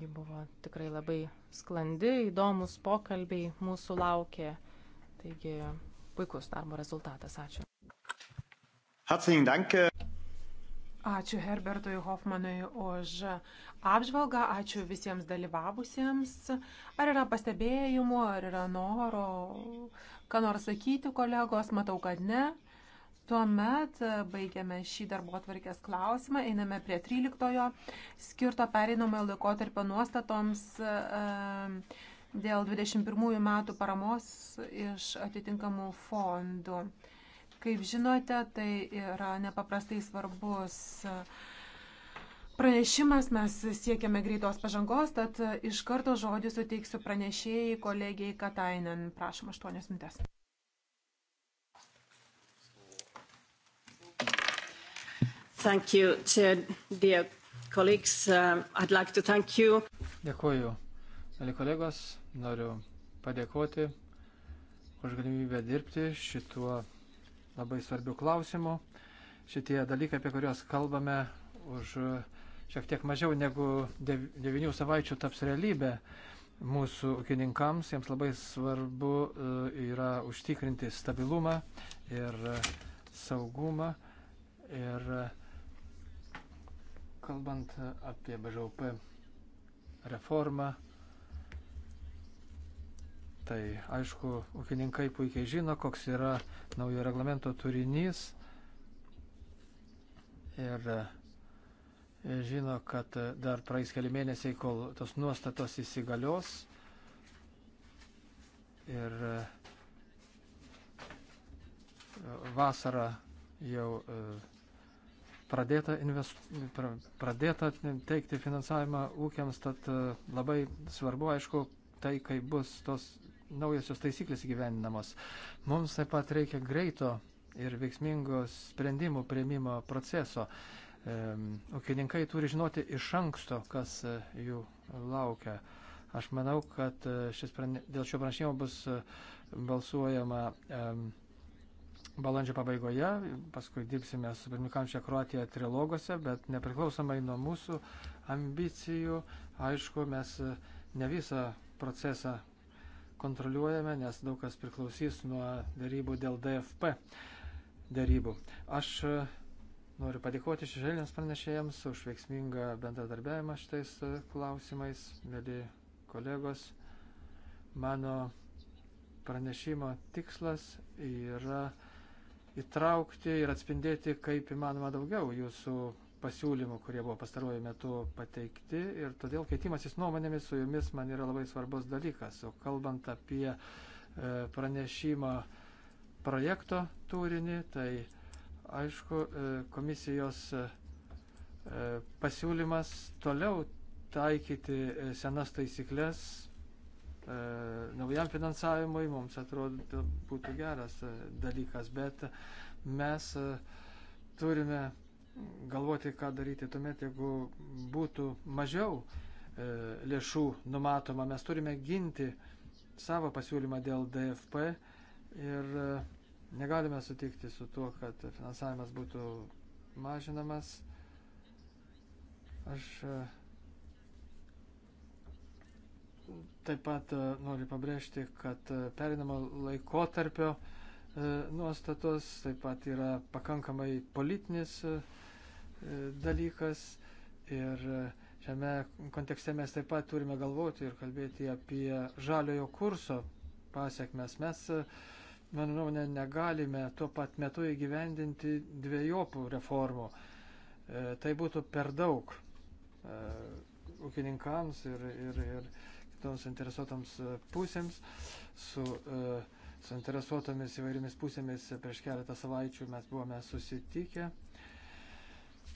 Ji buvo tikrai labai sklandi, įdomus pokalbiai mūsų laukė. Taigi puikus darbo rezultatas. Ačiū. Herzlichen Dank. Äh, Ačiū Herbertui Hoffmanui už apžvalgą, ačiū visiems dalyvavusiems. Ar yra pastebėjimų, ar yra noro, ką nors sakyti, kolegos, matau, kad ne. Tuomet baigiame šį darbo atvarkės klausimą, einame prie 13-ojo skirto pereinamojo laikotarpio nuostatoms ehm, dėl 21 metų paramos iš atitinkamų fondų. Kaip žinote, tai yra nepaprastai svarbus e, pranešimas, mes siekiame greitos pažangos, tad iš karto žodį suteiksiu pranešėjai kolegijai Katainen. Prašom, aštuonios minutės. Thank you, Chair, dear colleagues. Uh, I'd like to thank you. Dėkuoju, mėly kolegos. Noriu padėkoti už galimybę dirbti šituo labai svarbių klausimų. Šitie dalykai, apie kuriuos kalbame, už šiek tiek mažiau negu devinių savaičių taps realybė mūsų ūkininkams. Jiems labai svarbu e, yra užtikrinti stabilumą ir saugumą. Ir e, kalbant apie BŽP reformą, Tai aišku, ūkininkai puikiai žino, koks yra naujo reglamento turinys ir e, žino, kad dar praeis keli mėnesiai, kol tos nuostatos įsigalios. Ir e, vasarą jau e, pradėta, invest, pradėta teikti finansavimą ūkiams, tad labai svarbu, aišku, tai, kai bus tos naujosios taisyklės gyveninamos. Mums taip pat reikia greito ir veiksmingo sprendimų prieimimo proceso. Ūkininkai turi žinoti iš anksto, kas e, jų laukia. Aš manau, kad e, šis, dėl šio pranešimo bus e, balsuojama balandžio pabaigoje, paskui dirbsime su pirmininkančia Kroatija trilogose, bet nepriklausomai nuo mūsų ambicijų, aišku, mes ne visą procesą kontroliuojame, nes daug kas priklausys nuo darybų dėl DFP darybų. Aš e, noriu padėkoti šešėlėms pranešėjams už veiksmingą bendradarbiavimą šitais e, klausimais, mėly kolegos. Mano pranešimo tikslas yra įtraukti ir atspindėti kaip įmanoma daugiau jūsų pasiūlymų, kurie buvo pastaruoju metu pateikti ir todėl keitimasis nuomonėmis su jumis man yra labai svarbus dalykas. O kalbant apie e, pranešimo projekto turinį, tai aišku, e, komisijos e, e pasiūlymas toliau taikyti e, senas taisyklės e, naujam finansavimui mums atrodo būtų geras e, dalykas, bet mes turime galvoti, ką daryti tuomet, jeigu būtų mažiau e, lėšų numatoma. Mes turime ginti savo pasiūlymą dėl DFP ir e, negalime sutikti su tuo, kad finansavimas būtų mažinamas. Aš e, taip pat noriu pabrėžti, kad perinamo laikotarpio nuostatos taip pat yra pakankamai politinis dalykas ir šiame kontekste mes taip pat turime galvoti ir kalbėti apie žaliojo kurso pasiekmes. Mes, mano nuomonė, negalime tuo pat metu įgyvendinti dviejopų reformų. E, tai būtų per daug e, ūkininkams ir, ir, ir kitoms interesuotams pusėms. Su e, suinteresuotomis įvairiomis pusėmis prieš keletą savaičių mes buvome susitikę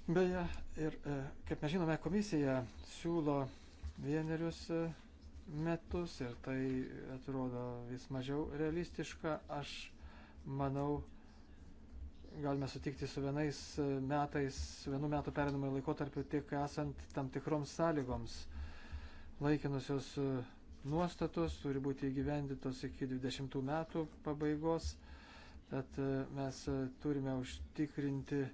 Beje, ir e, kaip mes žinome, komisija siūlo vienerius e, metus ir tai atrodo vis mažiau realistiška. Aš manau, galime sutikti su vienais e, metais, vienu metu perinamai laikotarpiu tik esant tam tikroms sąlygoms. Laikinusios nuostatos turi būti įgyvendytos iki 20 metų pabaigos, tad mes turime užtikrinti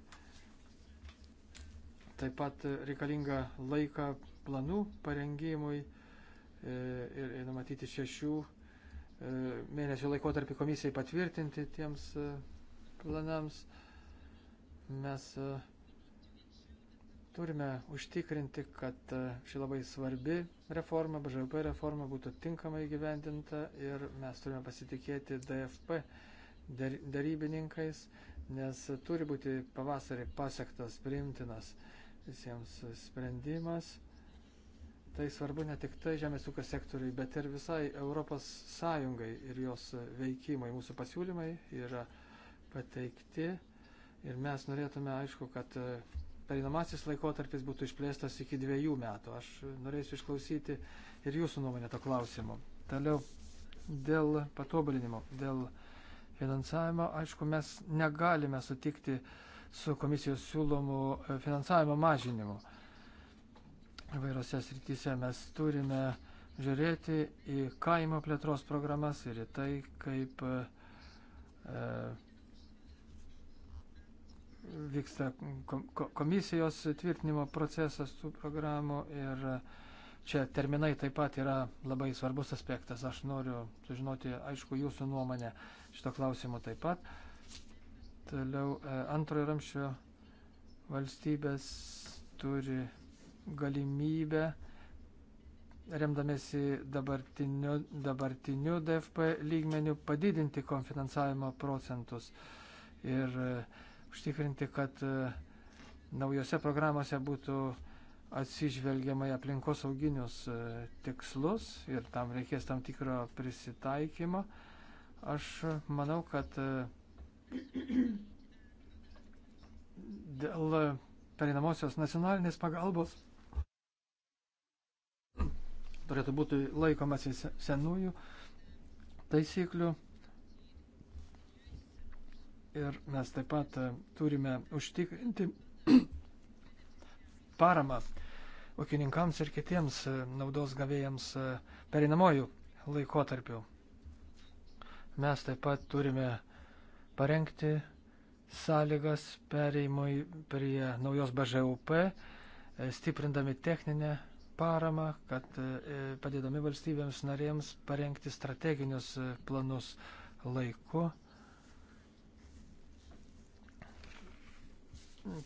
taip pat reikalinga laika planų parengimui e, ir, ir numatyti šešių e, mėnesių laikotarpį komisijai patvirtinti tiems e, planams. Mes turime užtikrinti, kad ši labai svarbi reforma, BŽP reforma būtų tinkamai gyvendinta ir mes turime pasitikėti DFP darybininkais, nes turi būti pavasarį pasiektas priimtinas uh, visiems sprendimas. Tai svarbu ne tik tai žemės ūkio sektoriui, bet ir visai Europos Sąjungai ir jos veikimai. Mūsų pasiūlymai yra pateikti ir mes norėtume, aišku, kad e, perinamasis laikotarpis būtų išplėstas iki dviejų metų. Aš norėsiu išklausyti ir jūsų nuomonę to klausimu. Toliau, dėl patobulinimo, dėl finansavimo, aišku, mes negalime sutikti uh, su komisijos siūlomu e, finansavimo mažinimu. Vairose srityse mes turime žiūrėti į kaimo plėtros programas ir į tai, kaip e, e vyksta komisijos tvirtinimo procesas tų programų ir čia terminai taip pat yra labai svarbus aspektas. Aš noriu sužinoti, aišku, jūsų nuomonę šito klausimu taip pat. Toliau e, antrojo ramščio valstybės turi galimybę, remdamėsi dabartiniu, dabartiniu DFP lygmeniu, padidinti konfinansavimo procentus ir e, užtikrinti, kad e, naujose programuose būtų atsižvelgiamai aplinkosauginius tikslus ir tam reikės tam tikro prisitaikymo. Aš manau, kad Dėl e, pereinamosios nacionalinės pagalbos turėtų būti laikomasi senųjų taisyklių. Ir mes taip pat e, turime užtikrinti [CLEARS THROAT] paramą ūkininkams ir kitiems e, naudos gavėjams pereinamojų laikotarpių. Mes taip pat turime parengti sąlygas pereimui prie naujos BŽUP, e, stiprindami techninę paramą, kad e, padėdami valstybėms narėms parengti strateginius e, planus laiku.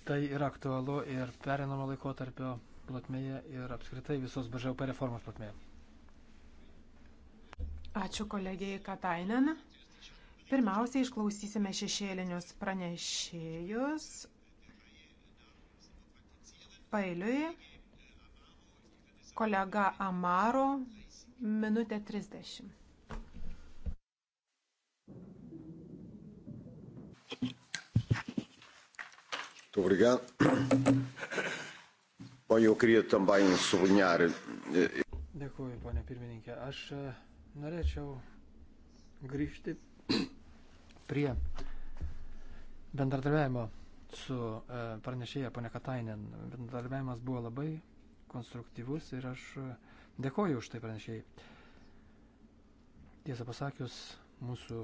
Tai yra aktualu ir perinamo laikotarpio plotmėje ir apskritai visos BŽUP reformos plotmėje. Ačiū kolegijai Katainen. Pirmiausia, išklausysime šešėlinius pranešėjus pailiui. Kolega Amaro, minutė 30. Muito obrigado. Bom, eu queria também sublinhar. Dėkuoju, ponia pirmininkė. Aš e, norėčiau grįžti prie bendradarbiavimo su e, pranešėja ponė Katainen. Bendradarbiavimas buvo labai konstruktyvus ir aš e, dėkoju už tai pranešėjai. Tiesą pasakius, mūsų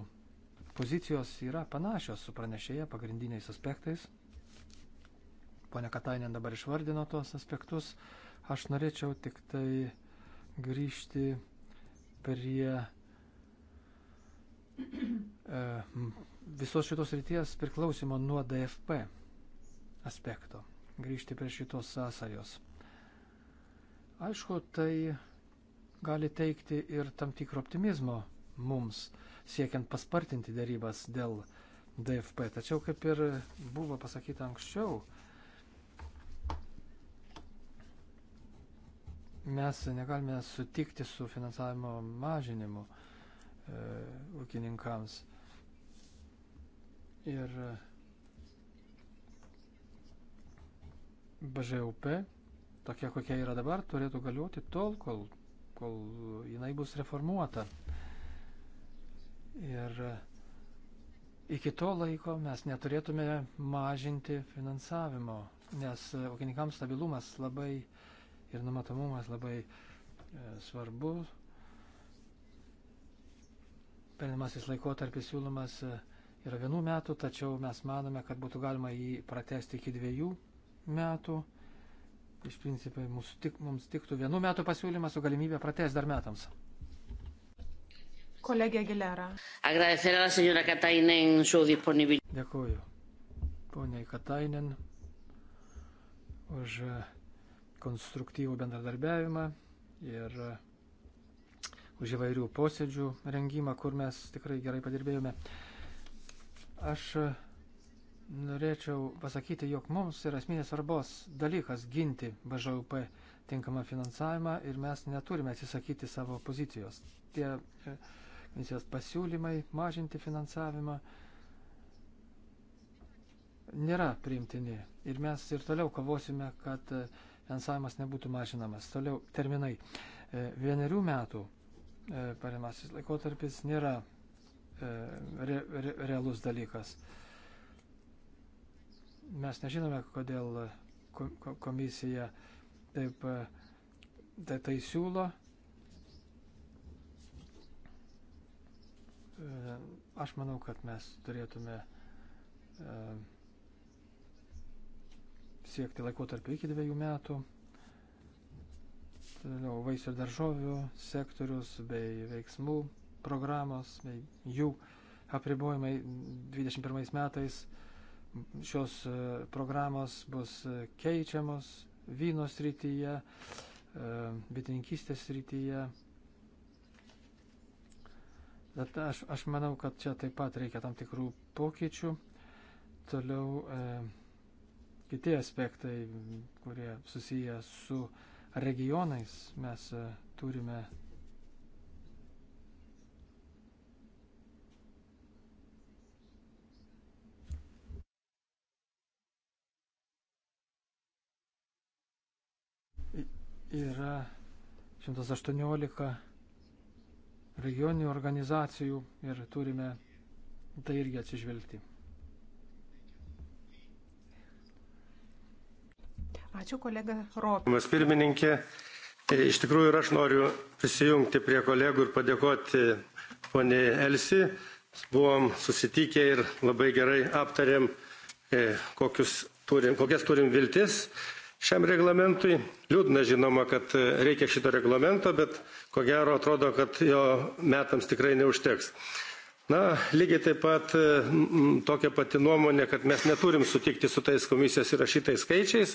pozicijos yra panašios su pranešėja pagrindiniais aspektais. Pone Katainen dabar išvardino tuos aspektus. Aš norėčiau tik tai grįžti prie E, visos šitos ryties priklausimo nuo DFP aspekto. Grįžti prie šitos sąsajos. Aišku, tai gali teikti ir tam tikro optimizmo mums, siekiant paspartinti darybas dėl DFP. Tačiau, kaip ir buvo pasakyta anksčiau, mes negalime sutikti su finansavimo mažinimu. E, E, ūkininkams. Ir e, BŽUP, tokia kokia yra dabar, turėtų galioti tol, kol, kol jinai bus reformuota. Ir e, iki to laiko mes neturėtume mažinti finansavimo, nes ūkininkams stabilumas labai ir numatomumas labai svarbu, Perinamasis laikotarpis siūlomas e, yra vienų metų, tačiau mes manome, kad būtų galima jį pratesti iki dviejų metų. Iš principai tik, mums tiktų vienų metų pasiūlymas su galimybė pratesti dar metams. Kolegė Gilera. Dėkuoju. Poniai Katainen už konstruktyvų bendradarbiavimą ir už įvairių posėdžių rengimą, kur mes tikrai gerai padirbėjome. Aš e, norėčiau pasakyti, jog mums yra asmenės svarbos dalykas ginti BŽUP tinkamą finansavimą ir mes neturime atsisakyti savo pozicijos. Tie e, komisijos pasiūlymai mažinti finansavimą nėra priimtini ir mes ir toliau kovosime, kad e, finansavimas nebūtų mažinamas. Toliau terminai. Vienerių metų E, paremasis laikotarpis nėra e, re, re, realus dalykas. Mes nežinome, kodėl komisija taip e, tai, tai siūlo. Aš manau, kad mes turėtume siekti laikotarpį iki dviejų metų toliau vaisių ir daržovių sektorius bei veiksmų programos bei jų apribojimai 21 metais šios e, programos bus e, keičiamos vynos rytyje, e, bitininkystės rytyje. Bet aš, aš manau, kad čia taip pat reikia tam tikrų pokyčių. Toliau e, kiti aspektai, kurie susiję su e, regionais mes e, turime yra 118 regioninių organizacijų ir turime tai irgi atsižvelgti. Ačiū kolega Ropė. Mes pirmininkė, tai iš tikrųjų ir aš noriu prisijungti prie kolegų ir padėkoti poniai Elsi. Buvom susitikę ir labai gerai aptarėm, e, turim, kokias turim viltis šiam reglamentui. Liūdna žinoma, kad reikia šito reglamento, bet ko gero atrodo, kad jo metams tikrai neužteks. Na, lygiai taip pat e, tokia pati nuomonė, kad mes neturim sutikti su tais komisijos įrašytais skaičiais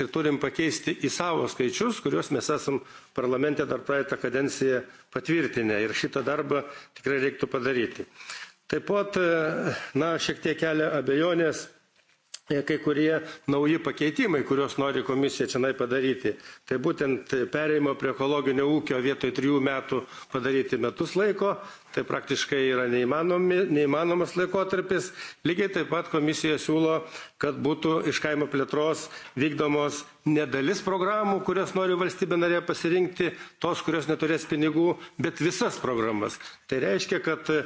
ir turim pakeisti į savo skaičius, kuriuos mes esam parlamente dar praeitą kadenciją patvirtinę ir šitą darbą tikrai reiktų padaryti. Taip pat, e, na, šiek tiek kelia abejonės e, kai kurie nauji pakeitimai, kuriuos nori komisija čia padaryti. Tai būtent pereimo prie ekologinio ūkio vietoj trijų metų padaryti metus laiko, tai praktiškai yra neįmanomi, neįmanomas laikotarpis. Lygiai taip pat komisija siūlo, kad būtų iš kaimo plėtros vykdomos nedalis programų, kurias nori valstybė narė pasirinkti, tos, kurios neturės pinigų, bet visas programas. Tai reiškia, kad e,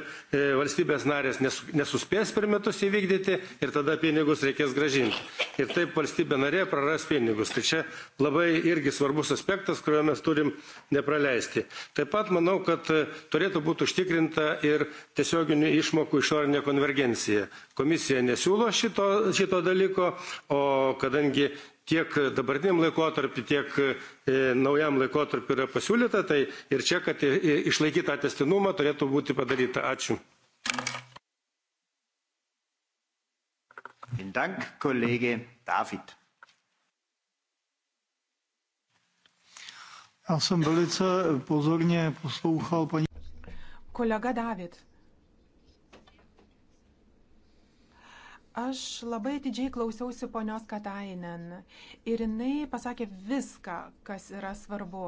valstybės narės nesuspės per metus įvykdyti ir tada pinigus reikės gražinti. Ir taip valstybė narė praras pinigus. Tai čia labai irgi svarbus aspektas, kurio mes turim nepraleisti. Taip pat manau, kad e, turėtų būti užtikrinti užtikrinta ir tiesioginių išmokų išorinė konvergencija. Komisija nesiūlo šito, šito dalyko, o kadangi tiek dabartiniam laikotarpiu, tiek e, naujam laikotarpiu yra pasiūlyta, tai ir čia, kad išlaikytą testinumą turėtų būti padaryta. Ačiū. Dank, kolegė David. Já jsem velice pozorně poslouchal paní Kolega David. Aš labai atidžiai klausiausi ponios Katainen ir jinai pasakė viską, kas yra svarbu.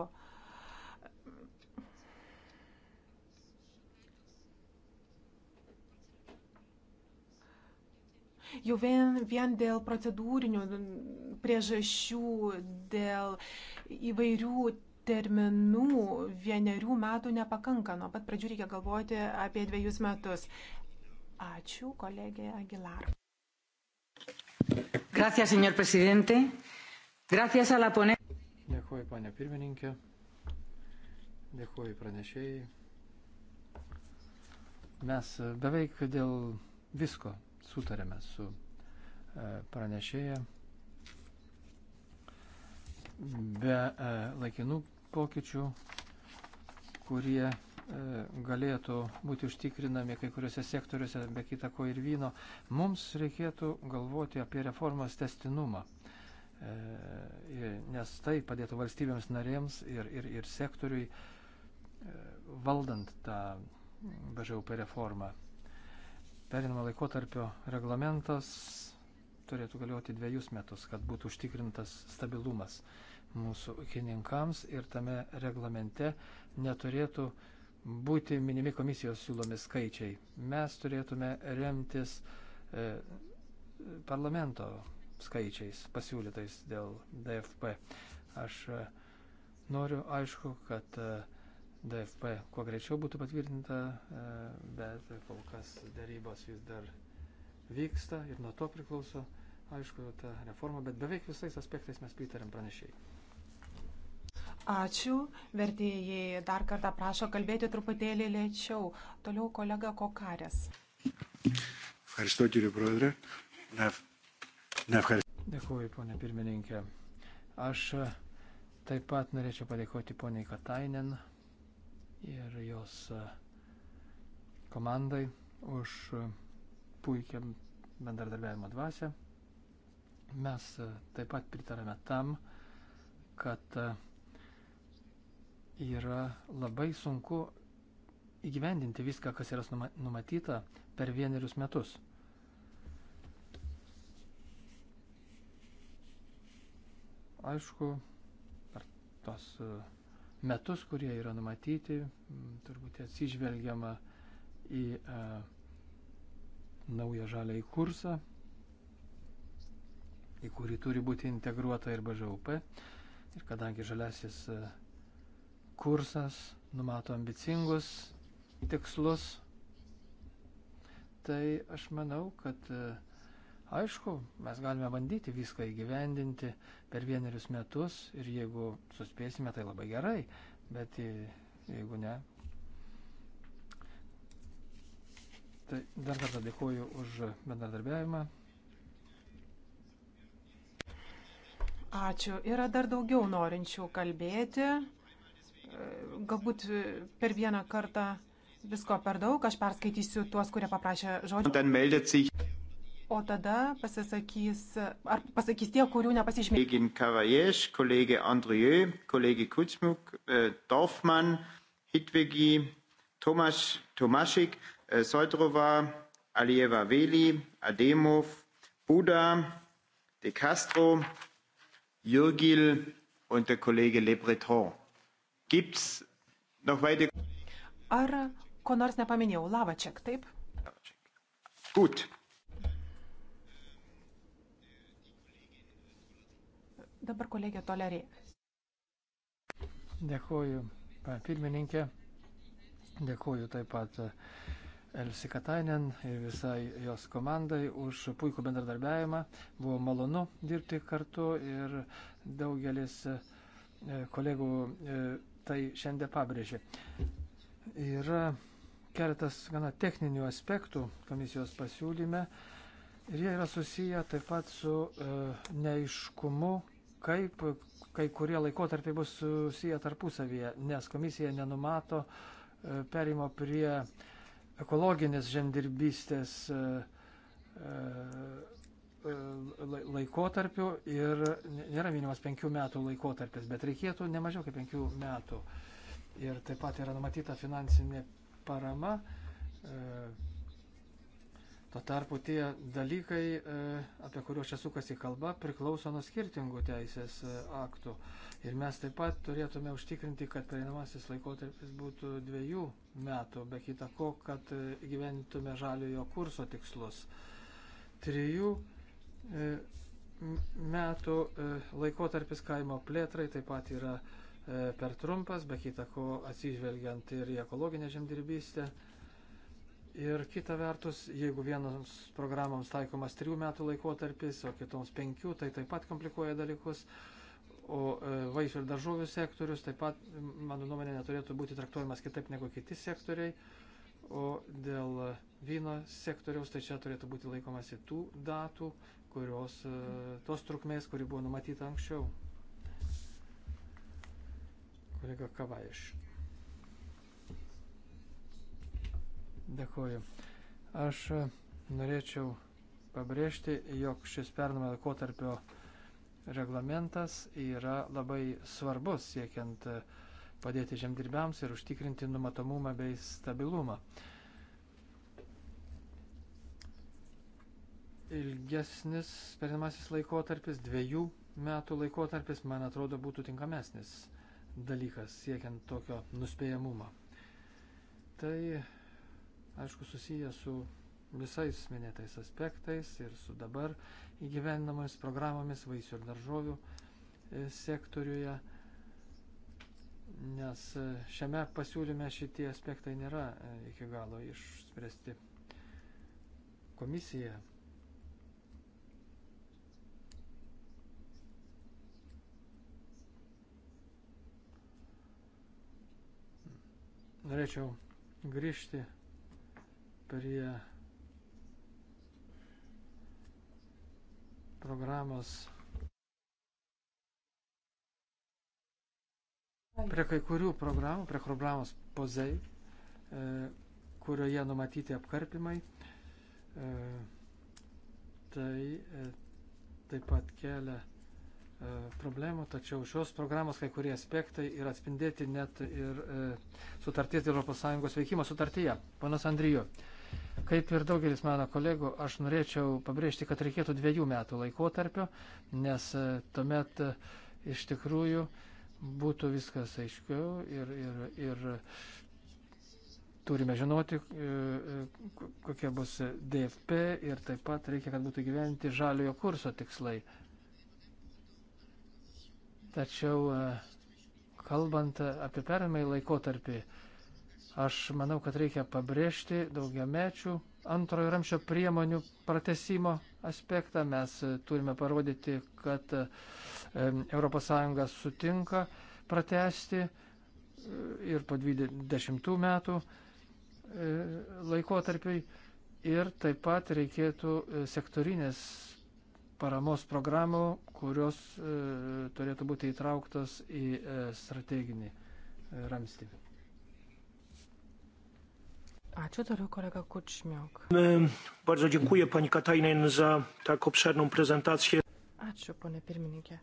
Jau vien, vien dėl procedūrinių priežasčių, dėl įvairių terminų vienerių metų nepakanka. Nuo pat pradžių reikia galvoti apie dviejus metus. Ačiū, kolegė Aguilar. Gracias, señor presidente. Gracias a la pone. Dėkuoju, panė pirmininkė. Dėkuoju pranešėjai. Mes beveik dėl visko sutarėme su e, pranešėja. Be e, laikinų pokyčių, kurie e, galėtų būti užtikrinami kai kuriuose sektoriuose, be kita ko ir vyno, mums reikėtų galvoti apie reformos testinumą. E, nes tai padėtų valstybėms narėms ir, ir, ir sektoriui e, valdant tą BŽUP reformą. Perinamo laikotarpio reglamentas turėtų galioti dviejus metus, kad būtų užtikrintas stabilumas. Uh, mūsų ūkininkams ir tame reglamente neturėtų būti minimi komisijos siūlomi skaičiai. Mes turėtume remtis e, parlamento skaičiais pasiūlytais dėl DFP. Aš e, noriu, aišku, kad e, DFP kuo greičiau būtų patvirtinta, e, bet kol kas darybos vis dar vyksta ir nuo to priklauso, aišku, ta reforma, bet beveik visais aspektais mes pritarėm pranešėjai. Ačiū. Vertėjai dar kartą prašo kalbėti truputėlį lėčiau. Toliau kolega Kokarės. Dėkuoju, ponė pirmininkė. Aš e, taip pat norėčiau padėkoti poniai Katainen ir jos e, komandai už e, puikią bendradarbiavimo dvasę. Mes taip pat pritarame tam, kad uh, yra labai sunku įgyvendinti viską, kas yra numatyta per vienerius metus. Aišku, per tos e, metus, kurie yra numatyti, turbūt atsižvelgiama į a, e, naują žalę į kursą, į kurį turi būti integruota ir BŽUP. Ir kadangi žalesis a, e, kursas numato ambicingus tikslus. Tai aš manau, kad e, aišku, mes galime bandyti viską įgyvendinti per vienerius metus ir jeigu suspėsime, tai labai gerai, bet jeigu ne. Tai dar kartą dėkoju už bendradarbiavimą. Ačiū. Yra dar daugiau norinčių kalbėti galbūt per vieną kartą visko per daug, aš perskaitysiu tuos, kurie paprašė žodžio. O tada pasisakys, ar pasakys tie, kurių nepasižymėjo. Kolegin Kavaješ, kolegė Andrieu, kolegė Kutsmuk, äh, Dorfman, Hitvegi, Tomaš, Tomašik, äh, Sojdrova, Alieva Veli, Ademov, Buda, De Castro, Jürgil und der Kollege Le Breton. Gibt's noch weitere? Ar ko nors nepaminėjau? Lavaček, taip? Gut. Dabar kolegė Tolerė. Dėkuoju, pirmininkė. Dėkuoju taip pat e, Elsi Katainen ir visai jos komandai už puikų bendradarbiavimą. Buvo malonu dirbti kartu ir daugelis e, kolegų e, tai šiandien pabrėžė. Yra keletas gana techninių aspektų komisijos pasiūlyme ir jie yra susiję taip pat su e, neiškumu, kaip kai kurie laikotarpiai bus susiję tarpusavyje, nes komisija nenumato e, perimo prie ekologinės žemdirbystės e, e, E, laikotarpiu ir nėra minimas penkių metų laikotarpis, bet reikėtų ne mažiau kaip penkių metų. Ir taip pat yra numatyta finansinė parama. E, tuo tarpu tie dalykai, e, apie kuriuos čia sukasi kalba, priklauso nuo skirtingų teisės aktų. Ir mes taip pat turėtume užtikrinti, kad prieinamasis laikotarpis būtų dviejų metų, be kita ko, kad gyventume žaliojo kurso tikslus. Trijų E, metų e, laikotarpis kaimo plėtrai taip pat yra e, per trumpas, be kita ko atsižvelgiant ir į ekologinę žemdirbystę. Ir kita vertus, jeigu vienoms programoms taikomas trijų metų laikotarpis, o kitoms penkių, tai taip pat komplikuoja dalykus. O vaisių ir daržovių sektorius taip pat, mano nuomonė, neturėtų būti traktuojamas kitaip negu kiti sektoriai. O dėl vyno sektoriaus, tai čia turėtų būti laikomasi tų datų, kurios e, tos trukmės, kuri buvo numatyta anksčiau. Kolega Kavaiš. Dėkuoju. Aš e, norėčiau pabrėžti, jog šis pernamo laikotarpio reglamentas yra labai svarbus siekiant e, padėti žemdirbiams ir užtikrinti numatomumą bei stabilumą. Uh, ilgesnis perinamasis laikotarpis, dviejų metų laikotarpis, man atrodo, būtų tinkamesnis dalykas siekiant tokio nuspėjamumo. Tai, aišku, susiję su visais minėtais aspektais ir su dabar įgyvendamomis programomis vaisių ir daržovių e, sektoriuje, nes e, šiame pasiūlyme šitie aspektai nėra e, iki galo išspręsti. Komisija Norėčiau grįžti prie programos prie kai kurių programų, prie programos pozei, e, kurioje numatyti apkarpimai. E, tai e, taip pat kelia E, problemų, tačiau šios programos kai kurie aspektai yra atspindėti net ir e, sutarties dėl ES veikimo sutartyje. Panas Andriju, kaip ir daugelis mano kolegų, aš norėčiau pabrėžti, kad reikėtų dviejų metų laikotarpio, nes e, tuomet iš tikrųjų būtų viskas aiškiau ir, ir, ir turime žinoti, kokia bus DFP ir taip pat reikia, kad būtų gyventi žaliojo kurso tikslai. Tačiau e, kalbant apie perimai laikotarpį, aš manau, kad reikia pabrėžti daugiamečių antrojo ramšio priemonių pratesimo aspektą. Mes turime parodyti, kad ES sutinka pratesti e, ir po 20 metų e, laikotarpiai. Ir taip pat reikėtų sektorinės paramos programų, kurios e, turėtų būti įtrauktos į e, strateginį e, ramstį. Ačiū toliau kolega Kučmiuk. Bardzo dziękuję pani Katainen za tak obszerną prezentację. Ačiū ponė pirmininkė.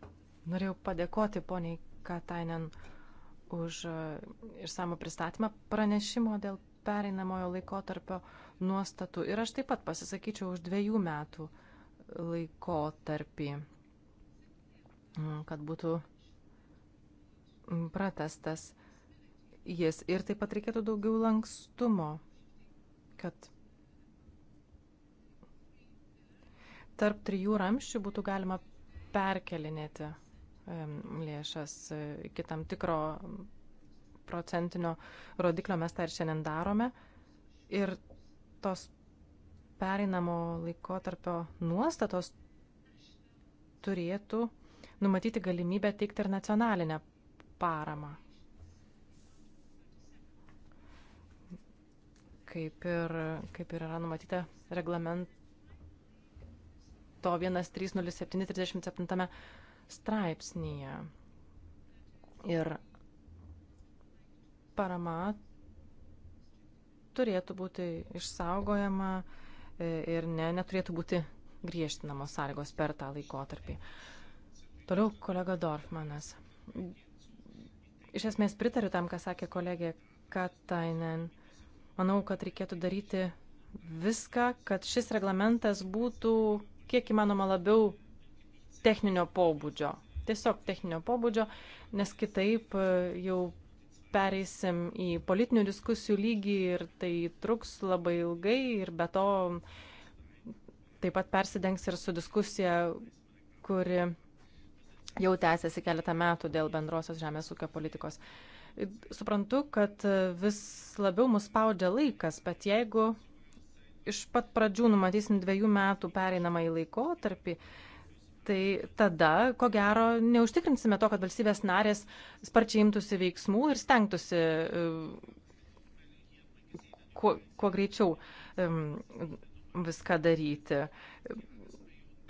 Norėjau padėkoti poniai Katainen už e, išsamų pristatymą pranešimo dėl pereinamojo laikotarpio nuostatų. Ir aš taip pat pasisakyčiau už dviejų metų uh, laikotarpį, mm, kad būtų pratestas jis. Ir taip pat reikėtų daugiau lankstumo, kad tarp trijų ramščių būtų galima perkelinėti lėšas e, iki tam tikro procentinio rodiklio mes tą ir šiandien darome. Ir tos pereinamo laikotarpio nuostatos turėtų numatyti galimybę teikti ir nacionalinę paramą. Kaip ir, kaip ir yra numatyta reglamento 130737 straipsnyje. Ir parama turėtų būti išsaugojama E, ir ne, neturėtų būti griežtinamos sąlygos per tą laikotarpį. Toliau kolega Dorfmanas. Iš esmės pritariu tam, ką sakė kolegė Katainen. Manau, kad reikėtų daryti viską, kad šis reglamentas būtų kiek įmanoma labiau techninio pobūdžio. Tiesiog techninio pobūdžio, nes kitaip e, jau pereisim į politinių diskusijų lygį ir tai truks labai ilgai ir be to taip pat persidengs ir su diskusija, kuri jau tęsiasi keletą metų dėl bendrosios žemės ūkio politikos. Suprantu, kad vis labiau mus spaudžia laikas, bet jeigu iš pat pradžių numatysim dviejų metų pereinamą į laikotarpį, tarp tai tada, ko gero, neužtikrinsime to, kad valstybės narės sparčiai imtųsi veiksmų ir stengtųsi e, kuo, kuo greičiau viską daryti.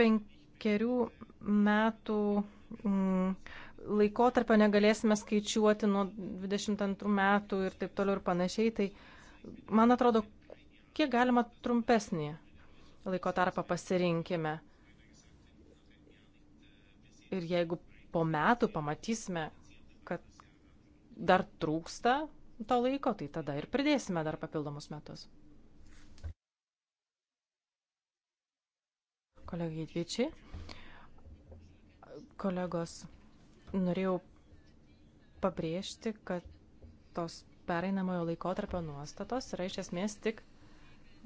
Penkerių metų laikotarpio negalėsime skaičiuoti nuo 22 metų ir taip toliau ir panašiai, tai man atrodo, kiek galima trumpesnį laiko tarpą pasirinkime. Ir jeigu po metų pamatysime, kad dar trūksta to laiko, tai tada ir pridėsime dar papildomus metus. Kolegai Dvičiai, kolegos, norėjau pabrėžti, kad tos pereinamojo laikotarpio nuostatos yra iš esmės tik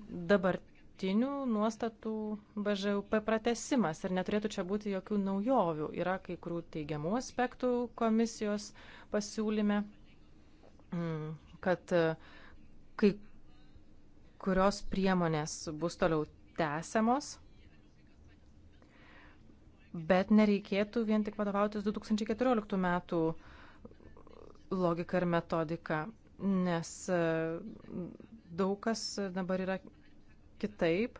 dabartinės dabartinių nuostatų BŽUP pratesimas ir neturėtų čia būti jokių naujovių. Yra kai kurių teigiamų aspektų komisijos pasiūlyme, mm, kad e, kai kurios priemonės bus toliau tęsiamos, bet nereikėtų vien tik vadovautis 2014 metų logika ir metodika, nes e, daug kas dabar yra kitaip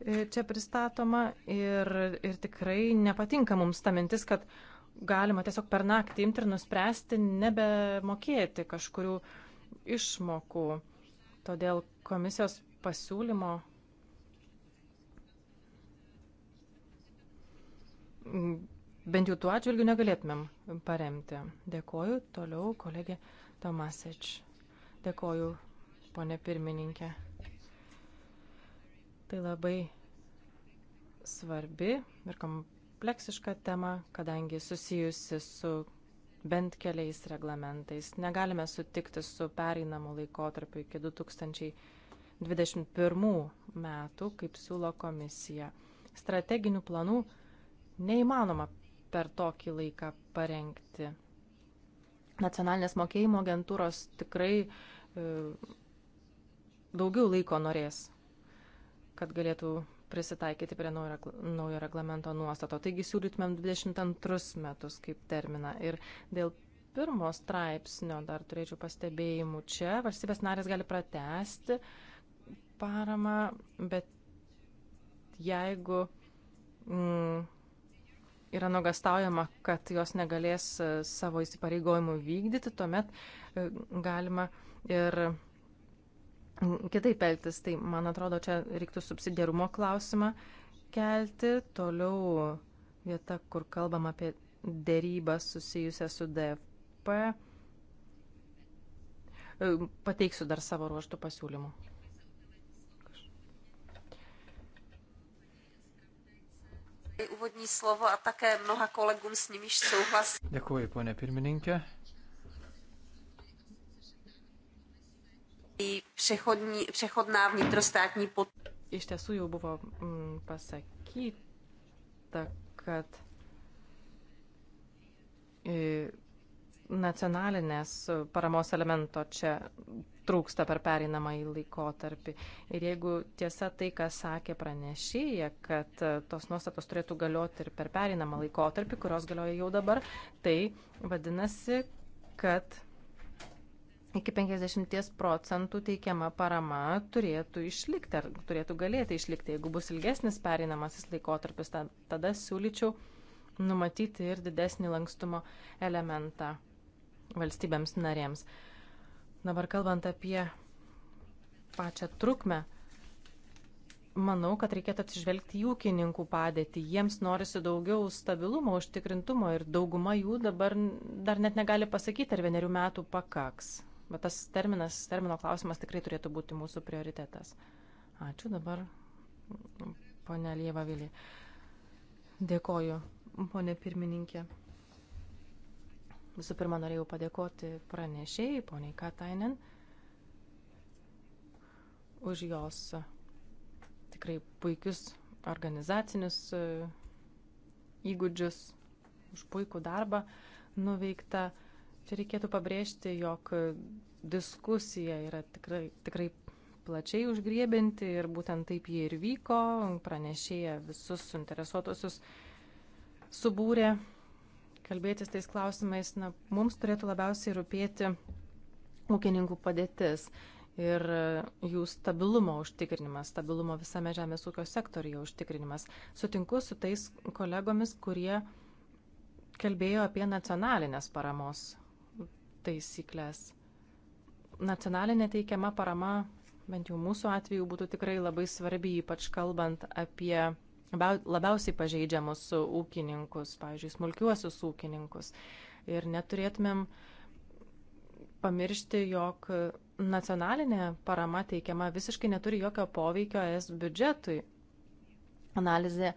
e, čia pristatoma ir, ir tikrai nepatinka mums ta mintis, kad galima tiesiog per naktį imti ir nuspręsti nebemokėti kažkurių išmokų. Todėl komisijos pasiūlymo bent jau tuo atžvilgiu negalėtumėm paremti. Dėkoju toliau kolegė Tomasič. Dėkoju, ponė pirmininkė. Tai labai svarbi ir kompleksiška tema, kadangi susijusi su bent keliais reglamentais. Negalime sutikti su pereinamu laikotarpiu iki 2021 metų, kaip siūlo komisija. Strateginių planų neįmanoma per tokį laiką parengti. Nacionalinės mokėjimo agentūros tikrai e, daugiau laiko norės kad galėtų prisitaikyti prie naujo, naujo reglamento nuostato. Taigi siūlytumėm 22 metus kaip terminą. Ir dėl pirmo straipsnio dar turėčiau pastebėjimų čia. Valstybės narės gali pratesti paramą, bet jeigu mm, yra nuogastaujama, kad jos negalės e, savo įsipareigojimų vykdyti, tuomet e, galima ir kitaip elgtis. Tai, man atrodo, čia reiktų subsidiarumo klausimą kelti. Toliau vieta, kur kalbam apie dėrybą susijusią su DFP. Pateiksiu dar savo ruoštų pasiūlymų. úvodní slovo a také mnoha kolegům s nimiž souhlasím. Děkuji, pane pirmininkė. Přechodná vnitrostátní pod... Iš tiesų jau buvo mm, pasakyta, kad e, nacionalinės paramos elemento čia trūksta per pereinamąjį laikotarpį. Ir jeigu tiesa tai, ką sakė pranešėja, kad tos nuostatos turėtų galioti ir per pereinamą laikotarpį, kurios galioja jau dabar, tai vadinasi, kad iki 50 procentų teikiama parama turėtų išlikti ar turėtų galėti išlikti. Jeigu bus ilgesnis pereinamasis laikotarpis, tada siūlyčiau numatyti ir didesnį lankstumo elementą valstybėms narėms. Dabar kalbant apie pačią trukmę, manau, kad reikėtų atsižvelgti į ūkininkų padėtį. Jiems norisi daugiau stabilumo, užtikrintumo ir dauguma jų dabar dar net negali pasakyti, ar vienerių metų pakaks. Bet tas terminas, termino klausimas tikrai turėtų būti mūsų prioritetas. Ačiū dabar, ponia Lieva Vilė. Dėkoju, ponė pirmininkė. Visų pirma, norėjau padėkoti pranešėjai, poniai Katainen, už jos e, tikrai puikius organizacinius e, įgūdžius, už puikų darbą nuveiktą. Čia reikėtų pabrėžti, jog diskusija yra tikrai, tikrai plačiai užgriebinti ir būtent taip jie ir vyko, pranešėja visus suinteresuotusius subūrė kalbėtis tais klausimais. Na, mums turėtų labiausiai rūpėti ūkininkų padėtis ir jų stabilumo užtikrinimas, stabilumo visame žemės ūkio sektorijoje užtikrinimas. Sutinku su tais kolegomis, kurie kalbėjo apie nacionalinės paramos taisyklės. Nacionalinė teikiama parama, bent jau mūsų atveju, būtų tikrai labai svarbi, ypač kalbant apie labiausiai pažeidžiamus ūkininkus, pavyzdžiui, smulkiuosius ūkininkus. Ir neturėtumėm pamiršti, jog nacionalinė parama teikiama visiškai neturi jokio poveikio es biudžetui. Analizė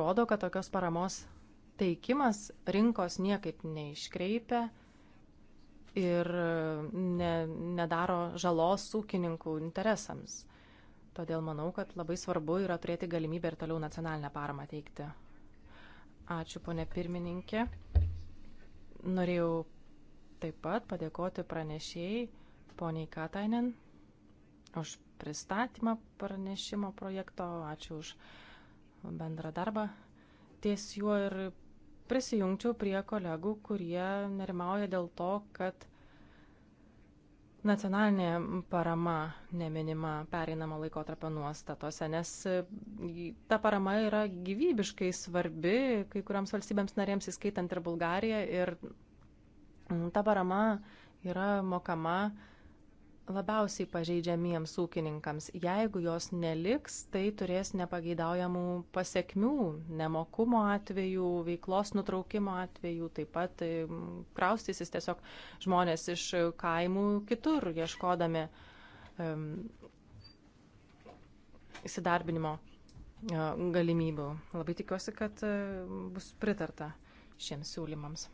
rodo, kad tokios paramos teikimas rinkos niekaip neiškreipia, ir e, ne, nedaro žalos ūkininkų interesams. Todėl manau, kad labai svarbu yra turėti galimybę ir toliau nacionalinę paramą teikti. Ačiū, ponė pirmininkė. Norėjau taip pat padėkoti pranešėjai, poniai Katainen, už pristatymą pranešimo projekto. Ačiū už bendrą darbą ties juo ir prisijungčiau prie kolegų, kurie nerimauja dėl to, kad nacionalinė parama neminima pereinamo laikotarpio nuostatose, nes ta parama yra gyvybiškai svarbi kai kuriams valstybėms narėms, įskaitant ir Bulgariją, ir ta parama yra mokama labiausiai pažeidžiamiems ūkininkams. Jeigu jos neliks, tai turės nepageidaujamų pasiekmių - nemokumo atveju, veiklos nutraukimo atveju, taip pat kraustysis tiesiog žmonės iš kaimų kitur, ieškodami um, įsidarbinimo e, galimybių. Labai tikiuosi, kad e, bus pritarta šiems siūlymams.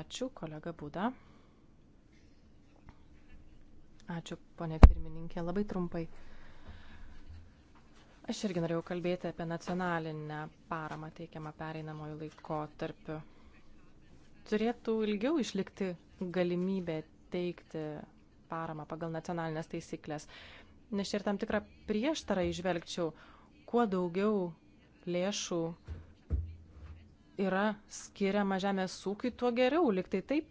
Ačiū, kolega Būda. Ačiū, ponė pirmininkė, labai trumpai. Aš irgi norėjau kalbėti apie nacionalinę paramą teikiamą pereinamojų laikotarpiu. Turėtų ilgiau išlikti galimybė teikti paramą pagal nacionalinės taisyklės. Nes ir tam tikrą prieštarą išvelgčiau, kuo daugiau lėšų yra skiriama žemės ūkiui, tuo geriau. Liktai taip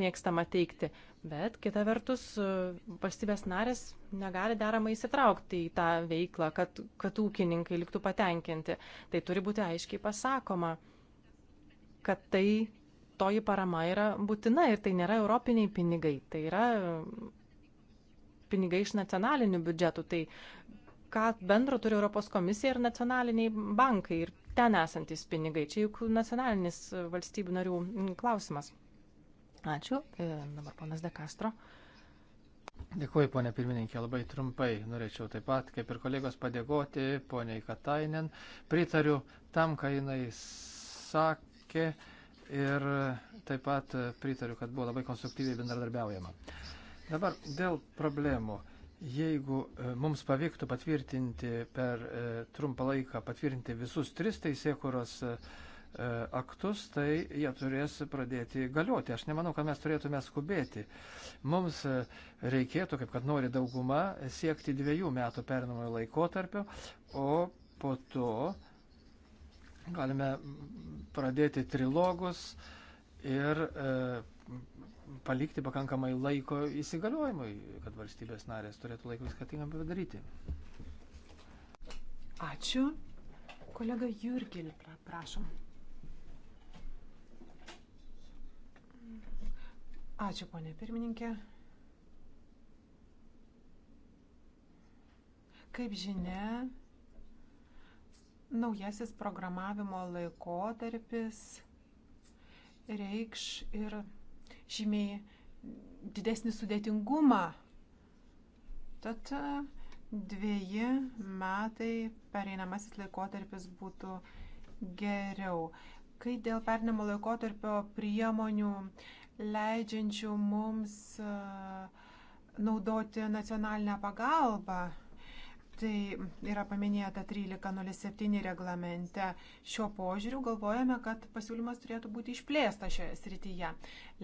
mėgstama teikti. Bet kita vertus, valstybės narės negali deramai įsitraukti į tą veiklą, kad, kad ūkininkai liktų patenkinti. Tai turi būti aiškiai pasakoma, kad tai toji parama yra būtina ir tai nėra europiniai pinigai, tai yra pinigai iš nacionalinių biudžetų. Tai ką bendro turi Europos komisija ir nacionaliniai bankai ir ten esantis pinigai. Čia juk nacionalinis valstybių narių klausimas. Ačiū. E, dabar ponas De Castro. Dėkuoju, ponė pirmininkė, labai trumpai norėčiau taip pat, kaip ir kolegos, padėkoti poniai Katainen. Pritariu tam, ką jinai sakė ir taip pat pritariu, kad buvo labai konstruktyviai bendradarbiaujama. Dabar dėl problemų. Jeigu e, mums pavyktų patvirtinti per e, trumpą laiką, patvirtinti visus tris teisėkuros tai E, aktus, tai jie turės pradėti galioti. Aš nemanau, kad mes turėtume skubėti. Mums e, reikėtų, kaip kad nori dauguma, siekti dviejų metų perinamojo laikotarpio, o po to galime pradėti trilogus ir e, palikti pakankamai laiko įsigaliojimui, kad valstybės narės turėtų laiko viską tinkamai padaryti. Ačiū. Kolega Jurgil, prašom. Ačiū, ponė pirmininkė. Kaip žinia, naujasis programavimo laikotarpis reikš ir žymiai didesnį sudėtingumą. Tad dviejį metai pereinamasis laikotarpis būtų geriau. Kai dėl pernimo laikotarpio priemonių leidžiančių mums naudoti nacionalinę pagalbą. Tai yra paminėta 1307 reglamente. Šiuo požiūriu galvojame, kad pasiūlymas turėtų būti išplėsta šioje srityje.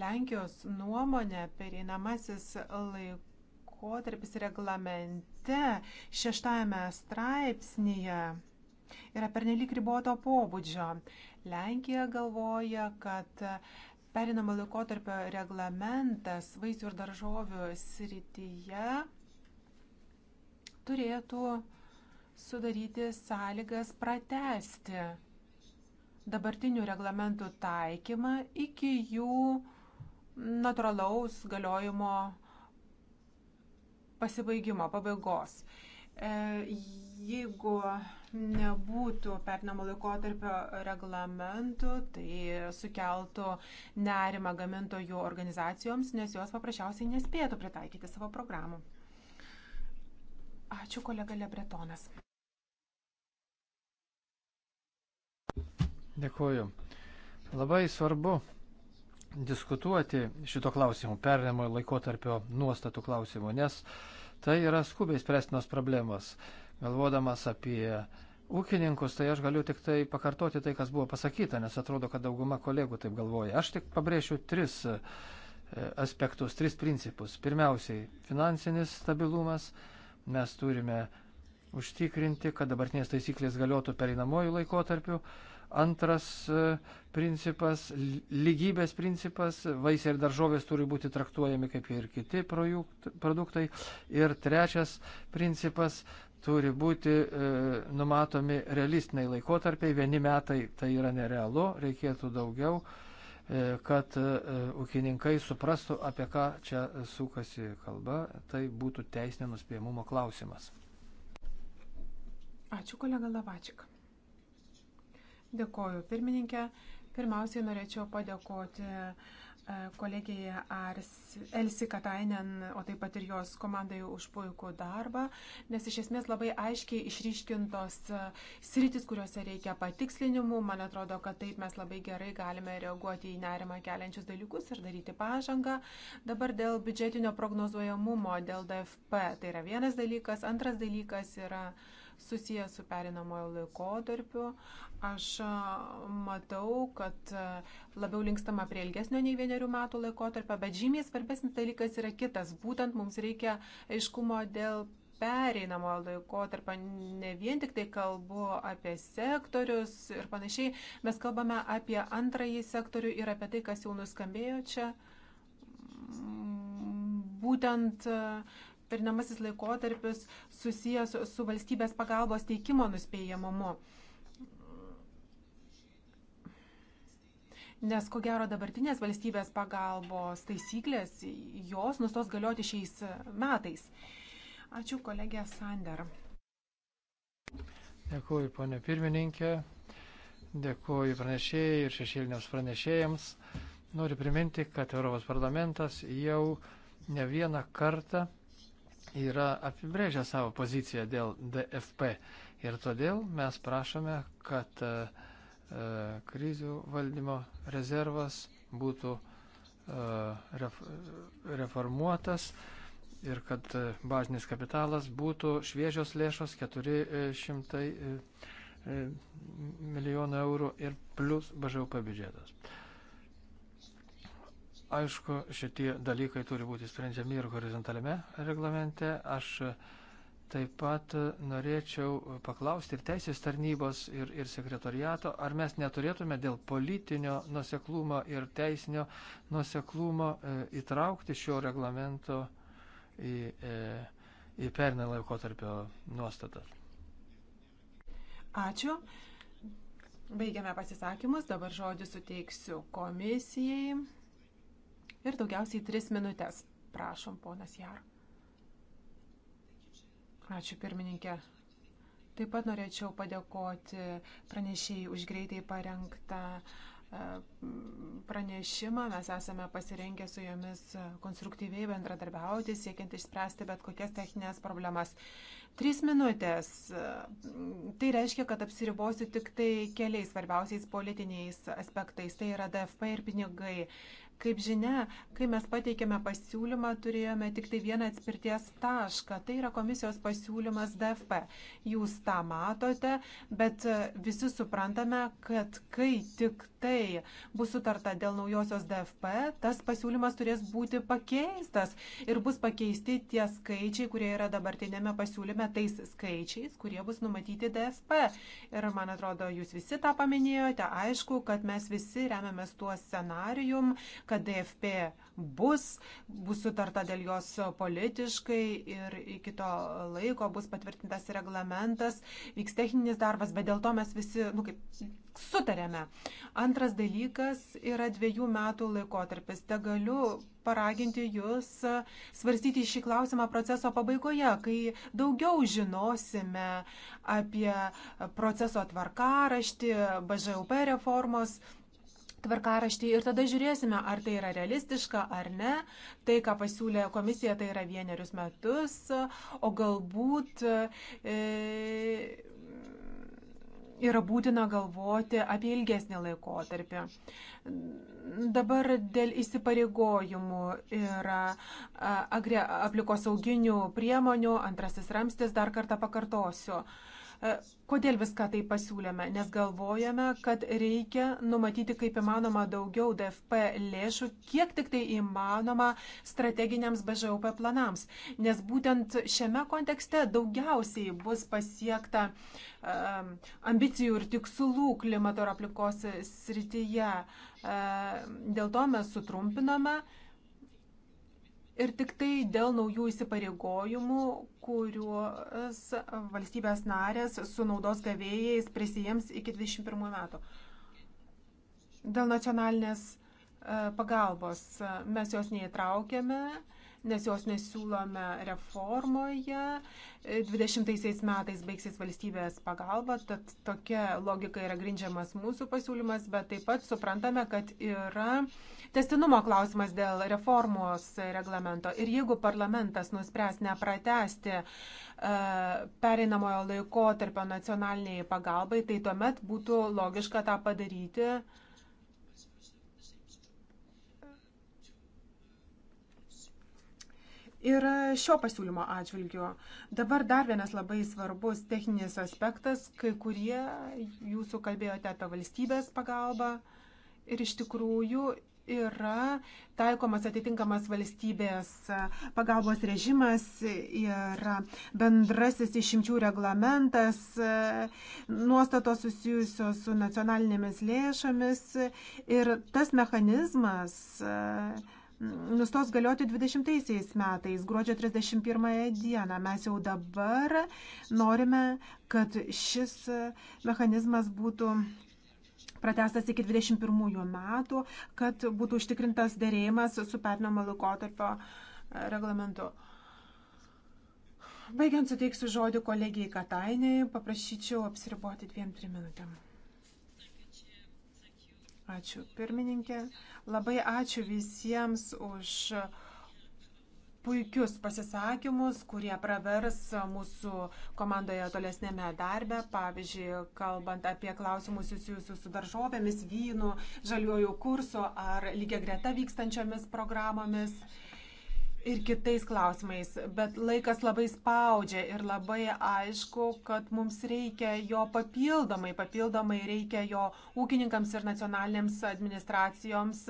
Lenkijos nuomonė pereinamasis laikotarpis reglamente šeštame straipsnėje yra pernelyg riboto pobūdžio. Lenkija galvoja, kad perinamo laikotarpio reglamentas vaisių ir daržovių srityje turėtų sudaryti sąlygas pratesti dabartinių reglamentų taikymą iki jų natūralaus galiojimo pasibaigimo, pabaigos. E, jeigu nebūtų perinamo laikotarpio reglamentų, tai sukeltų nerimą gamintojų organizacijoms, nes jos paprasčiausiai nespėtų pritaikyti savo programų. Ačiū kolega Lebretonas. Dėkuoju. Labai svarbu diskutuoti šito klausimu, perinamo laikotarpio nuostatų klausimu, nes uh, Tai yra skubiai spręstinos problemos. Galvodamas apie ūkininkus, tai aš galiu tik tai pakartoti tai, kas buvo pasakyta, nes atrodo, kad dauguma kolegų taip galvoja. Aš tik pabrėšiu tris e, aspektus, tris principus. Pirmiausiai, finansinis stabilumas. Mes turime užtikrinti, kad dabartinės taisyklės galiotų pereinamojų laikotarpių. Antras e, principas - lygybės principas. Vaisiai ir daržovės turi būti traktuojami kaip ir kiti produktai. Ir trečias principas - turi būti e, numatomi realistiniai laikotarpiai. Vieni metai tai yra nerealu, reikėtų daugiau, e, kad e, ūkininkai suprastų, apie ką čia sukasi kalba. Tai būtų teisinė nuspėjimumo klausimas. Ačiū kolega Lavačik. Dėkoju, pirmininkė. Pirmiausiai norėčiau padėkoti e, kolegijai Ars Elsi Katainen, o taip pat ir jos komandai už puikų darbą, nes iš esmės labai aiškiai išryškintos e, sritis, kuriuose reikia patikslinimų. Man atrodo, kad taip mes labai gerai galime reaguoti į nerimą keliančius dalykus ir daryti pažangą. Dabar dėl biudžetinio prognozuojamumo, dėl DFP, tai yra vienas dalykas. Antras dalykas yra. Uh, susijęs su perinamojo laikotarpiu. Aš matau, kad labiau linkstama prie ilgesnio nei vienerių metų laikotarpio, bet žymiai svarbesnis dalykas yra kitas. Būtent mums reikia aiškumo dėl pereinamojo laikotarpio, ne vien tik tai kalbu apie sektorius ir panašiai, mes kalbame apie antrąjį sektorių ir apie tai, kas jau nuskambėjo čia. Būtent uh, perinamasis laikotarpis susijęs su valstybės pagalbos teikimo nuspėjamumu. Nes ko gero dabartinės valstybės pagalbos taisyklės, jos nustos galioti šiais metais. Ačiū kolegė Sander. Dėkuoju, ponė pirmininkė. Dėkuoju pranešėjai ir šešėliniams pranešėjams. Noriu priminti, kad Europos parlamentas jau ne vieną kartą yra apibrėžę savo poziciją dėl DFP. Ir todėl mes prašome, kad e, e krizių valdymo rezervas būtų e, reformuotas ir kad e, bazinis kapitalas būtų šviežios lėšos 400 e, milijonų eurų ir plus BŽUP biudžetas. Aišku, šitie dalykai turi būti sprendžiami ir horizontaliame reglamente. Aš taip pat norėčiau paklausti ir teisės tarnybos, ir, ir sekretoriato, ar mes neturėtume dėl politinio nuseklumo ir teisinio nuseklumo e, įtraukti šio reglamento į, e, į pernai laikotarpio nuostatas. Ačiū. Baigiame pasisakymus. Dabar žodį suteiksiu komisijai ir daugiausiai tris minutės. Prašom, ponas Jar. Ačiū pirmininkė. Taip pat norėčiau padėkoti pranešėjai už greitai parengtą e, pranešimą. Mes esame pasirengę su jomis konstruktyviai bendradarbiauti, siekiant išspręsti bet kokias techninės problemas. Trys minutės. Tai reiškia, kad apsiribosiu tik tai keliais svarbiausiais politiniais aspektais. Tai yra DFP ir pinigai. Kaip žinia, kai mes pateikėme pasiūlymą, turėjome tik tai vieną atspirties tašką. Tai yra komisijos pasiūlymas DFP. Jūs tą matote, bet e, visi suprantame, kad kai tik tai bus sutarta dėl naujosios DFP, tas pasiūlymas turės būti pakeistas ir bus pakeisti tie skaičiai, kurie yra dabartinėme pasiūlyme, tais skaičiais, kurie bus numatyti DFP. Ir man atrodo, jūs visi tą paminėjote. Aišku, kad mes visi remiamės tuo scenarijum, kad DFP bus, bus sutarta dėl jos politiškai ir iki to laiko bus patvirtintas reglamentas, vyks techninis darbas, bet dėl to mes visi, nu kaip, sutarėme. Antras dalykas yra dviejų metų laikotarpis. Te galiu paraginti jūs svarstyti šį klausimą proceso pabaigoje, kai daugiau žinosime apie proceso tvarkaraštį, BŽUP reformos tvarkaraštį ir tada žiūrėsime, ar tai yra realistiška ar ne. Tai, ką pasiūlė komisija, tai yra vienerius metus, o galbūt e, yra būtina galvoti apie ilgesnį laikotarpį. Dabar dėl įsipareigojimų yra e, aplikos sauginių priemonių, antrasis ramstis, dar kartą pakartosiu. E, E, kodėl viską tai pasiūlėme? Nes galvojame, kad reikia numatyti kaip įmanoma daugiau DFP lėšų, kiek tik tai įmanoma strateginiams BŽUP planams. Nes būtent šiame kontekste daugiausiai bus pasiekta um, ambicijų ir tikslų klimato ir aplinkos srityje. Uh, dėl to mes sutrumpiname uh, ir tik tai dėl naujų įsipareigojimų, kuriuos valstybės narės su naudos gavėjais prisijėms iki 21 metų. Dėl nacionalinės e, pagalbos e, mes jos neįtraukėme nes jos nesiūlome reformoje. 20 metais baigsis valstybės pagalba, tad tokia logika yra grindžiamas mūsų pasiūlymas, bet taip pat suprantame, kad yra testinumo klausimas dėl reformos reglamento. Ir jeigu parlamentas nuspręs nepratesti e, pereinamojo laiko tarp nacionaliniai pagalbai, tai tuomet būtų logiška tą padaryti Ir šio pasiūlymo atžvilgiu. Dabar dar vienas labai svarbus techninis aspektas, kai kurie jūsų kalbėjote apie valstybės pagalbą ir iš tikrųjų yra taikomas atitinkamas valstybės pagalbos režimas ir bendrasis išimčių reglamentas, nuostatos susijusios su nacionalinėmis lėšomis ir tas mechanizmas nustos galioti 20 metais, gruodžio 31 dieną. Mes jau dabar norime, kad šis mechanizmas būtų pratestas iki 21 metų, kad būtų užtikrintas dėrėjimas su pernamo laikotarpio e, reglamentu. Baigiant suteiksiu žodį kolegijai Katainiai, paprašyčiau apsiriboti dviem trim minutėm. Ačiū, pirmininkė. Labai ačiū visiems už puikius pasisakymus, kurie pravers mūsų komandoje tolesnėme darbe, pavyzdžiui, kalbant apie klausimus susijusius su daržovėmis, vynu, žaliuoju kursu ar lygiai greta vykstančiomis programomis ir kitais klausimais, bet laikas labai spaudžia ir labai aišku, kad mums reikia jo papildomai, papildomai reikia jo ūkininkams ir nacionalinėms administracijoms,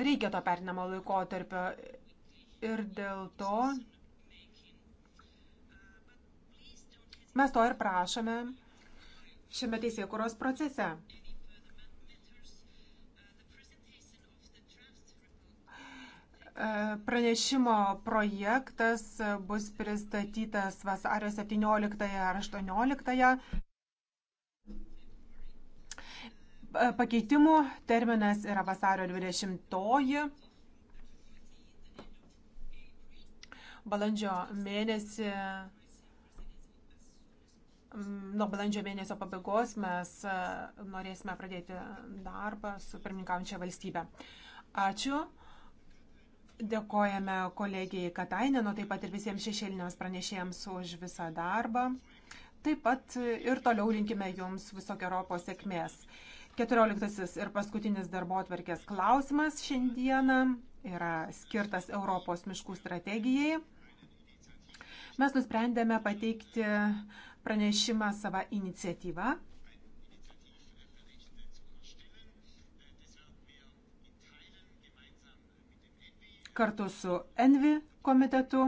reikia to perinamo laikotarpio ir dėl to mes to ir prašome šiame teisėkuros procese. Pranešimo projektas bus pristatytas vasario 17 ar 18 pakeitimų terminas yra vasario 20. Balandžio mėnesį, mm, nuo balandžio mėnesio pabaigos mes e, norėsime pradėti darbą su pirmininkaujančia valstybe. Ačiū. Dėkojame kolegijai Katainenu, taip pat ir visiems šešėliniams pranešėjams už visą darbą. Taip pat ir toliau linkime jums visokiojopos sėkmės. 14 ir paskutinis darbo atverkės klausimas šiandieną yra skirtas Europos miškų strategijai. Mes nusprendėme pateikti pranešimą savo iniciatyvą kartu su Envi komitetu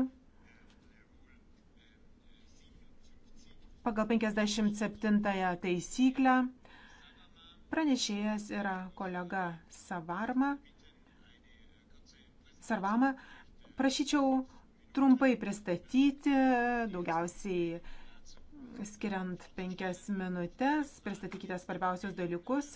pagal 57 taisyklę pranešėjas yra kolega Savarma. Sarvama, prašyčiau trumpai pristatyti, daugiausiai skiriant penkias minutės, pristatykite svarbiausius dalykus.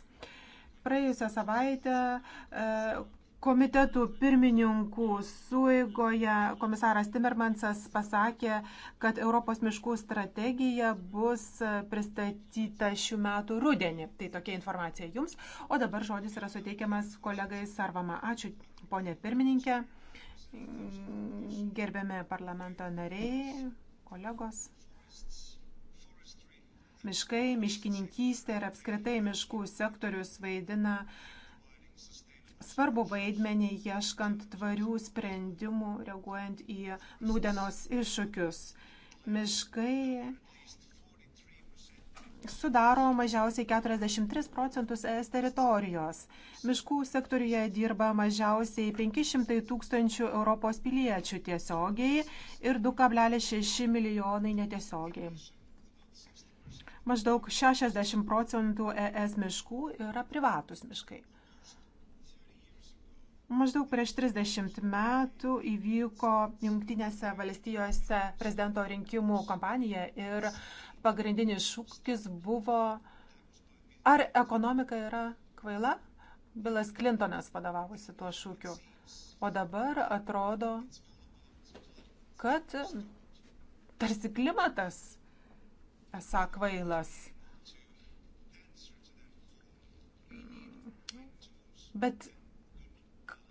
Praėjusią savaitę e, komitetų pirmininkų suigoje komisaras Timmermansas pasakė, kad Europos miškų strategija bus pristatyta šių metų rudenį. Tai tokia informacija jums. O dabar žodis yra suteikiamas kolegai Sarvama. Ačiū, ponė pirmininkė. Gerbiami parlamento nariai, kolegos. Miškai, miškininkystė ir apskritai miškų sektorius vaidina uh, svarbu vaidmenį ieškant tvarių sprendimų, reaguojant į nūdenos iššūkius. Miškai sudaro mažiausiai 43 procentus ES teritorijos. Miškų sektoriuje dirba mažiausiai 500 tūkstančių Europos piliečių tiesiogiai ir 2,6 milijonai netiesiogiai. Maždaug 60 procentų ES miškų yra privatus miškai. Maždaug prieš 30 metų įvyko Junktinėse valstijose prezidento rinkimų kampanija ir pagrindinis šūkis buvo, ar ekonomika yra kvaila? Bilas Klintonas vadovavosi tuo šūkiu. O dabar atrodo, kad tarsi klimatas esą kvailas. Bet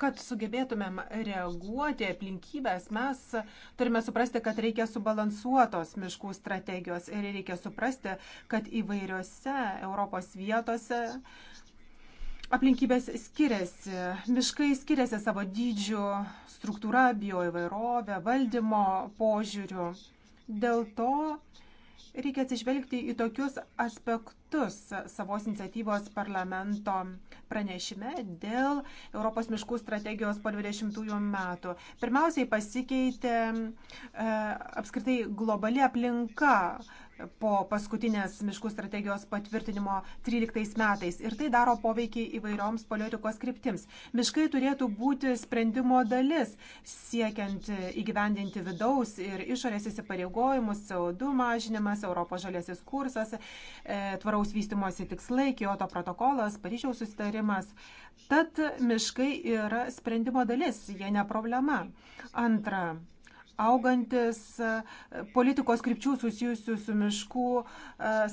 kad sugebėtumėm reaguoti aplinkybės, mes turime suprasti, kad reikia subalansuotos miškų strategijos ir reikia suprasti, kad įvairiose Europos vietose aplinkybės skiriasi. Miškai skiriasi savo dydžiu, struktūra, bioįvairovė, valdymo požiūriu. Dėl to reikia atsižvelgti į tokius aspektus metus savos iniciatyvos parlamento pranešime dėl Europos miškų strategijos po 20 metų. Pirmiausiai pasikeitė e, apskritai globali aplinka po paskutinės miškų strategijos patvirtinimo 13 metais ir tai daro poveikį įvairioms politikos kryptims. Miškai turėtų būti sprendimo dalis, siekiant įgyvendinti vidaus ir išorės įsipareigojimus, CO2 mažinimas, Europos žalėsis kursas, e, tvaraus tvaraus vystimosi tikslai, Kyoto protokolas, Paryžiaus susitarimas. Tad miškai yra sprendimo dalis, jie ne problema. Antra, augantis e, politikos krypčių susijusių su miškų e,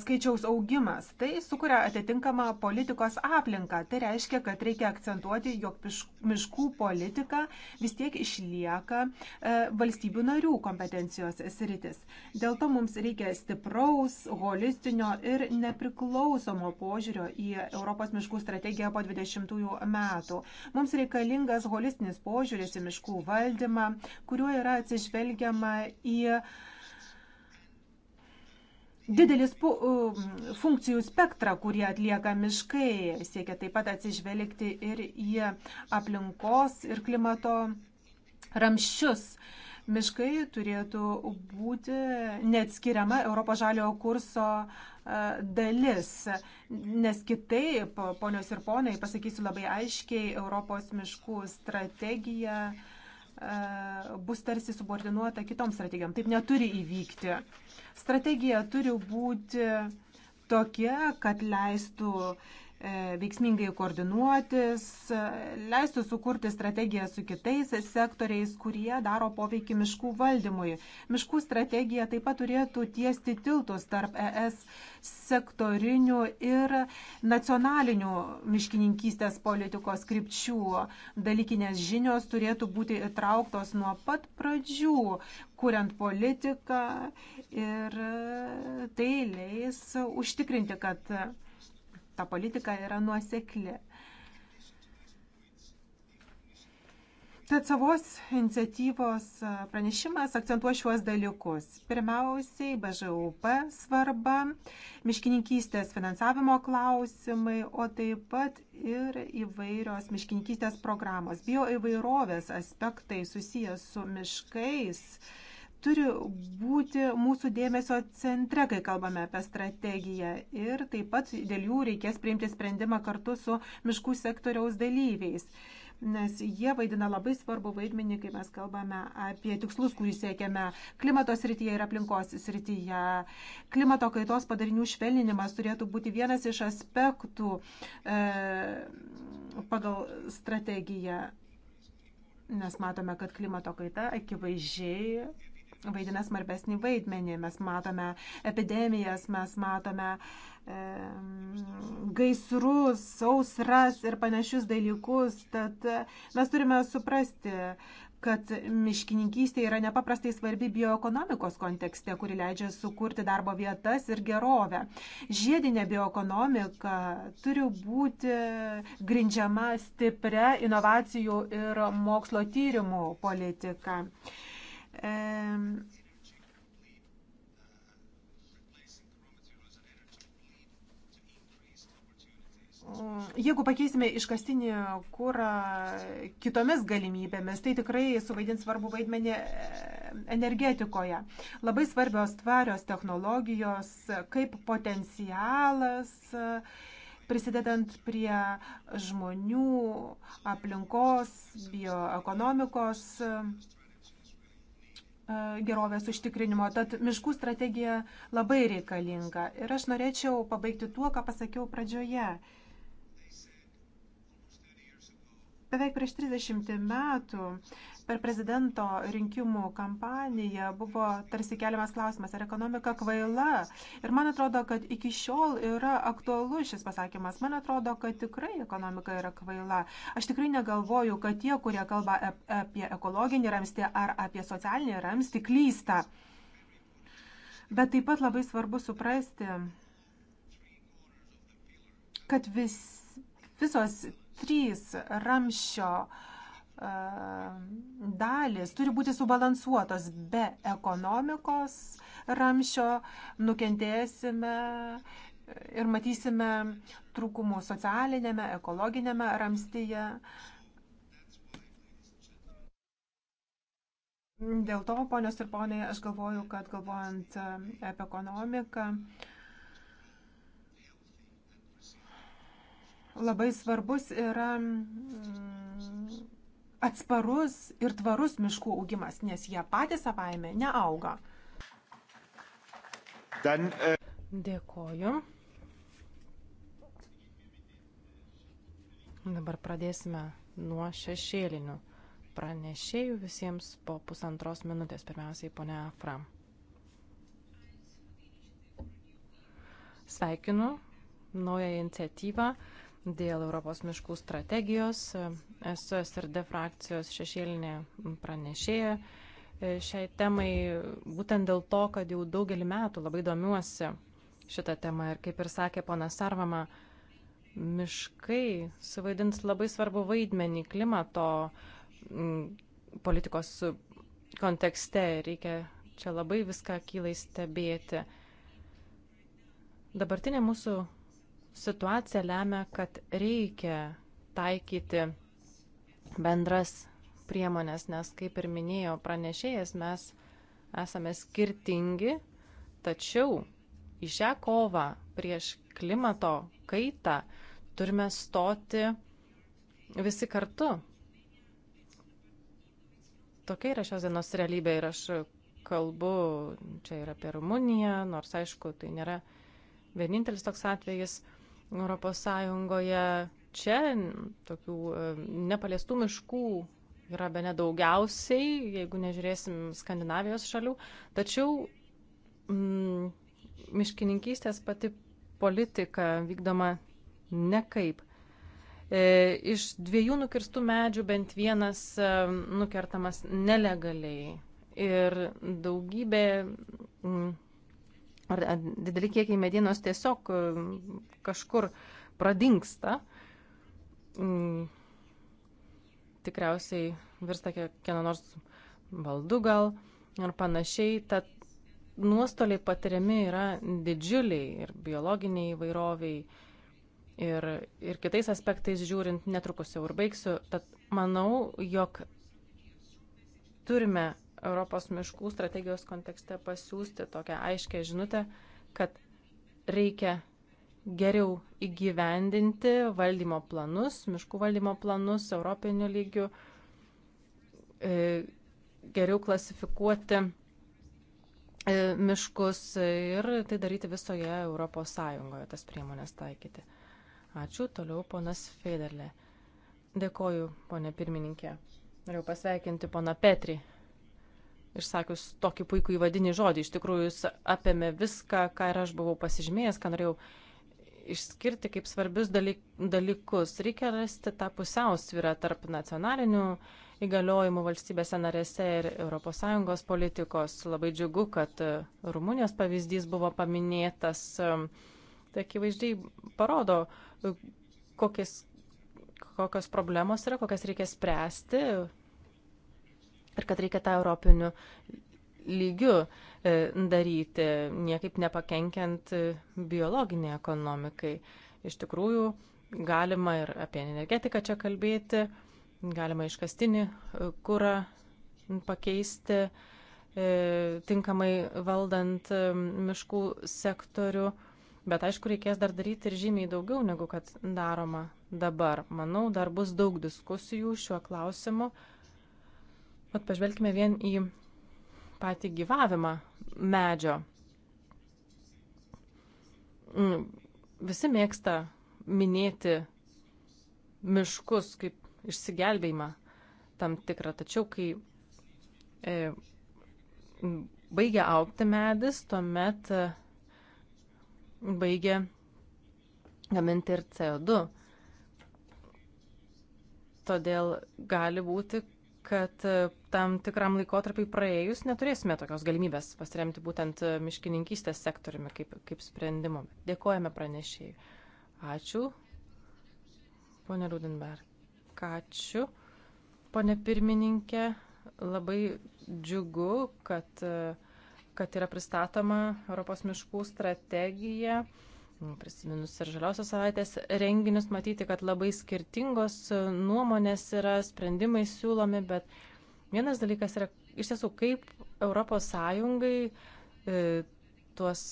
skaičiaus augimas. Tai sukuria atitinkamą politikos aplinką. Tai reiškia, kad reikia akcentuoti, jog miškų politika vis tiek išlieka e, valstybių narių kompetencijos sritis. Dėl to mums reikia stipraus, holistinio ir nepriklausomo požiūrio į Europos miškų strategiją po 20 metų. Mums reikalingas holistinis požiūris į miškų valdymą, kuriuo yra atsižvelgiama atsižvelgiama į didelis funkcijų spektrą, kurį atlieka miškai. Siekia taip pat atsižvelgti ir į aplinkos ir klimato ramščius. Miškai turėtų būti neatskiriama Europos žaliojo kurso e, dalis, nes kitaip, ponios ir ponai, pasakysiu labai aiškiai, Europos miškų strategija uh, E, bus tarsi subordinuota kitom strategijom. Taip neturi įvykti. Strategija turi būti tokia, kad leistų uh, E, veiksmingai koordinuotis, e, leistų sukurti strategiją su kitais sektoriais, kurie daro poveikį miškų valdymui. Miškų strategija taip pat turėtų tiesti tiltus tarp ES sektorinių ir nacionalinių miškininkystės politikos krypčių. Dalykinės žinios turėtų būti įtrauktos nuo pat pradžių, kuriant politiką ir tai leis užtikrinti, kad ta politika yra nuosekli. Tad savos iniciatyvos pranešimas akcentuo šiuos dalykus. Pirmiausiai, BŽUP svarba, miškininkystės finansavimo klausimai, o taip pat ir įvairios miškininkystės programos, bioįvairovės aspektai susijęs su miškais turi būti mūsų dėmesio centre, kai kalbame apie strategiją. Ir taip pat dėl jų reikės priimti sprendimą kartu su miškų sektoriaus dalyviais, nes jie vaidina labai svarbu vaidmenį, kai mes kalbame apie tikslus, kurį siekiame klimatos srityje ir aplinkos srityje. Klimato kaitos padarinių švelninimas turėtų būti vienas iš aspektų e, pagal strategiją. Nes matome, kad klimato kaita akivaizdžiai vaidina svarbesnį vaidmenį. Mes matome epidemijas, mes matome e, gaisrus, sausras ir panašius dalykus. Tad e, mes turime suprasti, kad miškininkystė yra nepaprastai svarbi bioekonomikos kontekste, kuri leidžia sukurti darbo vietas ir gerovę. Žiedinė bioekonomika turi būti grindžiama stipria inovacijų ir mokslo tyrimų politika. Jeigu pakeisime iškastinį kūrą kitomis galimybėmis, tai tikrai suvaidins svarbu vaidmenį energetikoje. Labai svarbios tvarios technologijos kaip potencialas prisidedant prie žmonių, aplinkos, bioekonomikos E, gerovės užtikrinimo. Tad miškų strategija labai reikalinga. Ir aš norėčiau pabaigti tuo, ką pasakiau pradžioje. Beveik prieš 30 metų per prezidento rinkimų kampaniją buvo tarsi keliamas klausimas, ar ekonomika kvaila. Ir man atrodo, kad iki šiol yra aktualus šis pasakymas. Man atrodo, kad tikrai ekonomika yra kvaila. Aš tikrai negalvoju, kad tie, kurie kalba apie ekologinį ramstį ar apie socialinį ramstį, klysta. Bet taip pat labai svarbu suprasti, kad vis, visos trys ramščio uh, dalis turi būti subalansuotos. Be ekonomikos ramšio nukentėsime ir matysime trūkumų socialinėme, ekologinėme ramstyje. Dėl to, ponios ir ponai, aš galvoju, kad galvojant apie ekonomiką, labai svarbus yra atsparus ir tvarus miškų augimas, nes jie patys savaime neauga. Dan, uh... Äh, Dėkoju. Dabar pradėsime nuo šešėlinių pranešėjų visiems po pusantros minutės. Pirmiausiai, ponia Afra. Sveikinu naują iniciatyvą dėl Europos miškų strategijos. Esu SRD frakcijos šešėlinė pranešėja e, šiai temai, būtent dėl to, kad jau daugelį metų labai domiuosi šitą temą ir kaip ir sakė ponas Sarvama, miškai suvaidins labai svarbu vaidmenį klimato politikos kontekste ir reikia čia labai viską kylai stebėti. Dabartinė mūsų situacija lemia, kad reikia taikyti bendras priemonės, nes, kaip ir minėjo pranešėjas, mes esame skirtingi, tačiau į šią kovą prieš klimato kaitą turime stoti visi kartu. Tokia yra šios dienos realybė ir aš kalbu čia ir apie Rumuniją, nors aišku, tai nėra vienintelis toks atvejis. Europos Sąjungoje čia tokių e, nepaliestų miškų yra be nedaugiausiai, jeigu nežiūrėsim Skandinavijos šalių. Tačiau mm, miškininkystės pati politika vykdoma nekaip. E, iš dviejų nukirstų medžių bent vienas e, nukertamas nelegaliai. Ir daugybė mm, ar dideli kiekiai medienos tiesiog um, kažkur pradingsta, mm. tikriausiai virsta kieno nors valdu gal ir panašiai. Tad nuostoliai patiriami yra didžiuliai ir biologiniai įvairoviai. Ir, ir kitais aspektais žiūrint, netrukus jau ir baigsiu, tad manau, jog turime Europos miškų strategijos kontekste pasiūsti tokią aiškę žinutę, kad reikia geriau įgyvendinti valdymo planus, miškų valdymo planus europiniu lygiu, e, geriau klasifikuoti e, miškus ir tai daryti visoje Europos Sąjungoje, tas priemonės taikyti. Ačiū, toliau ponas Federle. Dėkoju, ponė pirmininkė. Noriu pasveikinti poną Petrį išsakius tokį puikų įvadinį žodį. Iš tikrųjų, jis apėmė viską, ką ir aš buvau pasižymėjęs, ką norėjau išskirti kaip svarbius dalykus. Reikia rasti tą pusiausvyrą tarp nacionalinių įgaliojimų valstybėse narėse ir ES politikos. Labai džiugu, kad e, Rumunijos pavyzdys buvo paminėtas. E, tai akivaizdžiai parodo, e, kokias, kokios problemos yra, kokias reikia spręsti ir kad reikia tą europiniu lygiu e, daryti, niekaip nepakenkiant e, biologiniai ekonomikai. Iš tikrųjų, galima ir apie energetiką čia kalbėti, galima iškastinį e, kurą pakeisti tinkamai valdant miškų sektorių. Bet aišku, reikės dar daryti ir žymiai daugiau, negu kad daroma dabar. Manau, dar bus daug diskusijų šiuo klausimu. Vat pažvelkime vien į patį gyvavimą medžio. Mm, visi mėgsta minėti miškus kaip išsigelbėjimą tam tikrą. Tačiau, kai e, baigia aukti medis, tuomet e, baigia gaminti ir CO2. Todėl gali būti, kad e, tam tikram laikotarpiai praėjus neturėsime tokios galimybės pasiremti būtent e, miškininkystės sektoriumi kaip, kaip sprendimu. Dėkojame pranešėjai. Ačiū. Pone Rudenberg. Ačiū. Pone pirmininkė, labai džiugu, kad, e, kad yra pristatoma Europos miškų strategija prisiminus ir žaliosios savaitės renginius, matyti, kad labai skirtingos nuomonės yra, sprendimai siūlomi, bet vienas dalykas yra iš tiesų, kaip ES e, tuos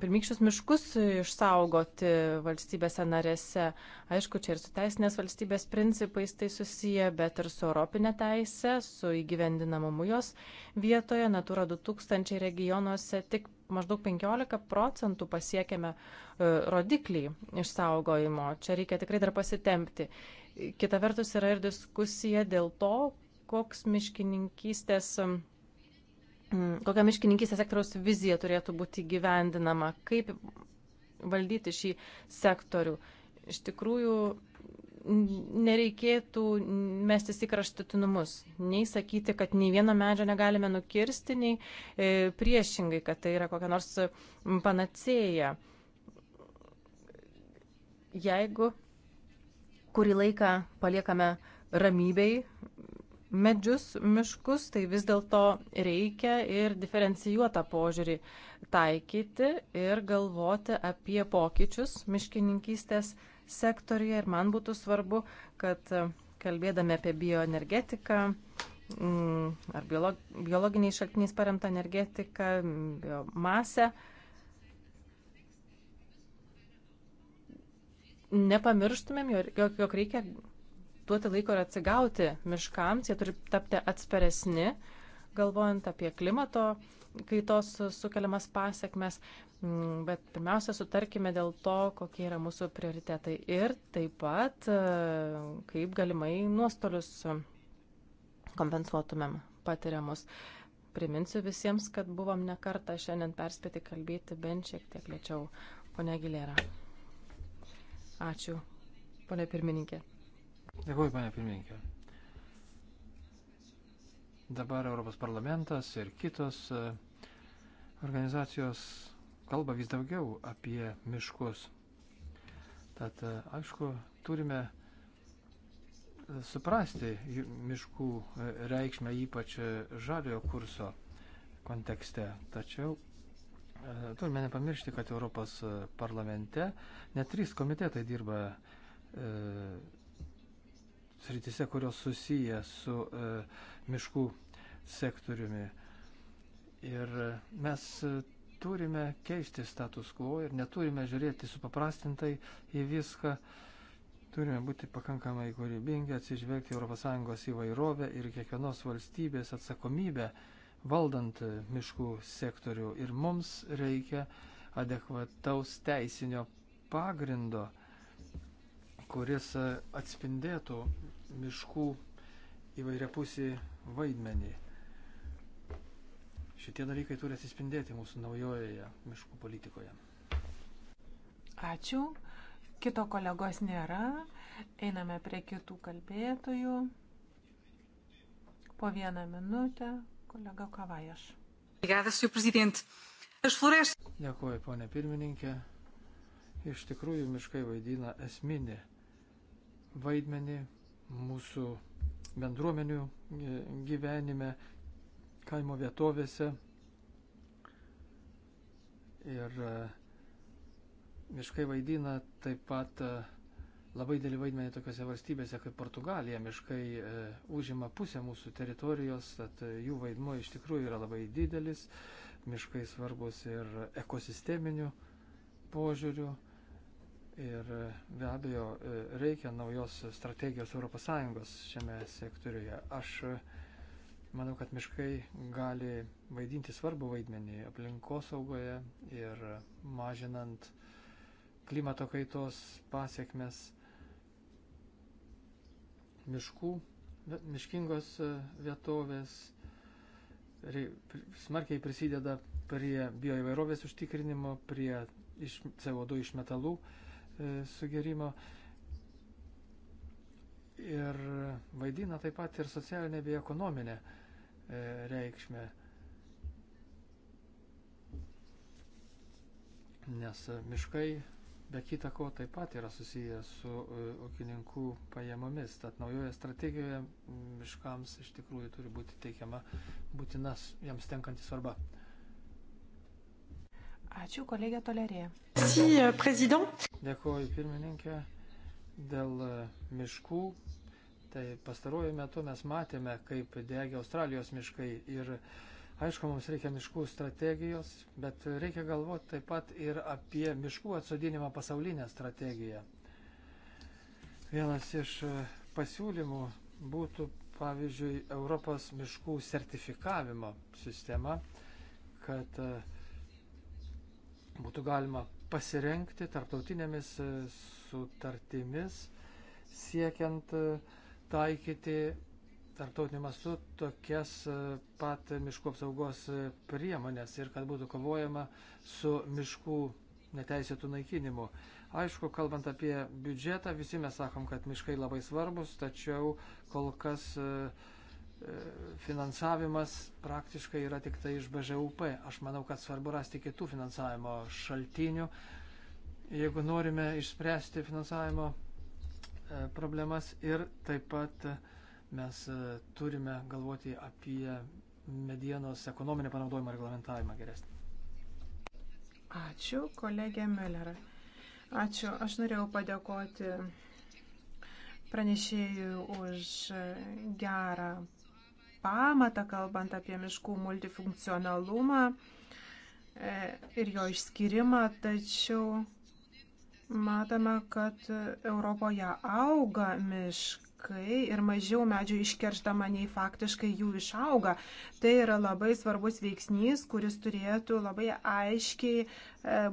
pirmykščius miškus išsaugoti valstybėse narėse. Aišku, čia ir su teisinės valstybės principais tai susiję, bet ir su europinė teise, su įgyvendinamumu jos vietoje. Natura 2000 regionuose tik maždaug 15 procentų pasiekėme e, rodiklį išsaugojimo. Čia reikia tikrai dar pasitempti. Kita vertus yra ir diskusija dėl to, koks miškininkystės kokia miškininkystės sektoriaus vizija turėtų būti gyvendinama, kaip valdyti šį sektorių. Iš tikrųjų, nereikėtų mestis į kraštutinumus, nei sakyti, kad nei vieno medžio negalime nukirsti, nei e, priešingai, kad tai yra kokia nors panacėja. Jeigu kurį laiką paliekame ramybei medžius, miškus, tai vis dėlto reikia ir diferencijuotą požiūrį taikyti ir galvoti apie pokyčius miškininkystės sektorija ir man būtų svarbu, kad e, kalbėdami apie bioenergetiką mm, ar biolog, biologiniais šaltiniais paremtą energetiką, mm, biomasę, nepamirštumėm, jog, jog reikia duoti laiko ir atsigauti miškams, jie turi tapti atsparesni, galvojant apie klimato kaitos sukeliamas pasiekmes. Mm, bet pirmiausia, sutarkime dėl to, kokie yra mūsų prioritetai ir taip pat, e, kaip galimai nuostolius kompensuotumėm patiriamus. Priminsiu visiems, kad buvom ne kartą šiandien perspėti kalbėti bent šiek tiek lėčiau. Pone Gilėra. Ačiū, pone pirmininkė. Dėkuoju, pone pirmininkė. Dabar Europos parlamentas ir kitos e, organizacijos kalba vis daugiau apie miškus. Tad, e, aišku, turime e, suprasti miškų e, reikšmę ypač žaliojo kurso kontekste. Tačiau turime nepamiršti, kad Europos parlamente net trys komitetai dirba e, sritise, kurios susiję su e, miškų sektoriumi. Ir mes turime keisti status quo ir neturime žiūrėti supaprastintai į viską. Turime būti pakankamai kūrybingi, atsižvelgti ES įvairovę ir kiekvienos valstybės atsakomybę valdant miškų sektorių. Ir mums reikia adekvataus teisinio pagrindo, kuris atspindėtų miškų įvairiapusį vaidmenį. Šitie dalykai turi atsispindėti mūsų naujojoje miškų politikoje. Ačiū. Kito kolegos nėra. Einame prie kitų kalbėtojų. Po vieną minutę. Kolega Kavajaš. Dėkuoju, ponė pirmininkė. Iš tikrųjų, miškai vaidina esminį vaidmenį mūsų bendruomenių e, gyvenime, kaimo vietovėse ir e, miškai vaidina taip pat e, labai dėlį vaidmenį tokiose valstybėse kaip Portugalija. Miškai e, užima pusę mūsų teritorijos, tad e, jų vaidmo iš tikrųjų yra labai didelis. Miškai svarbus ir ekosisteminiu požiūriu. Ir be abejo reikia naujos strategijos ES šiame sektoriuje. Aš e, Manau, kad miškai gali vaidinti svarbu vaidmenį aplinkosaugoje ir mažinant klimato kaitos pasiekmes. Miškų, miškingos e, vietovės smarkiai prisideda prie bioįvairovės užtikrinimo, prie iš CO2 iš metalų e, sugerimo ir vaidina taip pat ir socialinę bei ekonominę E, reikšmę, nes miškai be kita ko taip pat yra susijęs su e, ūkininkų pajamomis. Tad naujoje strategijoje miškams iš tikrųjų turi būti teikiama būtinas jiems tenkanti svarba. Ačiū, kolegė Tolerė. Euh, Dėkuoju, pirmininkė, dėl e, miškų Tai pastaruoju metu mes matėme, kaip degė Australijos miškai ir aišku, mums reikia miškų strategijos, bet reikia galvoti taip pat ir apie miškų atsodinimą pasaulinę strategiją. Vienas iš e, pasiūlymų būtų, pavyzdžiui, Europos miškų sertifikavimo sistema, kad e, būtų galima pasirenkti tarptautinėmis e, sutartimis siekiant uh, taikyti tarptautiniu mastu tokias e, pat miškų apsaugos e, priemonės ir kad būtų kovojama su miškų neteisėtų naikinimu. Aišku, kalbant apie biudžetą, visi mes sakom, kad miškai labai svarbus, tačiau kol kas e, finansavimas praktiškai yra tik tai iš BŽUP. Aš manau, kad svarbu rasti kitų finansavimo šaltinių, jeigu norime išspręsti finansavimo E, problemas ir taip pat mes e, turime galvoti apie medienos ekonominį panaudojimą reglamentavimą geresnį. Ačiū, kolegė Miller. Ačiū. Aš norėjau padėkoti pranešėjui už gerą pamatą, kalbant apie miškų multifunkcionalumą e, ir jo išskirimą, tačiau Matome, kad Europoje auga miškai ir mažiau medžių iškerštama nei faktiškai jų išauga. Tai yra labai svarbus veiksnys, kuris turėtų labai aiškiai e,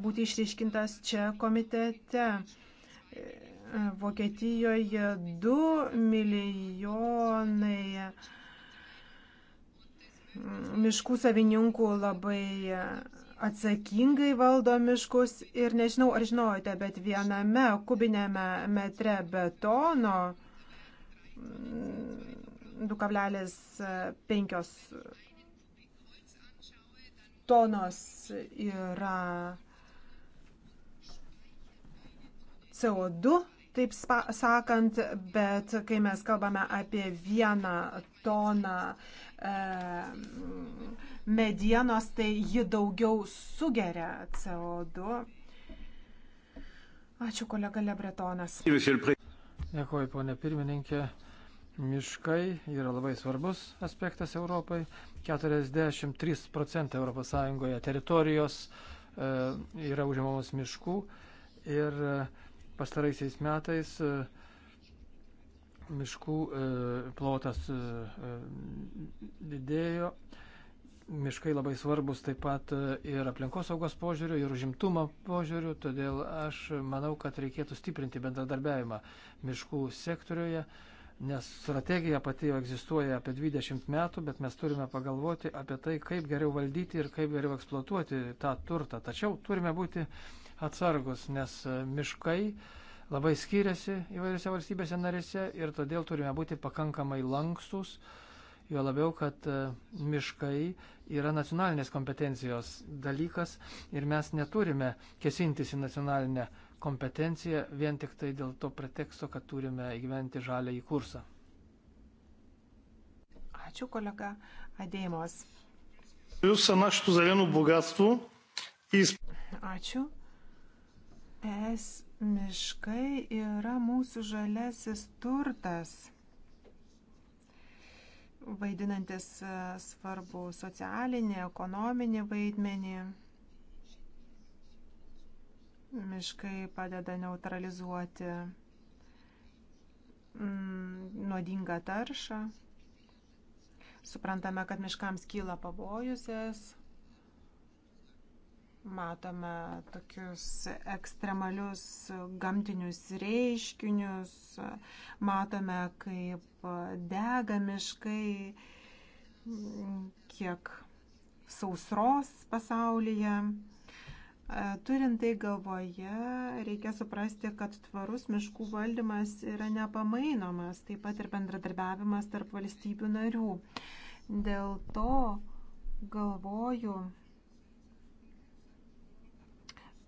būti išryškintas čia komitete. E, Vokietijoje 2 milijonai miškų savininkų labai atsakingai valdo miškus ir nežinau, ar žinojote, bet viename kubinėme metre betono 2,5 mm, e, tonos yra CO2, taip sakant, bet kai mes kalbame apie vieną toną e, medienos, tai ji daugiau sugeria CO2. Ačiū kolega Lebretonas. Dėkuoju, ponė pirmininkė. Miškai yra labai svarbus aspektas Europai. 43 procentai ES teritorijos e, yra užimamos miškų ir e, pastaraisiais metais e, miškų e, plotas e, e didėjo. E, miškai labai svarbus taip pat e, ir aplinkosaugos požiūrių, ir užimtumo požiūrių, todėl aš manau, kad reikėtų stiprinti bendradarbiavimą miškų sektoriuje, nes strategija pati jau egzistuoja apie 20 metų, bet mes turime pagalvoti apie tai, kaip geriau valdyti ir kaip geriau eksploatuoti tą turtą. Tačiau turime būti atsargus, nes e, miškai labai skiriasi įvairiose valstybėse narėse ir todėl turime būti pakankamai lankstus, jo labiau, kad e, miškai yra nacionalinės kompetencijos dalykas ir mes neturime kesintis į nacionalinę kompetenciją vien tik tai dėl to preteksto, kad turime įgyventi žalę į kursą. Ačiū kolega Adėjimos. Jūs sanaštų zelenų bogatstvų. Įs... Ačiū. Es miškai yra mūsų žalesis turtas vaidinantis e, svarbu socialinį, ekonominį vaidmenį. Miškai padeda neutralizuoti mm, nuodingą taršą. Suprantame, kad miškams kyla pavojusės matome tokius ekstremalius gamtinius reiškinius, matome, kaip dega miškai, kiek sausros pasaulyje. Turint tai galvoje, reikia suprasti, kad tvarus miškų valdymas yra nepamainomas, taip pat ir bendradarbiavimas tarp valstybių narių. Dėl to galvoju,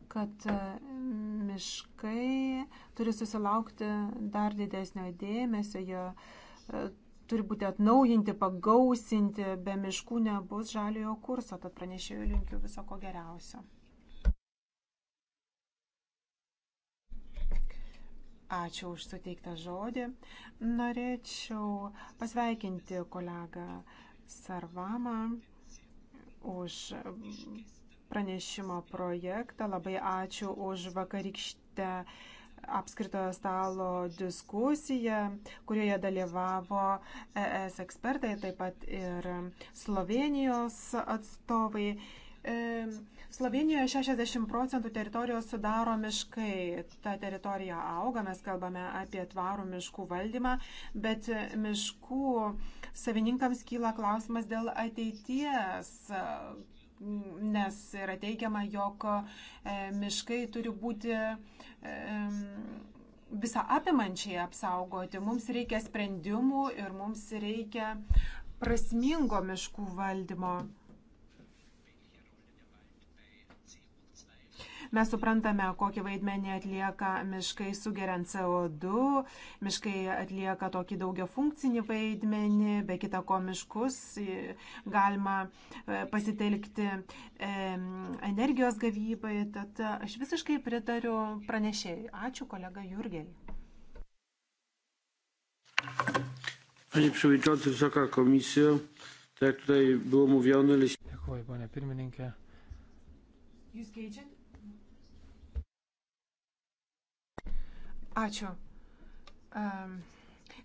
kad e, miškai turi susilaukti dar didesnio dėmesio, jie e, turi būti atnaujinti, pagausinti, be miškų nebus žaliojo kurso, tad pranešėjų linkiu viso ko geriausio. Ačiū už suteiktą žodį. Norėčiau pasveikinti kolegą Sarvamą už pranešimo projektą. Labai ačiū už vakarykštę apskritojo stalo diskusiją, kurioje dalyvavo ES ekspertai, taip pat ir Slovenijos atstovai. E, Slovenijoje 60 procentų teritorijos sudaro miškai. Ta teritorija auga, mes kalbame apie tvarų miškų valdymą, bet miškų savininkams kyla klausimas dėl ateities, nes yra teigiama, jog e, miškai turi būti e, visą apimančiai apsaugoti. Mums reikia sprendimų ir mums reikia prasmingo miškų valdymo. Mes suprantame, kokį vaidmenį atlieka miškai sugeriant CO2, miškai atlieka tokį daugia funkcinį vaidmenį, be kita ko miškus e, galima e, pasitelkti e, energijos gavybai. Tad aš visiškai pritariu pranešėjai. Ačiū kolega Jurgeliai. Panie Przewodniczący, Wysoka Komisjo, tak jak tutaj było mówione... Dziękuję Panie Pirmininkie. Jūs keičiat Ačiū. Um.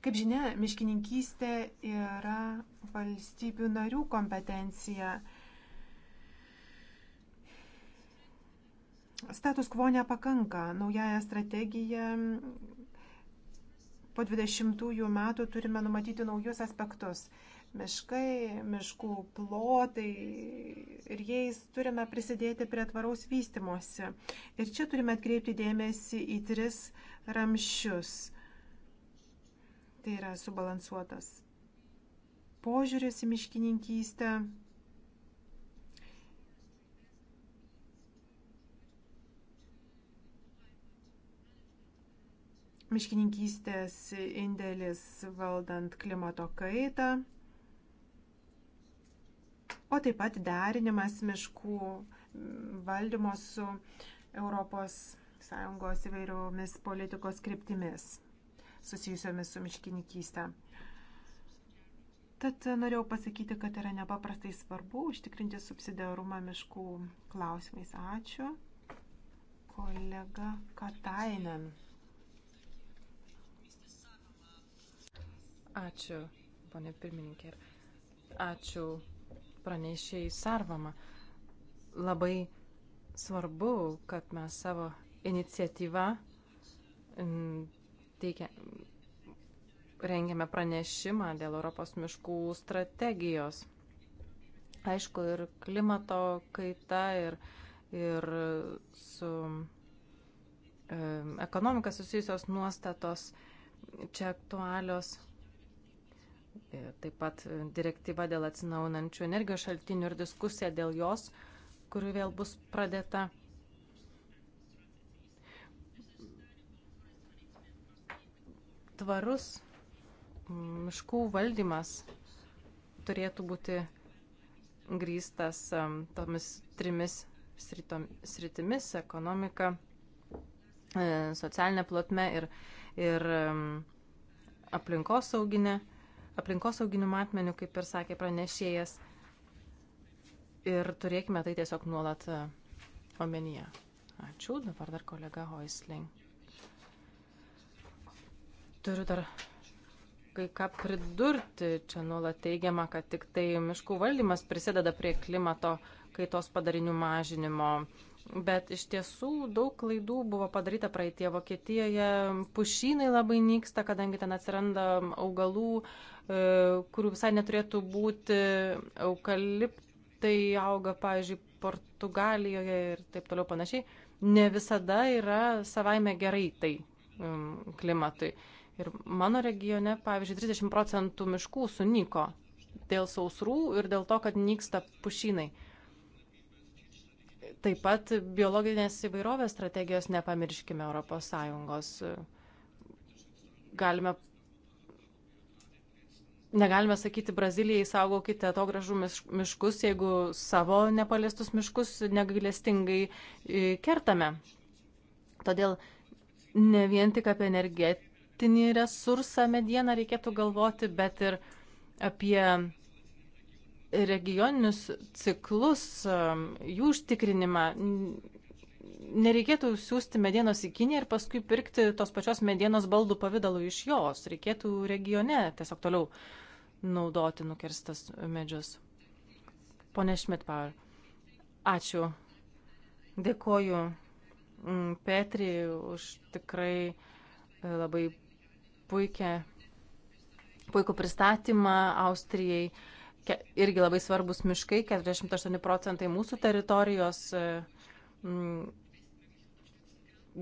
Kaip žinia, miškininkystė yra valstybių narių kompetencija. Status quo nepakanka. Naująją strategiją po 20 metų turime numatyti naujus aspektus. Miškai, miškų plotai ir jais turime prisidėti prie tvaraus vystimosi. Ir čia turime atkreipti dėmesį į tris uh, ramščius. Tai yra subalansuotas požiūris į miškininkystę. miškininkystės indėlis valdant klimato kaitą, o taip pat derinimas miškų valdymo su Europos ES įvairiomis politikos kryptimis susijusiomis su miškininkystė. Tad norėjau pasakyti, kad yra nepaprastai svarbu užtikrinti subsidiarumą miškų klausimais. Ačiū. Kolega Katainen. Ačiū, ponė pirmininkė. Ačiū pranešėjai Sarvama. Labai svarbu, kad mes savo iniciatyva teikia, rengiame pranešimą dėl Europos miškų strategijos. Aišku, ir klimato kaita, ir, ir su e, ekonomika susijusios nuostatos čia aktualios. Ir e, taip pat direktyva dėl atsinaunančių energijos šaltinių ir diskusija dėl jos, kuri vėl bus pradėta. tvarus mm, miškų valdymas turėtų būti grįstas tomis trimis sritimis - ekonomika, e, socialinė plotme ir, ir aplinkosauginė, aplinkosauginiu matmeniu, kaip ir sakė pranešėjas. Ir turėkime tai tiesiog nuolat e, omenyje. Ačiū, dabar dar kolega Hoisling. Turiu dar kai ką pridurti. Čia nuolat teigiama, kad tik tai miškų valdymas prisideda prie klimato kaitos padarinių mažinimo. Bet iš tiesų daug klaidų buvo padaryta praeitie. Vokietijoje pušynai labai nyksta, kadangi ten atsiranda augalų, e, kurių visai neturėtų būti. Eukaliptai auga, pavyzdžiui, Portugalijoje ir taip toliau panašiai. Ne visada yra savaime gerai tai klimatui. Ir mano regione, pavyzdžiui, 30 procentų miškų sunyko dėl sausrų ir dėl to, kad nyksta pušynai. Taip pat biologinės įvairovės strategijos nepamirškime ES. Galime, negalime sakyti Brazilijai, saugokite to gražų miškus, jeigu savo nepaliestus miškus negailestingai e, kertame. Todėl ne vien tik apie energetiką gamtinį resursą medieną reikėtų galvoti, bet ir apie regioninius ciklus, um, jų užtikrinimą. Nereikėtų siūsti medienos į Kiniją ir paskui pirkti tos pačios medienos baldų pavydalu iš jos. Reikėtų regione tiesiog toliau naudoti nukirstas medžius. Pone Šmitpauer, ačiū. Dėkoju mm, Petri už tikrai e, labai puikia, puikų pristatymą Austrijai. Irgi labai svarbus miškai, 48 procentai mūsų teritorijos e,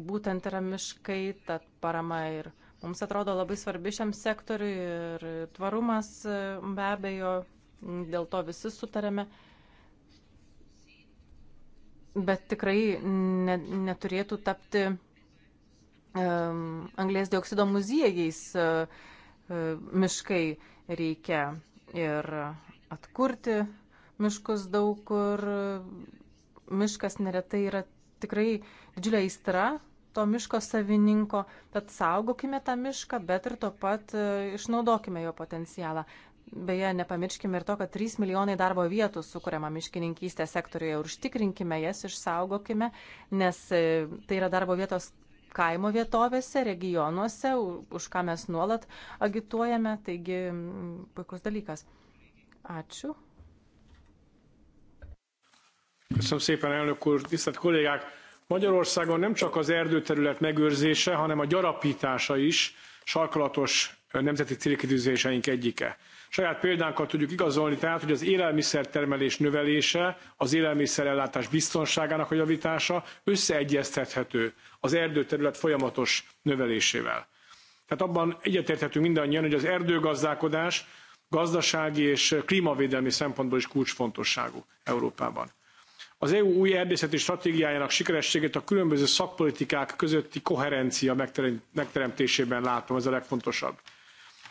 būtent yra miškai, tad parama ir mums atrodo labai svarbi šiam sektoriui ir tvarumas e, be abejo, dėl to visi sutarėme. Bet tikrai ne, neturėtų tapti anglės dioksido muziejais e, e, miškai reikia ir atkurti miškus daug kur. Miškas neretai yra tikrai didžiulė aistra to miško savininko, tad saugokime tą mišką, bet ir tuo pat e, išnaudokime jo potencialą. Beje, nepamirškime ir to, kad 3 milijonai darbo vietų sukūrėma miškininkystės sektoriuje ir užtikrinkime jas, išsaugokime, nes tai yra darbo vietos, kaimo vietovėse, regionuose, už ką mes nuolat agituojame. Taigi, mm, puikus dalykas. Ačiū. Köszönöm szépen, elnök úr, tisztelt kollégák! Magyarországon nem csak az erdőterület megőrzése, hanem a gyarapítása is sarkalatos nemzeti célkitűzéseink egyike. Saját példánkkal tudjuk igazolni tehát, hogy az élelmiszertermelés növelése, az élelmiszerellátás biztonságának a javítása összeegyeztethető az erdőterület folyamatos növelésével. Tehát abban egyetérthetünk mindannyian, hogy az erdőgazdálkodás gazdasági és klímavédelmi szempontból is kulcsfontosságú Európában. Az EU új erdészeti stratégiájának sikerességét a különböző szakpolitikák közötti koherencia megteremtésében látom, ez a legfontosabb.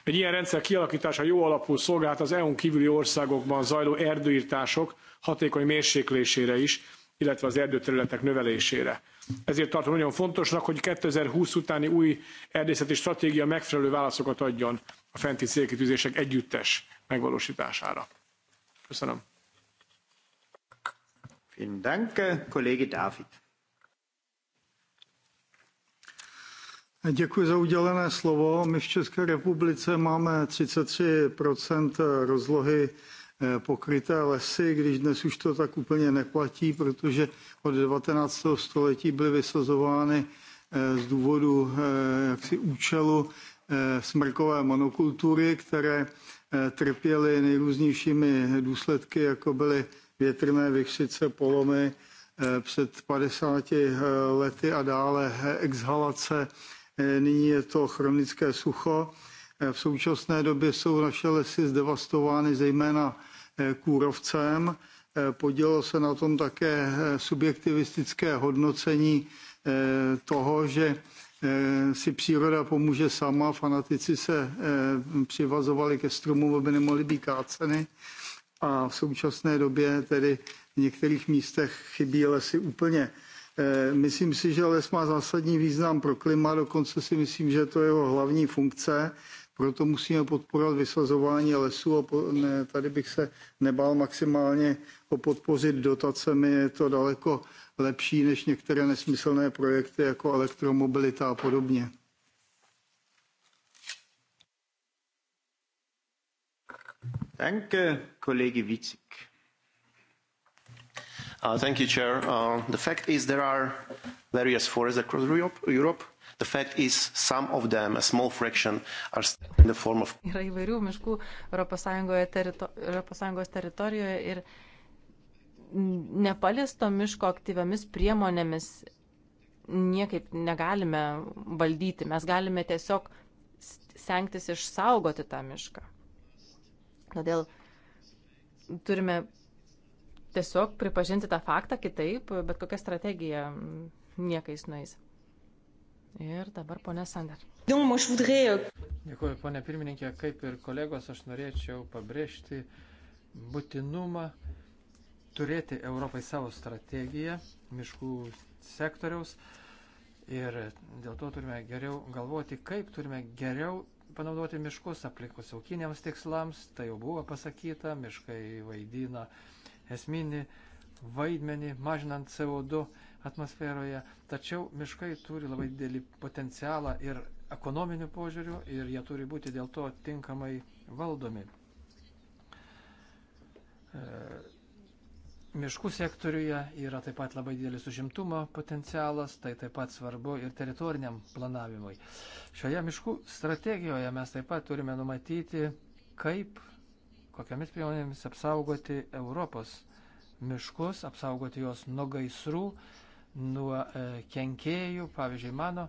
Egy ilyen rendszer kialakítása jó alapul szolgált az EU-n kívüli országokban zajló erdőírtások hatékony mérséklésére is, illetve az erdőterületek növelésére. Ezért tartom nagyon fontosnak, hogy 2020 utáni új erdészeti stratégia megfelelő válaszokat adjon a fenti célkitűzések együttes megvalósítására. Köszönöm. Vielen Dank, Kollege David. Děkuji za udělené slovo. My v České republice máme 33 rozlohy eh, pokryté lesy, když dnes už to tak úplně neplatí, protože od 19. století byly vysazovány eh, z důvodu eh, jaksi účelu smrkové monokultury, které trpěly nejrůznějšími důsledky, jako byly větrné vychřice, polomy před 50 lety a dále exhalace Eh, nyní je to chronické sucho. Eh, v současné době jsou naše lesy zdevastovány zejména eh, kůrovcem. Podělo se na tom také subjektivistické hodnocení toho, že si příroda pomůže sama. Fanatici se přivazovali ke stromům, aby nemohly být káceny. A v současné době tedy v některých místech chybí lesy úplně. Eh, myslím si, že les má zásadní význam pro klima, dokonce si myslím, že to je jeho hlavní funkce, proto musíme podporovat vysazování lesů a ne, tady bych se nebál maximálně ho podpořit dotacemi, je to daleko lepší než některé nesmyslné projekty jako elektromobilita a podobně. Danke, Kollege Witzig. Uh, thank you, Chair. Uh, the fact is there are various forests across Europe. Europe. The fact is some of them, a small fraction, are in the form of... Yra įvairių miškų ES, terito ES teritorijoje ir nepaliesto miško aktyviamis priemonėmis niekaip negalime valdyti. Mes galime tiesiog stengtis išsaugoti tą mišką. Todėl turime tiesiog pripažinti tą faktą kitaip, bet kokia strategija mm, niekais nueis. Ir dabar ponė Sander. Dėkuoju, ponė pirmininkė, kaip ir kolegos, aš norėčiau pabrėžti būtinumą turėti Europai savo strategiją miškų sektoriaus ir dėl to turime geriau galvoti, kaip turime geriau panaudoti miškus aplikus aukiniams tikslams, tai jau buvo pasakyta, miškai vaidina uh, esminį vaidmenį mažinant CO2 atmosferoje, tačiau miškai turi labai didelį potencialą ir ekonominių požiūrių ir jie turi būti dėl to tinkamai valdomi. E, miškų sektoriuje yra taip pat labai didelis užimtumo potencialas, tai taip pat svarbu ir teritoriniam planavimui. Šioje miškų strategijoje mes taip pat turime numatyti, kaip kokiamis priemonėmis apsaugoti Europos miškus, apsaugoti juos nuo gaisrų, nuo e, kenkėjų. Pavyzdžiui, mano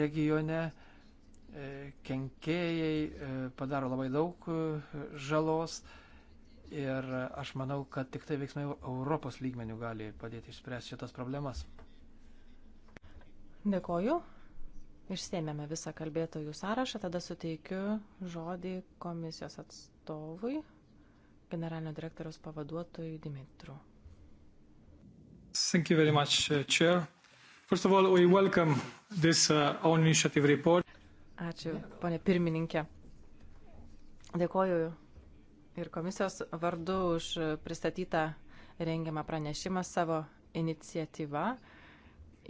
regione e, kenkėjai e, padaro labai daug e, žalos ir aš manau, kad tik tai veiksmai Europos lygmenių gali padėti išspręsti šitas problemas. Dėkoju. Išsėmėme visą kalbėtojų sąrašą, tada suteikiu žodį komisijos atstovui, generalinio direktoriaus pavaduotoju Dimitru. Thank you very much, uh, Chair. First of all, we welcome this uh, own initiative report. Ačiū, ponė pirmininkė. Dėkoju ir komisijos vardu už pristatytą rengiamą pranešimą savo iniciatyvą.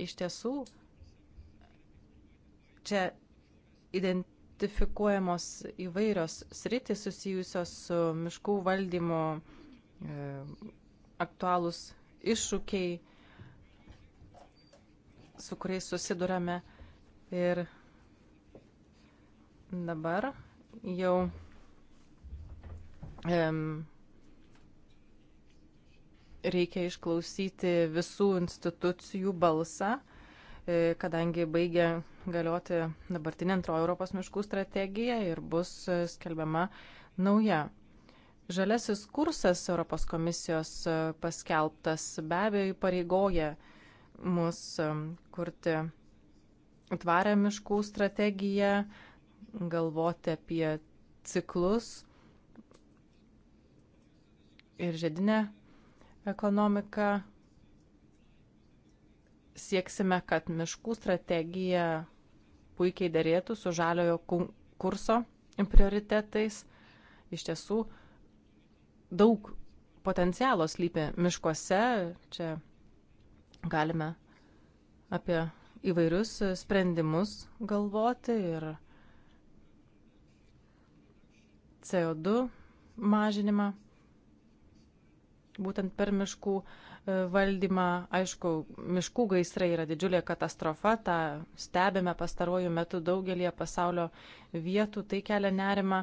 Iš tiesų, čia ident identifikuojamos įvairios sritys susijusios su miškų valdymu, e, aktualūs iššūkiai, su kuriais susidurame. Ir dabar jau um, reikia išklausyti visų institucijų balsą E, kadangi baigė galioti dabartinė antroji Europos miškų strategija ir bus e, skelbiama nauja. Žalesis kursas Europos komisijos e, paskelbtas be abejo įpareigoja mus kurti tvarę miškų strategiją, galvoti apie ciklus ir žiedinę ekonomiką sieksime, kad miškų strategija puikiai dėrėtų su žaliojo kurso prioritetais. Iš tiesų, daug potencialo slypi miškuose. Čia galime apie įvairius sprendimus galvoti ir CO2 mažinimą būtent per miškų valdymą. Aišku, miškų gaisrai yra didžiulė katastrofa, tą stebime pastaruoju metu daugelie pasaulio vietų, tai kelia nerima.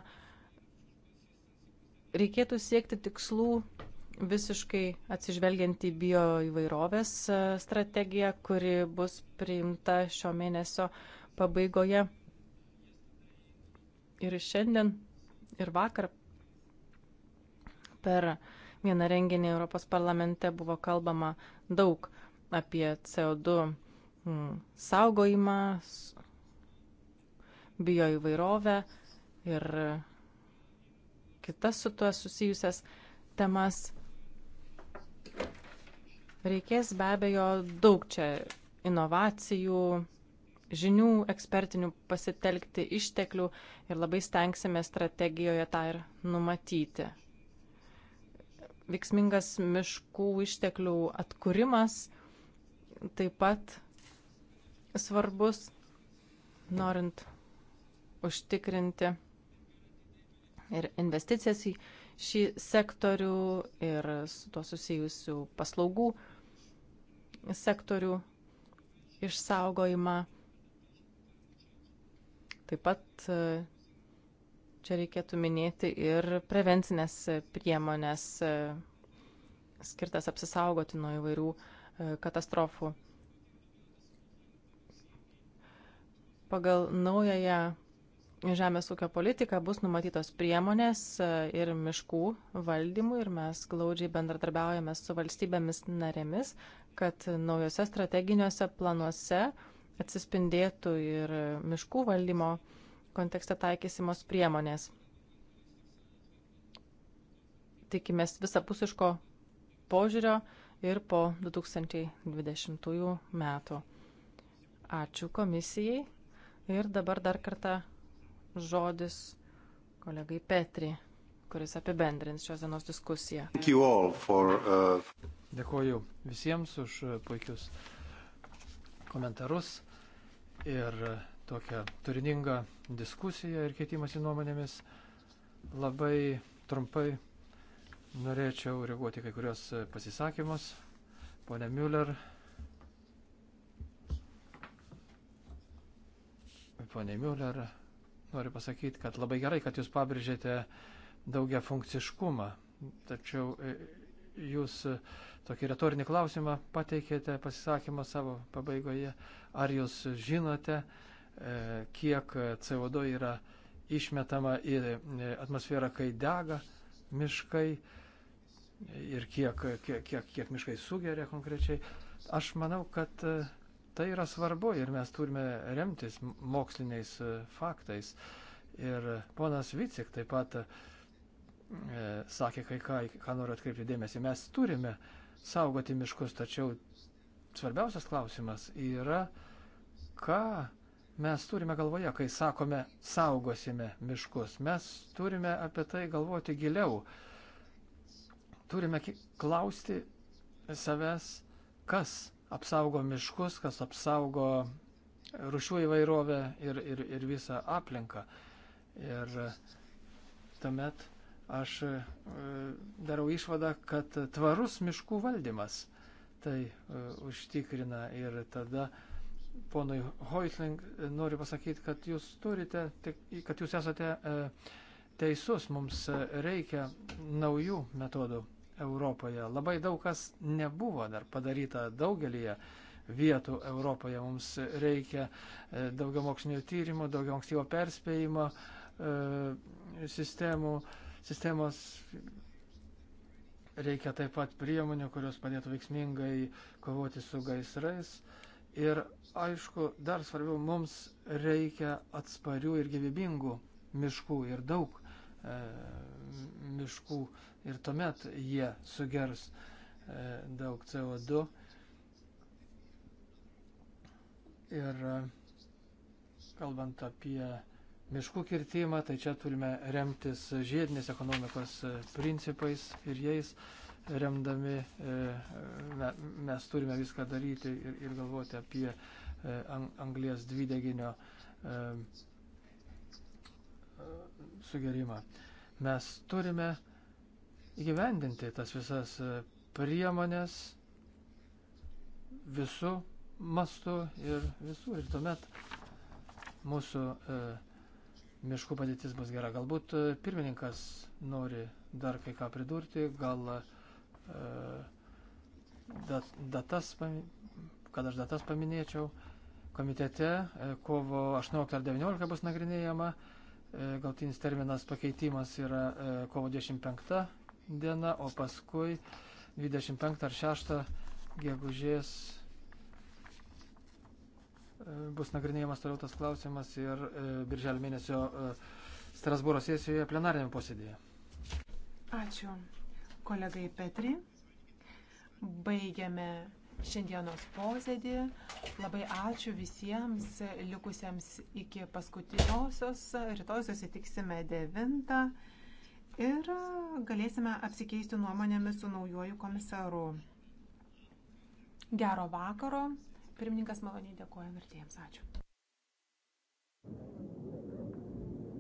Reikėtų siekti tikslų visiškai atsižvelgiant į bioįvairovės e, strategiją, kuri bus priimta šio mėnesio pabaigoje. Ir šiandien, ir vakar per uh, vieną renginį Europos parlamente buvo kalbama daug apie CO2 mm, saugojimą, bioįvairovę ir kitas su tuo susijusias temas. Reikės be abejo daug čia inovacijų, žinių ekspertinių pasitelkti išteklių ir labai stengsime strategijoje tą ir numatyti veiksmingas miškų išteklių atkūrimas taip pat svarbus, norint užtikrinti ir investicijas į šį sektorių ir su tuo susijusių paslaugų sektorių išsaugojimą. Taip pat čia reikėtų minėti ir prevencinės priemonės e, skirtas apsisaugoti nuo įvairių e, katastrofų. Pagal naująją žemės ūkio politiką bus numatytos priemonės e, ir miškų valdymui ir mes glaudžiai bendradarbiaujame su valstybėmis narėmis, kad naujose strateginiuose planuose atsispindėtų ir miškų valdymo uh, kontekste taikysimos priemonės. Tikimės visapusiško požiūrio ir po 2020 metų. Ačiū komisijai ir dabar dar kartą žodis kolegai Petri, kuris apibendrins šios dienos diskusiją. For, uh... Dėkuoju visiems už puikius komentarus ir tokią turiningą diskusiją ir keitimąsi nuomonėmis. Labai trumpai norėčiau reaguoti kai kurios e, pasisakymus. Pone Müller, Pone Müller, noriu pasakyti, kad labai gerai, kad jūs pabrėžėte daugia funkciškumą, tačiau e, jūs e, tokį retorinį klausimą pateikėte pasisakymą savo pabaigoje, ar jūs žinote, E, kiek CO2 yra išmetama į atmosferą, kai dega miškai ir kiek, kiek, kiek, kiek miškai sugeria konkrečiai. Aš manau, kad e, tai yra svarbu ir mes turime remtis moksliniais e, faktais. Ir ponas Vicik taip pat e, sakė, kai ką, ką noriu atkreipti dėmesį, mes turime saugoti miškus, tačiau svarbiausias klausimas yra, ką mes turime galvoje, kai sakome saugosime miškus? Mes turime apie tai galvoti giliau. Turime klausti savęs, kas apsaugo miškus, kas apsaugo rušių įvairovę ir, ir, ir visą aplinką. Ir tuomet aš e, darau išvadą, kad tvarus miškų valdymas tai e, užtikrina ir tada uh, ponui Hoisling e, noriu pasakyti, kad jūs turite, kad jūs esate e, teisus, mums e, reikia naujų metodų Europoje. Labai daug kas nebuvo dar padaryta daugelįje vietų Europoje. Mums reikia daugiau mokslinio tyrimo, daugiau ankstyvo perspėjimo sistemų, sistemos. Reikia taip pat priemonių, kurios padėtų veiksmingai kovoti su gaisrais. Uh, Ir aišku, dar svarbiau, mums reikia atsparių ir gyvybingų miškų ir daug e, miškų. Ir tuomet jie sugers e, daug CO2. Ir e, kalbant apie miškų kirtimą, tai čia turime remtis žiedinės ekonomikos e, principais ir jais. E, remdami e, mes turime viską daryti ir, ir galvoti apie e, anglės dvideginio e, sugerimą. Mes turime įgyvendinti tas visas priemonės visų mastų ir visų. Ir tuomet mūsų e, miškų padėtis bus gera. Galbūt pirmininkas nori dar kai ką pridurti, gal E, datas, kad aš datas paminėčiau. Komitete e, kovo 18 ar 19 bus nagrinėjama, e, galtinis terminas pakeitimas yra kovo 25 diena, o paskui 25 ar 6 gegužės bus nagrinėjamas toliau tas klausimas ir birželio mėnesio Strasbūro sesijoje plenarinėme posėdėje. Ačiū kolegai Petri. Baigiame šiandienos posėdį. Labai ačiū visiems likusiems iki paskutiniosios. Rytoj susitiksime 9 ir galėsime apsikeisti nuomonėmis su naujoju komisaru. Gero vakaro. Pirmininkas maloniai dėkoja vertėjams. Ačiū.